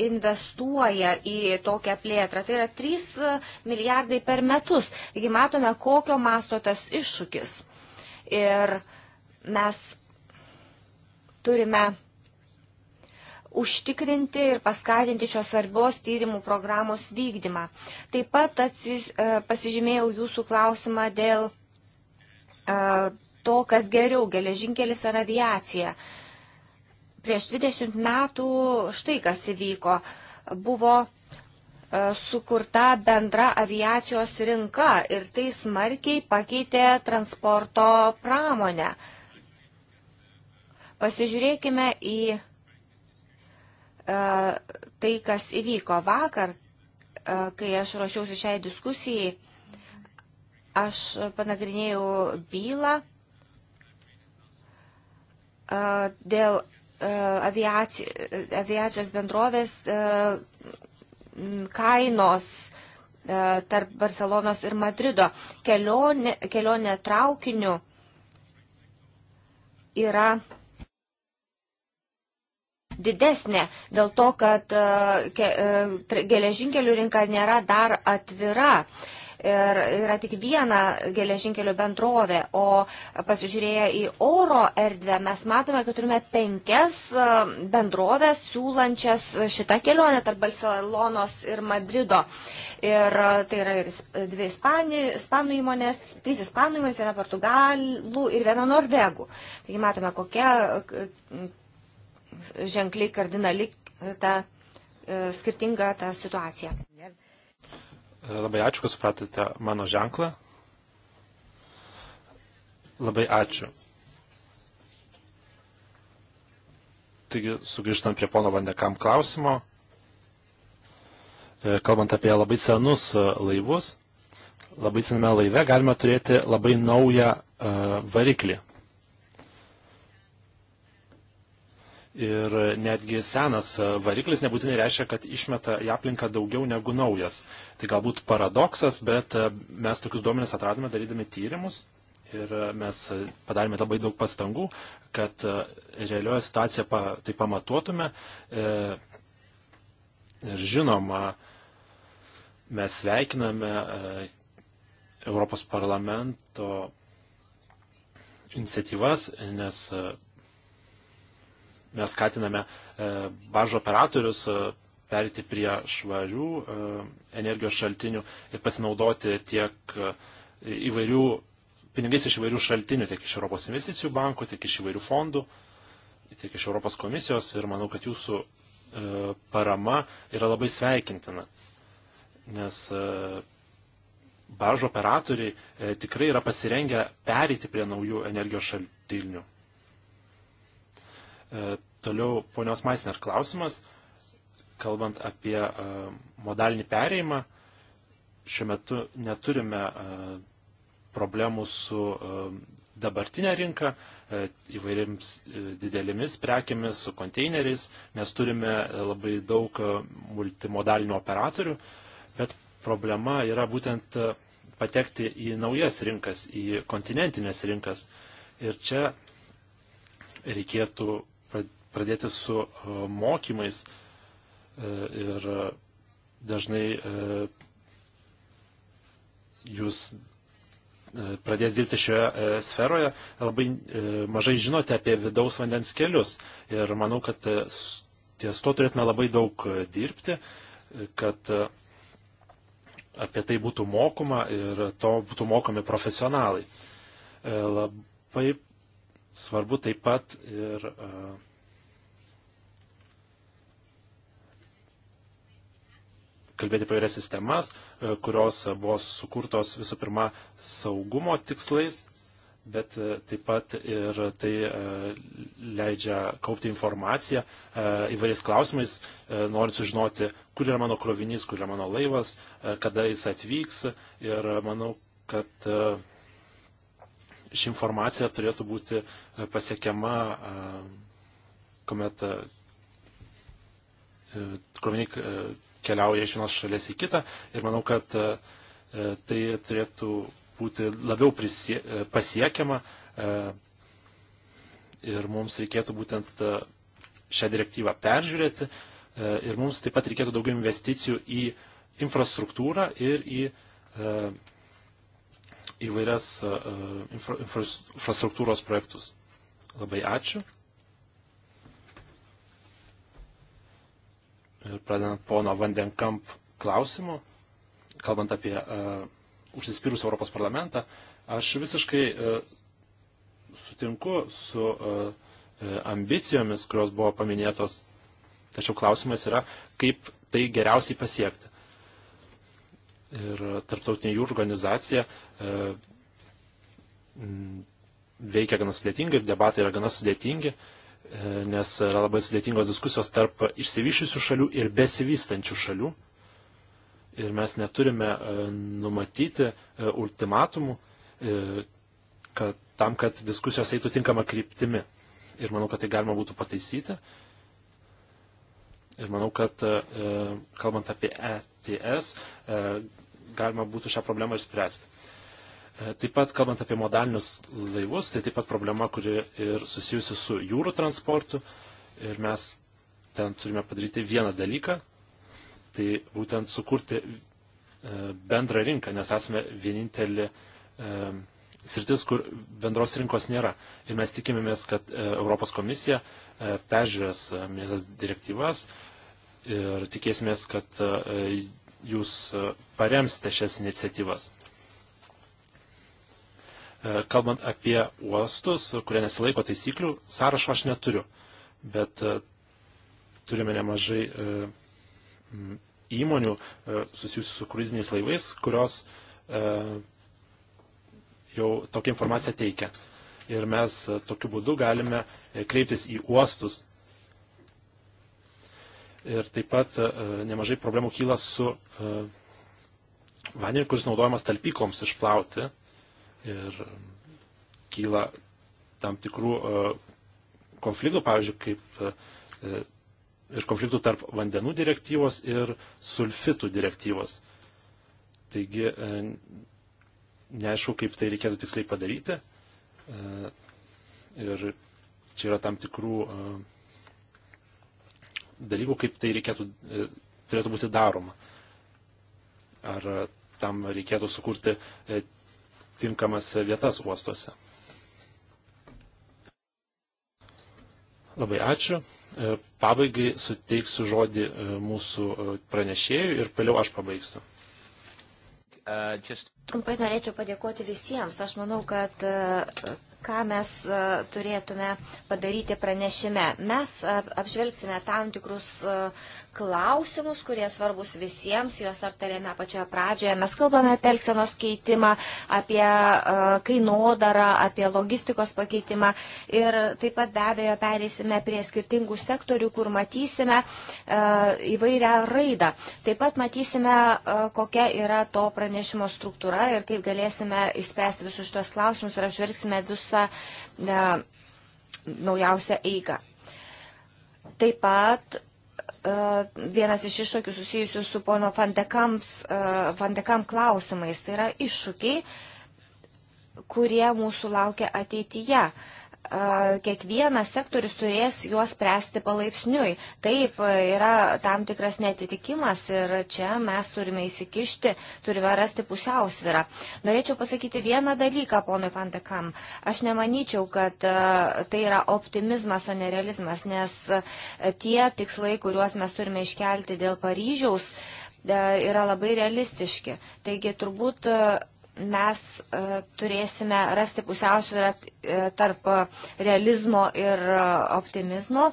investuoja į tokią plėtrą. Tai yra 3 milijardai per metus. Taigi matome, kokio masto tas iššūkis. Ir mes turime užtikrinti ir paskatinti šios svarbios tyrimų programos vykdymą. Taip pat atsis, e, pasižymėjau jūsų klausimą dėl e, to, kas geriau - geležinkelis ar aviacija. Uh, Prieš 20 metų štai kas įvyko. Buvo e, sukurta bendra aviacijos rinka ir tai smarkiai pakeitė transporto pramonę. Pasižiūrėkime į e, tai, kas įvyko vakar, e, kai aš ruošiausi šiai diskusijai, aš panagrinėjau bylą e, dėl E, aviaci, aviacijos bendrovės e, kainos e, tarp Barcelonos ir Madrido. Kelionė, kelionė traukiniu yra didesnė dėl to, kad geležinkelių rinka nėra dar atvira. Uh, ir yra tik viena geležinkelių bendrovė, o pasižiūrėję į oro erdvę mes matome, kad turime penkias e, bendrovės siūlančias šitą kelionę tarp Barcelonos ir Madrido. Ir e, tai yra ir dvi ispanų, ispanų įmonės, trys ispanų įmonės, viena portugalų ir viena norvegų. Taigi matome, kokia e, ženkliai kardinali ta skirtinga ta situacija. Labai ačiū, kad supratote mano ženklą. Labai ačiū. Taigi, sugrįžtant prie pono Vandekam klausimo, e, kalbant apie labai senus e, laivus, labai sename laive galime turėti labai naują e, variklį. Ir netgi senas variklis nebūtinai reiškia, kad išmeta į aplinką daugiau negu naujas. Tai galbūt paradoksas, bet e, mes tokius duomenis atradome darydami tyrimus ir e, mes e, padarėme labai daug pastangų, kad realioje situacijoje pa, tai pamatuotume. Ir žinoma, mes sveikiname Europos parlamento iniciatyvas, nes mes skatiname baržo operatorius perėti prie švarių e, energijos šaltinių ir pasinaudoti tiek e, įvairių, pinigais iš įvairių šaltinių, tiek iš Europos investicijų banko, tiek iš įvairių fondų, tiek iš Europos komisijos ir manau, kad jūsų e, parama yra labai sveikintina, nes baržo operatoriai tikrai yra pasirengę perėti prie naujų energijos šaltinių. Toliau ponios Maisner klausimas kalbant apie e, modalinį perėjimą, šiuo metu neturime e, problemų su e, dabartinė rinka įvairiams didelėmis prekiamis, su konteineriais. Mes turime labai daug multimodalinių operatorių, bet problema yra būtent patekti į naujas rinkas, į kontinentinės rinkas. Ir čia reikėtų pradėti su mokymais, E, ir e, dažnai e, jūs pradės dirbti šioje sferoje, labai mažai žinote apie vidaus vandens kelius. Ir manau, kad ties to turėtume labai daug dirbti, kad apie tai būtų mokoma ir to būtų mokomi profesionalai. Labai svarbu taip pat ir uh, kalbėti apie vairias sistemas, e, kurios buvo sukurtos visų pirma saugumo tikslais, bet e, taip pat ir tai e, leidžia kaupti informaciją įvairiais klausimais, norint sužinoti, kur yra mano krovinys, kur yra mano laivas, kada jis atvyks ir manau, kad ši informacija turėtų būti pasiekiama, kuomet kroviniai keliauja iš vienos šalies į kitą ir manau, kad e, tai turėtų būti labiau prisie, e, pasiekiama e, ir mums reikėtų būtent šią direktyvą peržiūrėti ir mums taip pat reikėtų daugiau investicijų į infrastruktūrą ir į įvairias infra, infrastruktūros projektus. Labai ačiū. Ir pradedant pono Vandenkamp klausimu, kalbant apie uh, e, užsispyrus Europos parlamentą, aš visiškai uh, sutinku su uh, ambicijomis, kurios buvo paminėtos, tačiau klausimas yra, kaip tai geriausiai pasiekti. Ir tarptautinė jų organizacija uh, veikia gana sudėtingai ir debatai yra gana sudėtingi. Uh, E, nes yra labai sudėtingos diskusijos tarp išsivyščiusių šalių ir besivystančių šalių. Ir mes neturime e, numatyti e, ultimatumų kad, tam, kad diskusijos eitų tinkama kryptimi. Ir manau, kad tai galima būtų pataisyti. Ir manau, kad kalbant apie ETS, galima būtų šią problemą išspręsti. E, taip pat, kalbant apie modalinius laivus, tai taip pat problema, kuri ir susijusi su jūrų transportu. Ir mes ten turime padaryti vieną dalyką, tai būtent sukurti e, bendrą rinką, nes esame vienintelė e, sritis, kur bendros rinkos nėra. Ir mes tikimėmės, kad Europos komisija peržiūrės minėtas direktyvas ir tikėsimės, kad jūs paremsite šias iniciatyvas. E, kalbant apie uostus, kurie nesilaiko taisyklių, sąrašo aš neturiu, bet e, turime nemažai e, įmonių susijusių su kruiziniais laivais, kurios jau tokią informaciją teikia. Ir mes tokiu būdu galime kreiptis į uostus. Ir taip pat nemažai problemų kyla su vandeniu, kuris naudojamas talpykloms išplauti ir kyla tam tikrų e, konfliktų, pavyzdžiui, kaip e, e, ir konfliktų tarp vandenų direktyvos ir sulfitų direktyvos. Taigi, neaišku, kaip tai reikėtų tiksliai padaryti. Ir čia yra tam tikrų dalykų, kaip tai reikėtų, turėtų būti daroma. Ar tam reikėtų sukurti tinkamas vietas uostuose. Labai ačiū. E, pabaigai suteiksiu žodį e, mūsų e, pranešėjui ir vėliau aš pabaigsiu. Uh, just... Trumpai norėčiau padėkoti visiems. Aš manau, kad uh, ką mes e, turėtume padaryti pranešime. Mes e, apžvelgsime tam tikrus e, klausimus, kurie svarbus visiems, juos aptarėme pačioje pradžioje. Mes kalbame apie elgsenos keitimą, apie kainodarą, apie logistikos pakeitimą ir taip pat be abejo pereisime prie skirtingų sektorių, kur matysime įvairią raidą. Taip pat matysime, kokia yra to pranešimo struktūra ir kaip galėsime išspręsti visus šitos klausimus ir apžvelgsime visą visą ne, naujausią eigą. Taip pat e, vienas iš iššūkių susijusių su pono Vandekam e, klausimais. Tai yra iššūkiai, kurie mūsų laukia ateityje kiekvienas sektorius turės juos spręsti palaipsniui. Taip, yra tam tikras netitikimas ir čia mes turime įsikišti, turime rasti pusiausvirą. Norėčiau pasakyti vieną dalyką, ponui Fantekam. Aš nemanyčiau, kad tai yra optimizmas, o nerealizmas, nes tie tikslai, kuriuos mes turime iškelti dėl Paryžiaus, yra labai realistiški. Taigi turbūt mes e, turėsime rasti pusiausvyrą e, tarp realizmo ir e, optimizmo.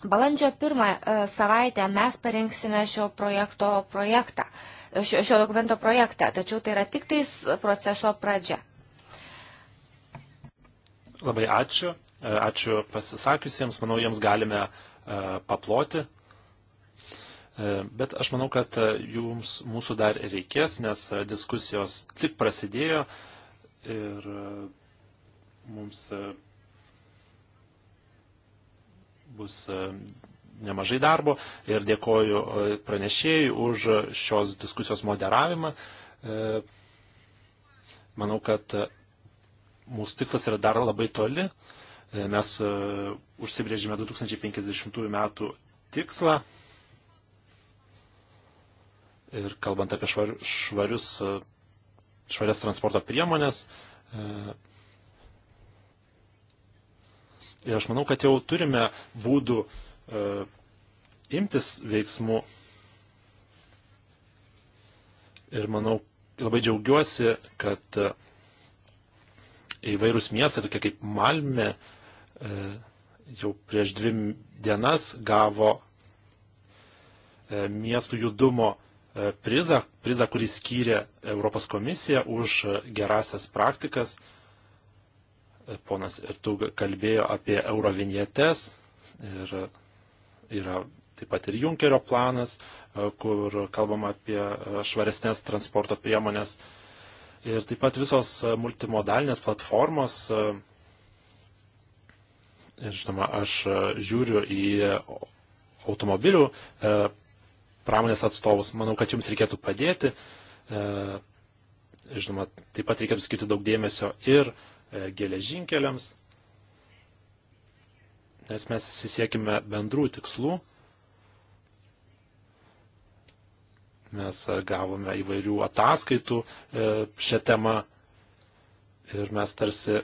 Balandžio pirmą savaitę mes parengsime šio projekto projektą, šio, šio dokumento projektą, tačiau tai yra tik tais proceso pradžia. Labai ačiū. Ačiū pasisakiusiems. Manau, jiems galime paploti. E, bet aš manau, kad e, jums mūsų dar reikės, nes e, diskusijos tik prasidėjo ir mums bus nemažai darbo ir dėkoju pranešėjai už šios diskusijos moderavimą. Manau, kad mūsų tikslas yra dar labai toli. Mes užsibrėžėme 2050 metų tikslą ir kalbant apie švar, švarius, švarias transporto priemonės. E, ir aš manau, kad jau turime būdų e, imtis veiksmų. Ir manau, labai džiaugiuosi, kad e, įvairūs miestai, tokie kaip Malmė, jau prieš dvi dienas gavo miestų judumo E, prizą, prizą, kurį skyrė Europos komisija už gerasias praktikas. E, ponas ir tu kalbėjo apie eurovinjetes ir yra taip pat ir Junkerio planas, e, kur kalbama apie švaresnės transporto priemonės. Ir taip pat visos multimodalinės platformos. Ir žinoma, aš žiūriu į automobilių pramonės atstovus. Manau, kad jums reikėtų padėti. E, žinoma, taip pat reikėtų skirti daug dėmesio ir e, geležinkeliams, nes mes visi siekime bendrų tikslų. Mes e, gavome įvairių ataskaitų šią temą ir mes tarsi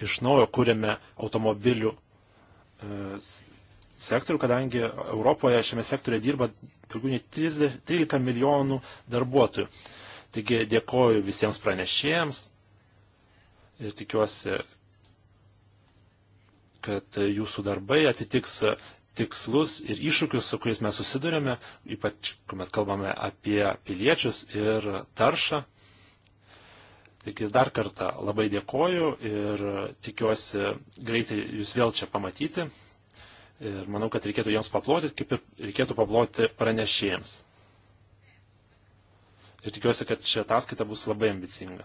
iš naujo kūrėme automobilių sektorių, kadangi Europoje šiame sektorėje dirba daugiau nei 30, 13 milijonų darbuotojų. Taigi dėkoju visiems pranešėjams ir tikiuosi, kad jūsų darbai atitiks tikslus ir iššūkius, su kuriais mes susidurėme, ypač kuomet kalbame apie piliečius ir taršą. Taigi dar kartą labai dėkoju ir tikiuosi greitai jūs vėl čia pamatyti. Ir manau, kad reikėtų jiems paploti, kaip ir reikėtų paploti pranešėjams. Ir tikiuosi, kad ši ataskaita bus labai ambicinga.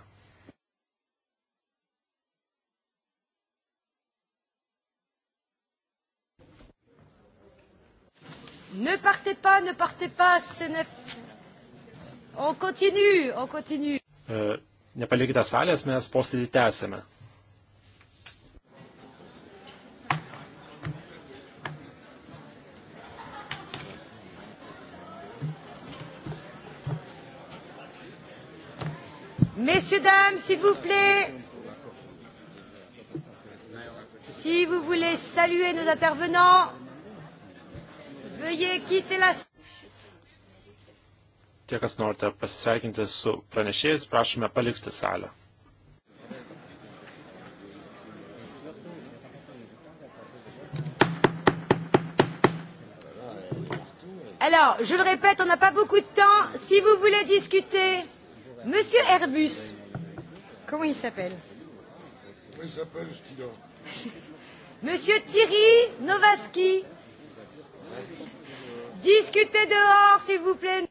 Ne partez pas, ne partez pas, ce ne... On continue, on continue. E, nepalikite salės, mes posėdį tęsime. Messieurs, dames, s'il vous plaît, si vous voulez saluer nos intervenants, veuillez quitter la salle. Tie, kas norite pasisveikinti su pranešėjais, prašome palikti salę. Alors, je le répète, on n'a pas beaucoup de temps. Si vous voulez discuter, Monsieur Airbus, comment il s'appelle Comment il s'appelle, Stilo Monsieur Thierry Novaski. Diskutez dehors, s'il vous plaît.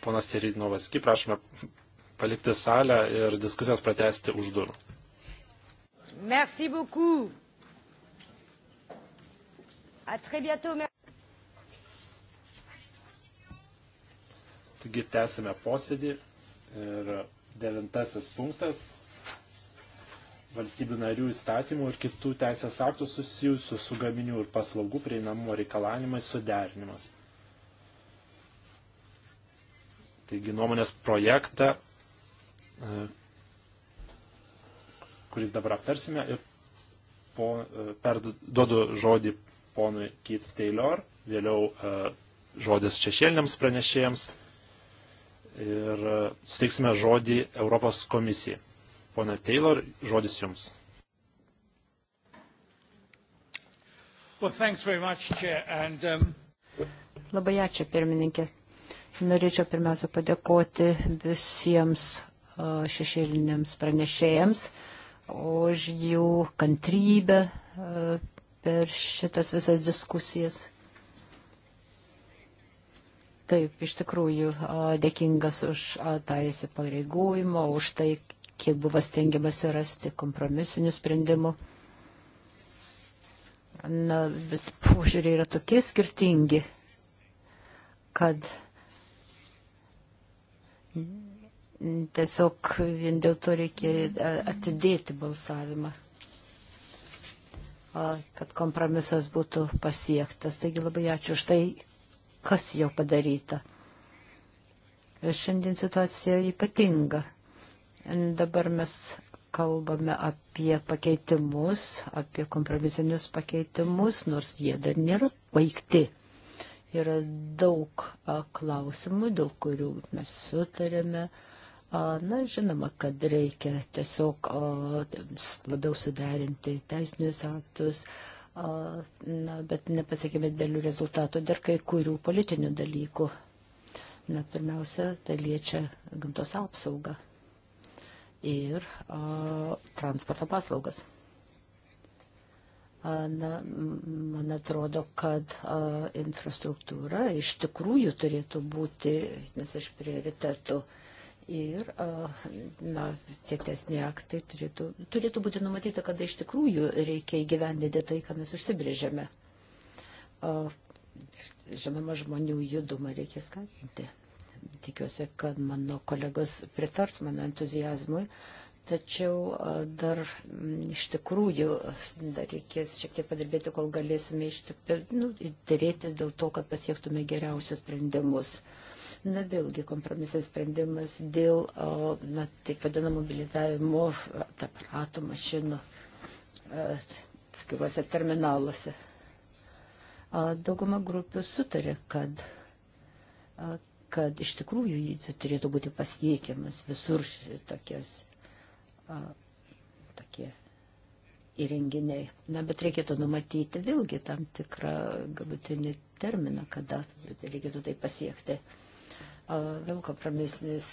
Ponas Thierry Novaski, prašome palikti salę ir diskusijos pratesti už durų. Merci beaucoup. A très bientôt. Taigi tęsime posėdį. Ir devintasis punktas valstybių narių įstatymų ir kitų teisės aktų susijusių su gaminių ir paslaugų prieinamumo reikalavimais suderinimas. Taigi nuomonės projektą, e, kuris dabar aptarsime ir po, e, perduodu žodį ponui Keith Taylor, vėliau e, žodis šešėliniams pranešėjams ir e, steiksime žodį Europos komisijai. Pone Taylor, žodis jums. Well, much, Chair, and, um... Labai ačiū, pirmininkė. Norėčiau pirmiausia padėkoti visiems uh, šešėliniams pranešėjams už jų kantrybę uh, per šitas visas diskusijas. Taip, iš tikrųjų, dėkingas už tą įsipareigojimą, už tai, kiek buvo stengiamasi rasti kompromisinių sprendimų. Na, bet požiūriai yra tokie skirtingi, kad tiesiog vien dėl to reikia atidėti balsavimą, kad kompromisas būtų pasiektas. Taigi labai ačiū už tai, kas jau padaryta. Ir šiandien situacija ypatinga. Dabar mes kalbame apie pakeitimus, apie kompromisinius pakeitimus, nors jie dar nėra baigti. Yra daug a, klausimų, dėl kurių mes sutarėme. A, na, žinoma, kad reikia tiesiog a, labiau suderinti teisinius aktus, a, na, bet nepasiekėme dėlių rezultatų dar kai kurių politinių dalykų. Na, pirmiausia, tai liečia gamtos apsaugą ir a, transporto paslaugas. A, na, man atrodo, kad a, infrastruktūra iš tikrųjų turėtų būti vienas iš prioritetų. A, Ir na, tie tesni aktai turėtų, turėtų būti numatyta, kada iš tikrųjų reikia įgyvendinti tai, ką mes užsibrėžėme. Žinoma, žmonių judumą reikia skatinti. Tikiuosi, kad mano kolegos pritars mano entuzijazmui, tačiau dar iš tikrųjų dar reikės šiek tiek padirbėti, kol galėsime iš tikrųjų nu, dėrėtis dėl to, kad pasiektume geriausius sprendimus. Uh, Na vėlgi kompromisas sprendimas dėl, o, na, taip vadinamo mobilitavimo aparatų mašinų e, skiruose terminaluose. Dauguma grupių sutarė, kad, a, kad iš tikrųjų jį turėtų būti pasiekiamas visur tokias, a, tokie įrenginiai. Na, bet reikėtų numatyti vėlgi tam tikrą galutinį terminą, kada reikėtų tai pasiekti. A, Vėl kompromisinis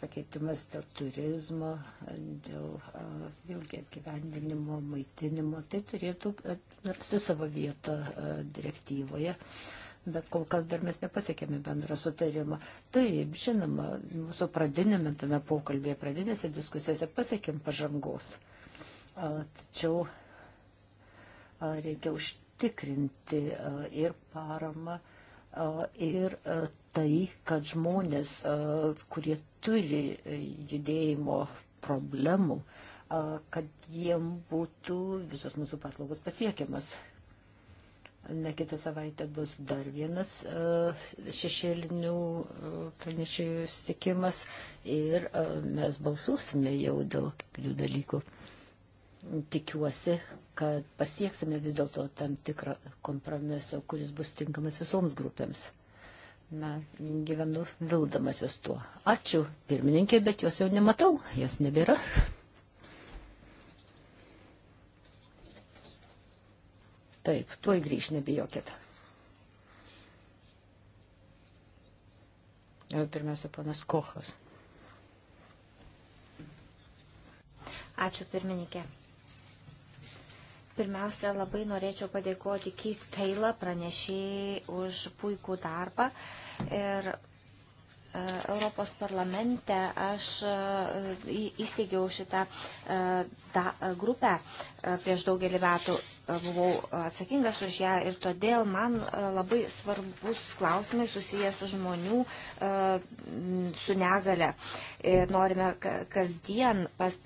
pakeitimas dėl turizmo, dėl vėlgi apgyvendinimo, maitinimo. Tai turėtų rasti savo vietą direktyvoje bet kol kas dar mes nepasiekėme bendrą sutarimą. Taip, žinoma, mūsų pradinėme tame pokalbėje, pradinėse diskusijose pasiekėm pažangos. Tačiau reikia užtikrinti ir paramą ir tai, kad žmonės, kurie turi e, judėjimo problemų, kad jiem būtų visos mūsų paslaugos pasiekiamas. Na, kitą savaitę bus dar vienas šešėlinių pranešėjų stikimas ir mes balsuosime jau dėl kelių dalykų. Tikiuosi, kad pasieksime vis dėlto tam tikrą kompromisą, kuris bus tinkamas visoms grupėms. Na, gyvenu vildamasis tuo. Ačiū pirmininkė, bet jos jau nematau, jos nebėra. Taip, tuoj grįž, nebijokit. Pirmiausia, panas Kochas. Ačiū pirmininkė. Pirmiausia, labai norėčiau padėkoti Keith Taylor pranešėjai už puikų darbą ir Europos parlamente aš e, įsteigiau šitą e, e, grupę prieš daugelį metų, buvau atsakingas už ją ir todėl man labai svarbus klausimai susijęs su žmonių su negale. Norime kasdien pas,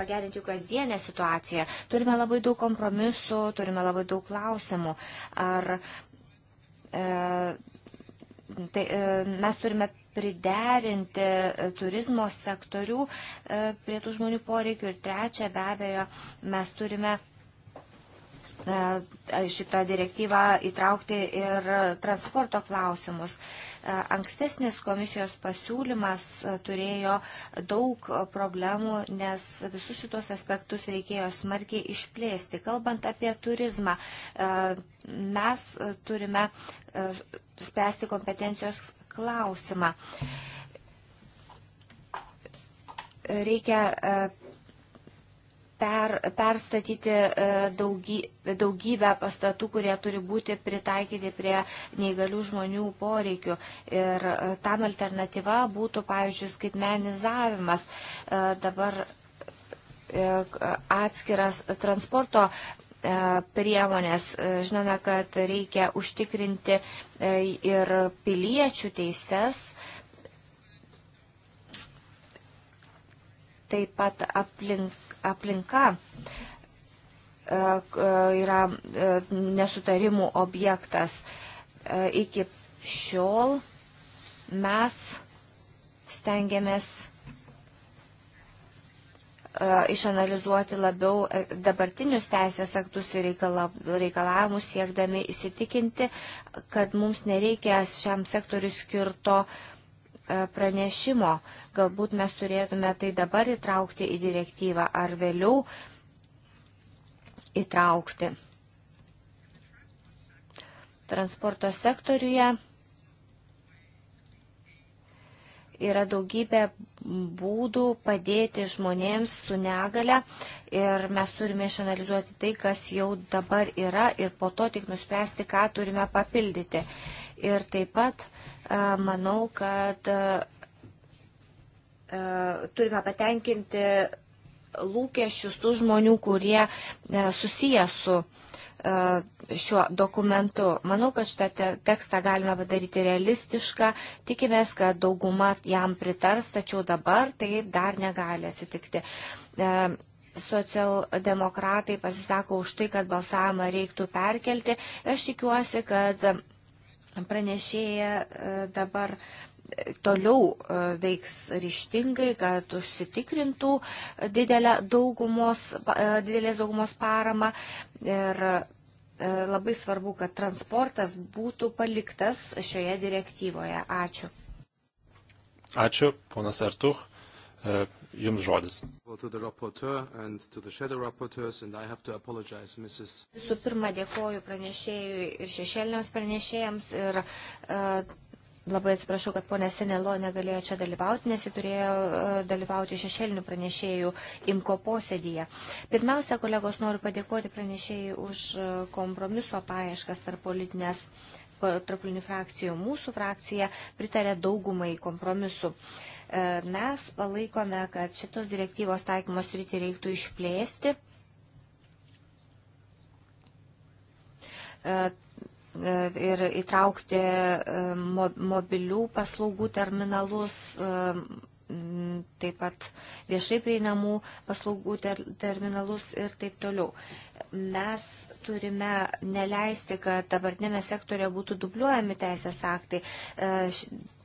pagerinti jų kasdienę situaciją. Turime labai daug kompromisų, turime labai daug klausimų. Ar Tai e, mes turime priderinti e, turizmo sektorių e, prie tų žmonių poreikių. Ir trečia, be abejo, mes turime šitą direktyvą įtraukti ir transporto klausimus. Ankstesnis komisijos pasiūlymas turėjo daug problemų, nes visus šitos aspektus reikėjo smarkiai išplėsti. Kalbant apie turizmą, mes turime spręsti kompetencijos klausimą. Reikia e, per, perstatyti e, daugy, daugybę pastatų, kurie turi būti pritaikyti prie neįgalių žmonių poreikių. Ir e, tam alternatyva būtų, pavyzdžiui, skaitmenizavimas. Dabar atskiras transporto E, priemonės. E, žinome, kad reikia užtikrinti e, ir piliečių teises, taip pat aplink, aplinka yra nesutarimų objektas. Iki šiol mes stengiamės E, išanalizuoti labiau e, dabartinius teisės aktus ir reikalavimus, siekdami įsitikinti, kad mums nereikia šiam sektoriu skirto e, pranešimo. Galbūt mes turėtume tai dabar įtraukti į direktyvą ar vėliau įtraukti. Transporto sektoriuje yra daugybė būdų padėti žmonėms su negale ir mes turime išanalizuoti tai, kas jau dabar yra ir po to tik nuspręsti, ką turime papildyti. Ir taip pat e, manau, kad e, turime patenkinti lūkesčius tų žmonių, kurie e, susiję su E, šiuo dokumentu. Manau, kad šitą tekstą galime padaryti realistišką, tikimės, kad dauguma jam pritars, tačiau dabar taip dar negali atsitikti e, socialdemokratai pasisako už tai, kad balsavimą reiktų perkelti. Aš tikiuosi, kad pranešėja e, dabar toliau e, veiks ryštingai, kad užsitikrintų didelę daugumos, e, didelės daugumos paramą. Ir e, labai svarbu, kad transportas būtų paliktas šioje direktyvoje. Ačiū. Ačiū, ponas Artuch. Jums žodis. Visų pirma, dėkoju pranešėjui ir šešėliniams pranešėjams ir uh, Labai atsiprašau, kad ponė Senelo negalėjo čia dalyvauti, nes ji turėjo e, dalyvauti šešėlinių pranešėjų imko posėdyje. Pirmiausia, kolegos, noriu padėkoti pranešėjai už e, kompromiso paieškas tarp politinės tarpulinių frakcijų. Mūsų frakcija pritarė daugumai kompromisų. E, mes palaikome, kad šitos direktyvos taikymos rytį reiktų išplėsti E, ir įtraukti e, mobilių paslaugų terminalus, e, taip pat viešai prieinamų paslaugų ter terminalus ir taip toliau mes turime neleisti, kad dabartinėme sektorėje būtų dubliuojami teisės aktai. E,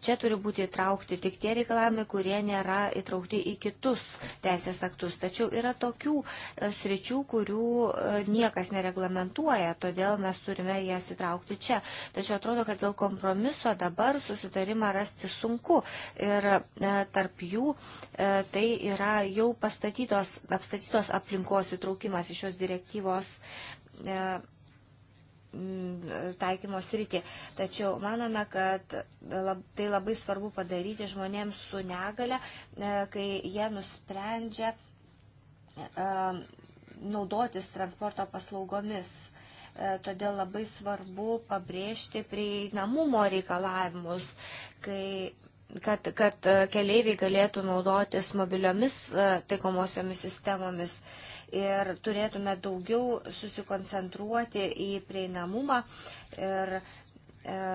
čia turi būti įtraukti tik tie reikalavimai, kurie nėra įtraukti į kitus teisės aktus. Tačiau yra tokių e, sričių, kurių e, niekas nereglamentuoja, todėl mes turime jas įtraukti čia. Tačiau atrodo, kad dėl kompromiso dabar susitarimą rasti sunku. Ir tarp jų tai yra jau pastatytos, apstatytos aplinkos įtraukimas į šios direktyvos direktyvos e, taikymo sritį. Tačiau manome, kad lab, tai labai svarbu padaryti žmonėms su negale, e, kai jie nusprendžia e, naudotis transporto paslaugomis. Todėl labai svarbu pabrėžti prieinamumo reikalavimus, kai, kad, kad keleiviai galėtų naudotis mobiliomis taikomosiomis sistemomis. Uh, ir turėtume daugiau susikoncentruoti į prieinamumą ir e,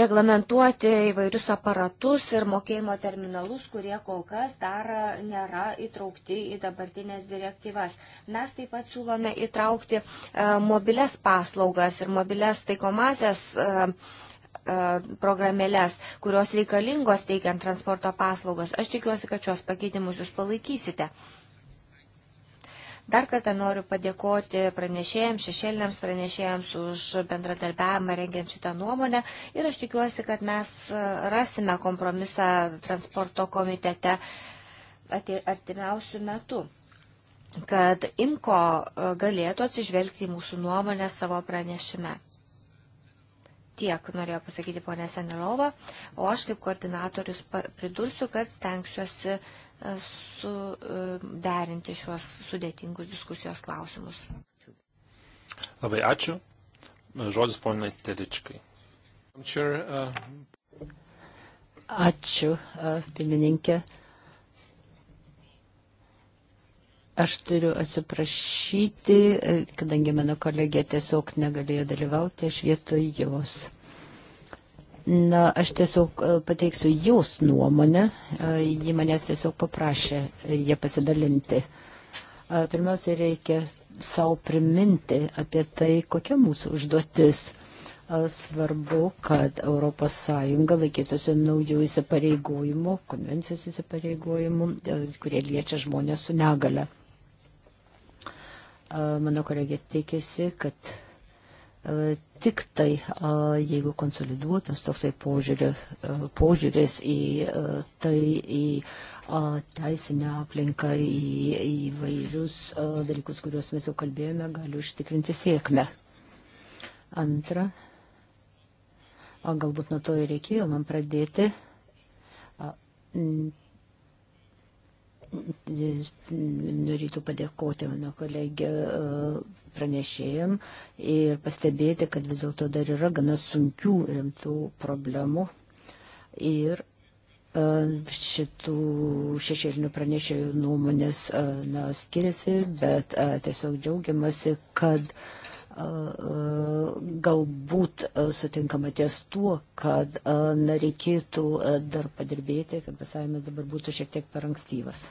reglamentuoti įvairius aparatus ir mokėjimo terminalus, kurie kol kas dar nėra įtraukti į dabartinės direktyvas. Mes taip pat siūlome įtraukti e, mobiles paslaugas ir mobiles taikomasias e, E, programėlės, kurios reikalingos teikiant transporto paslaugas. Aš tikiuosi, kad šios pakeitimus jūs palaikysite. Dar kartą noriu padėkoti pranešėjams, šešėliniams pranešėjams už bendradarbiavimą rengiant šitą nuomonę ir aš tikiuosi, kad mes e, rasime kompromisą transporto komitete artimiausių metų kad IMKO e, galėtų atsižvelgti į mūsų nuomonę savo pranešime. Tiek norėjo pasakyti ponė Senilova, o aš kaip koordinatorius pridursiu, kad stengsiuosi e, suderinti e, šiuos sudėtingus diskusijos klausimus. Labai ačiū. Žodis ponai Teličkai. Uh, ačiū, uh, pirmininkė. Uh, Aš turiu atsiprašyti, kadangi mano kolegė tiesiog negalėjo dalyvauti, aš vietoj jos. Na, aš tiesiog e, pateiksiu jos nuomonę, e, ji manęs tiesiog paprašė e, ją pasidalinti. Pirmiausia, reikia savo priminti apie tai, kokia mūsų užduotis. Svarbu, kad ES laikytųsi naujų įsipareigojimų, konvencijos įsipareigojimų, kurie liečia žmonės su negale Mano kolegė tikėsi, kad tik tai, jeigu konsoliduotas toksai požiūris, požiūris į tai, į teisinę aplinką, į įvairius dalykus, kuriuos mes jau kalbėjome, gali užtikrinti sėkmę. Antra, galbūt nuo to ir reikėjo man pradėti norėtų padėkoti mano kolegė e, pranešėjim ir pastebėti, kad vis dėlto dar yra gana sunkių rimtų problemų. Ir e, šitų šešėlinių pranešėjų nuomonės e, na, skiriasi, bet tiesiog džiaugiamasi, kad galbūt sutinkama ties tuo, kad na, reikėtų dar padirbėti, kad visai mes dabar būtų šiek tiek per ankstyvas.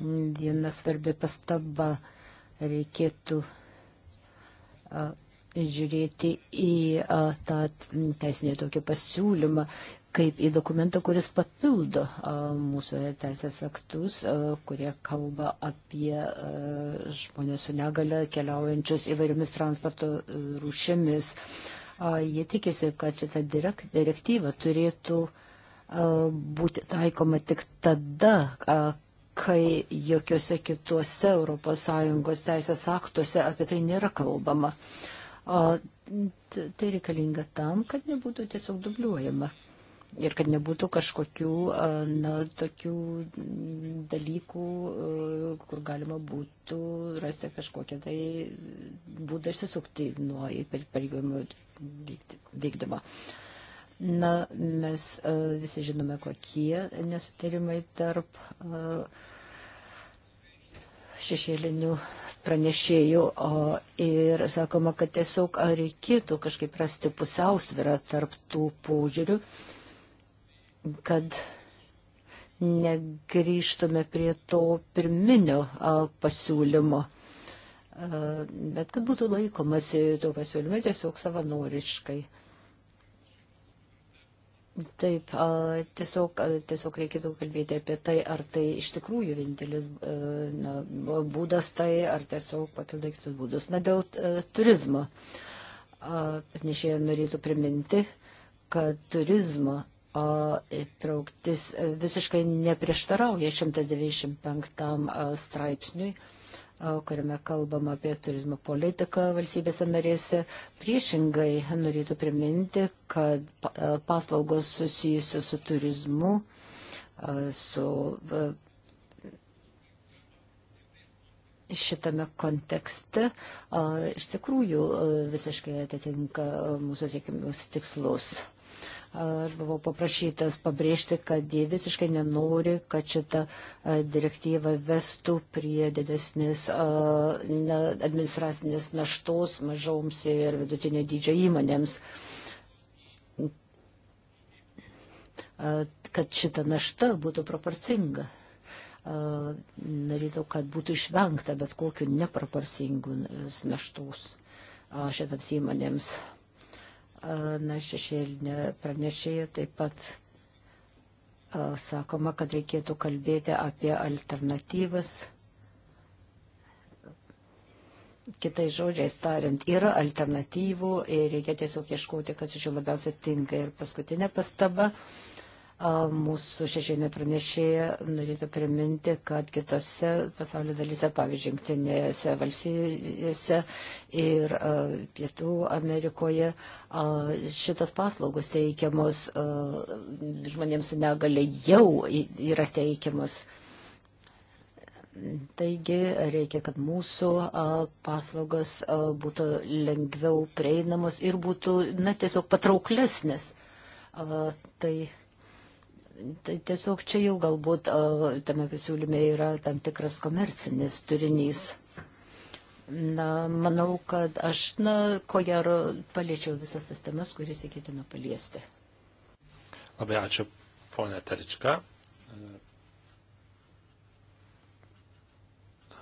viena svarbi pastaba reikėtų a, žiūrėti į a, tą teisinį tokį pasiūlymą, kaip į dokumentą, kuris papildo a, mūsų teisės aktus, a, kurie kalba apie a, žmonės su negale keliaujančius įvairiomis transporto e, rūšimis. A, jie tikisi, kad šita direktyva turėtų a, būti taikoma tik tada, a, kai jokiuose kituose ES teisės aktuose apie tai nėra kalbama. O tai reikalinga tam, kad nebūtų tiesiog dubliuojama. Ir kad nebūtų kažkokių, na, tokių dalykų, kur galima būtų rasti kažkokią tai būdą išsisukti nuo įpareigojimų vykdymo. Vykdy, Na, mes e, visi žinome, kokie nesutarimai tarp e, šešėlinių pranešėjų o, ir sakoma, kad tiesiog reikėtų kažkaip rasti pusiausvirą tarp tų požiūrių, kad negryžtume prie to pirminio a, pasiūlymo, a, e, bet kad būtų laikomasi to pasiūlymo tiesiog savanoriškai. A, Taip, tiesiog, tiesiog reikėtų kalbėti apie tai, ar tai iš tikrųjų vienintelis na, būdas tai, ar tiesiog papildai kitus būdus. Na, dėl turizmo. Atnešėja norėtų priminti, kad turizmo įtrauktis visiškai neprieštarauja 195 straipsniui kuriame kalbama apie turizmo politiką valstybėse narėse, priešingai norėtų priminti, kad e, paslaugos susijusios su turizmu, e, su e, šitame kontekste iš tikrųjų visiškai atitinka mūsų siekiamus tikslus. Aš buvau paprašytas pabrėžti, kad jie visiškai nenori, kad šita direktyva vestų prie didesnės administracinės naštos mažoms ir vidutinio dydžio įmonėms. Kad šita našta būtų proporcinga. Norėtų, kad būtų išvengta bet kokiu neproporcingus naštos šitams įmonėms na, šešėlinė pranešėja taip pat sakoma, kad reikėtų kalbėti apie alternatyvas. Kitais žodžiais tariant, yra alternatyvų ir reikia tiesiog ieškoti, kas iš jų labiausiai tinka. Ir paskutinė pastaba. Uh, Mūsų šešėlinė pranešėja norėtų priminti, kad kitose pasaulio dalyse, pavyzdžiui, jungtinėse valstybėse ir Pietų Amerikoje šitas paslaugos teikiamos žmonėms su negale jau yra teikiamos. Taigi reikia, kad mūsų paslaugos būtų lengviau prieinamos ir būtų, na, tiesiog patrauklesnės. Tai Tai tiesiog čia jau galbūt tame pasiūlyme yra tam tikras komercinis turinys. Na, manau, kad aš, na, ko gero, paliečiau visas tas temas, kuris įkėtinu paliesti. Labai ačiū, ponė Terička. E,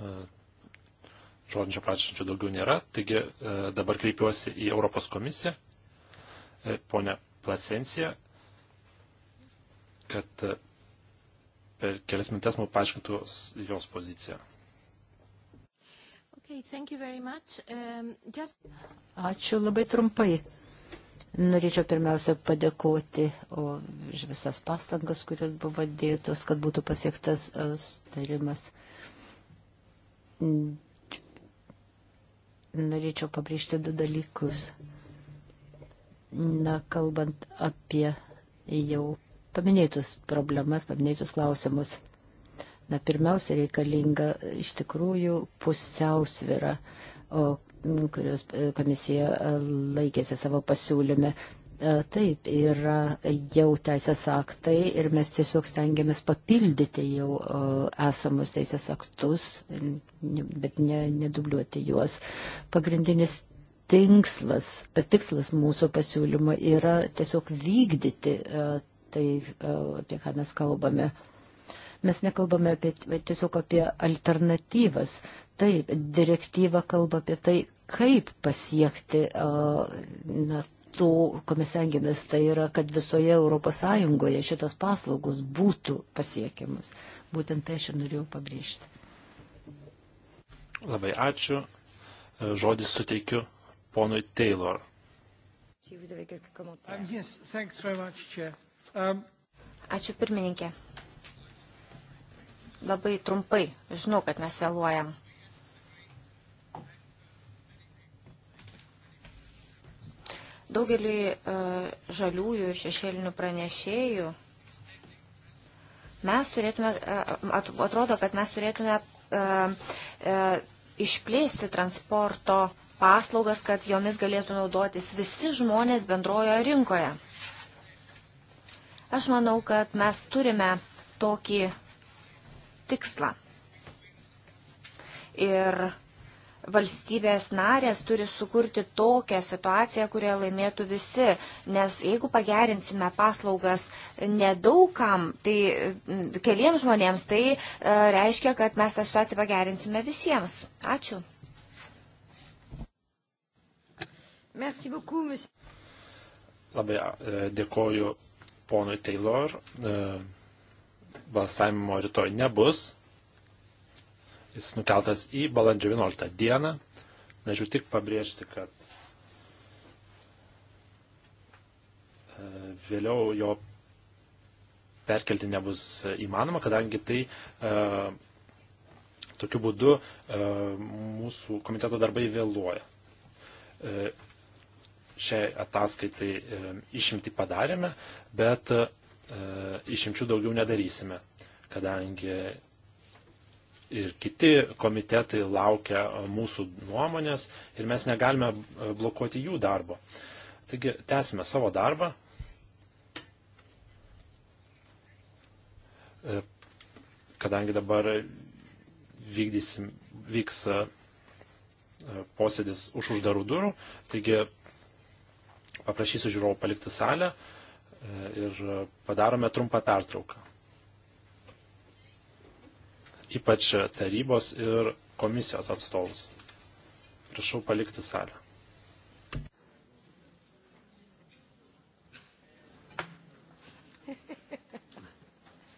e, žodžio prašančių daugiau nėra, taigi e, dabar kreipiuosi į Europos komisiją. Pone Plasencija, kad e, per kelias mintes man paaiškintų jos poziciją. Okay, um, just... Ačiū labai trumpai. Norėčiau pirmiausia padėkoti už visas pastangas, kurios buvo dėtos, kad būtų pasiektas e, sutarimas. Norėčiau pabrėžti du dalykus. Na, kalbant apie jau paminėtus problemas, paminėtus klausimus. Na, pirmiausia, reikalinga iš tikrųjų pusiausvira, kurios e, komisija e, laikėsi savo pasiūlyme. E, taip, yra jau teisės aktai ir mes tiesiog stengiamės papildyti jau esamus teisės aktus, bet ne, nedubliuoti juos. Pagrindinis tinkslas, tikslas mūsų pasiūlymo yra tiesiog vykdyti tai, e, apie ką mes kalbame. Mes nekalbame apie, tiesiog apie alternatyvas. Taip, direktyva kalba apie tai, kaip pasiekti e, na, tų, ko mes engiamės, tai yra, kad visoje ES šitas paslaugos būtų pasiekiamas. Būtent tai aš ir norėjau pabrėžti. Labai ačiū. E, žodį suteikiu ponui Taylor. Um, much, Um. Ačiū pirmininkė. Labai trumpai. Žinau, kad mes vėluojam. Daugeliui uh, žaliųjų šešėlinių pranešėjų mes turėtume, uh, atrodo, kad mes turėtume uh, išplėsti transporto paslaugas, kad jomis galėtų naudotis visi žmonės bendrojo rinkoje. Aš manau, kad mes turime tokį tikslą. Ir valstybės narės turi sukurti tokią situaciją, kurioje laimėtų visi, nes jeigu pagerinsime paslaugas nedaugam, tai mm, keliems žmonėms, tai e, reiškia, kad mes tą situaciją pagerinsime visiems. Ačiū. Merci beaucoup, monsieur. Labai e, dėkoju ponui Taylor. E, balsavimo rytoj nebus. Jis nukeltas į balandžio 11 dieną. Nežiūrėjau tik pabrėžti, kad e, vėliau jo perkelti nebus įmanoma, kadangi tai e, tokiu būdu mūsų komiteto darbai vėluoja šiai ataskaitai e, išimti padarėme, bet e, išimčių daugiau nedarysime, kadangi ir kiti komitetai laukia mūsų nuomonės ir mes negalime e, blokuoti jų darbo. Taigi, tęsime savo darbą. Kadangi dabar vykdysim, vyks posėdis už uždarų durų, taigi paprašysiu žiūrovų palikti salę e, ir padarome trumpą pertrauką. Ypač tarybos ir komisijos atstovus. Prašau palikti salę.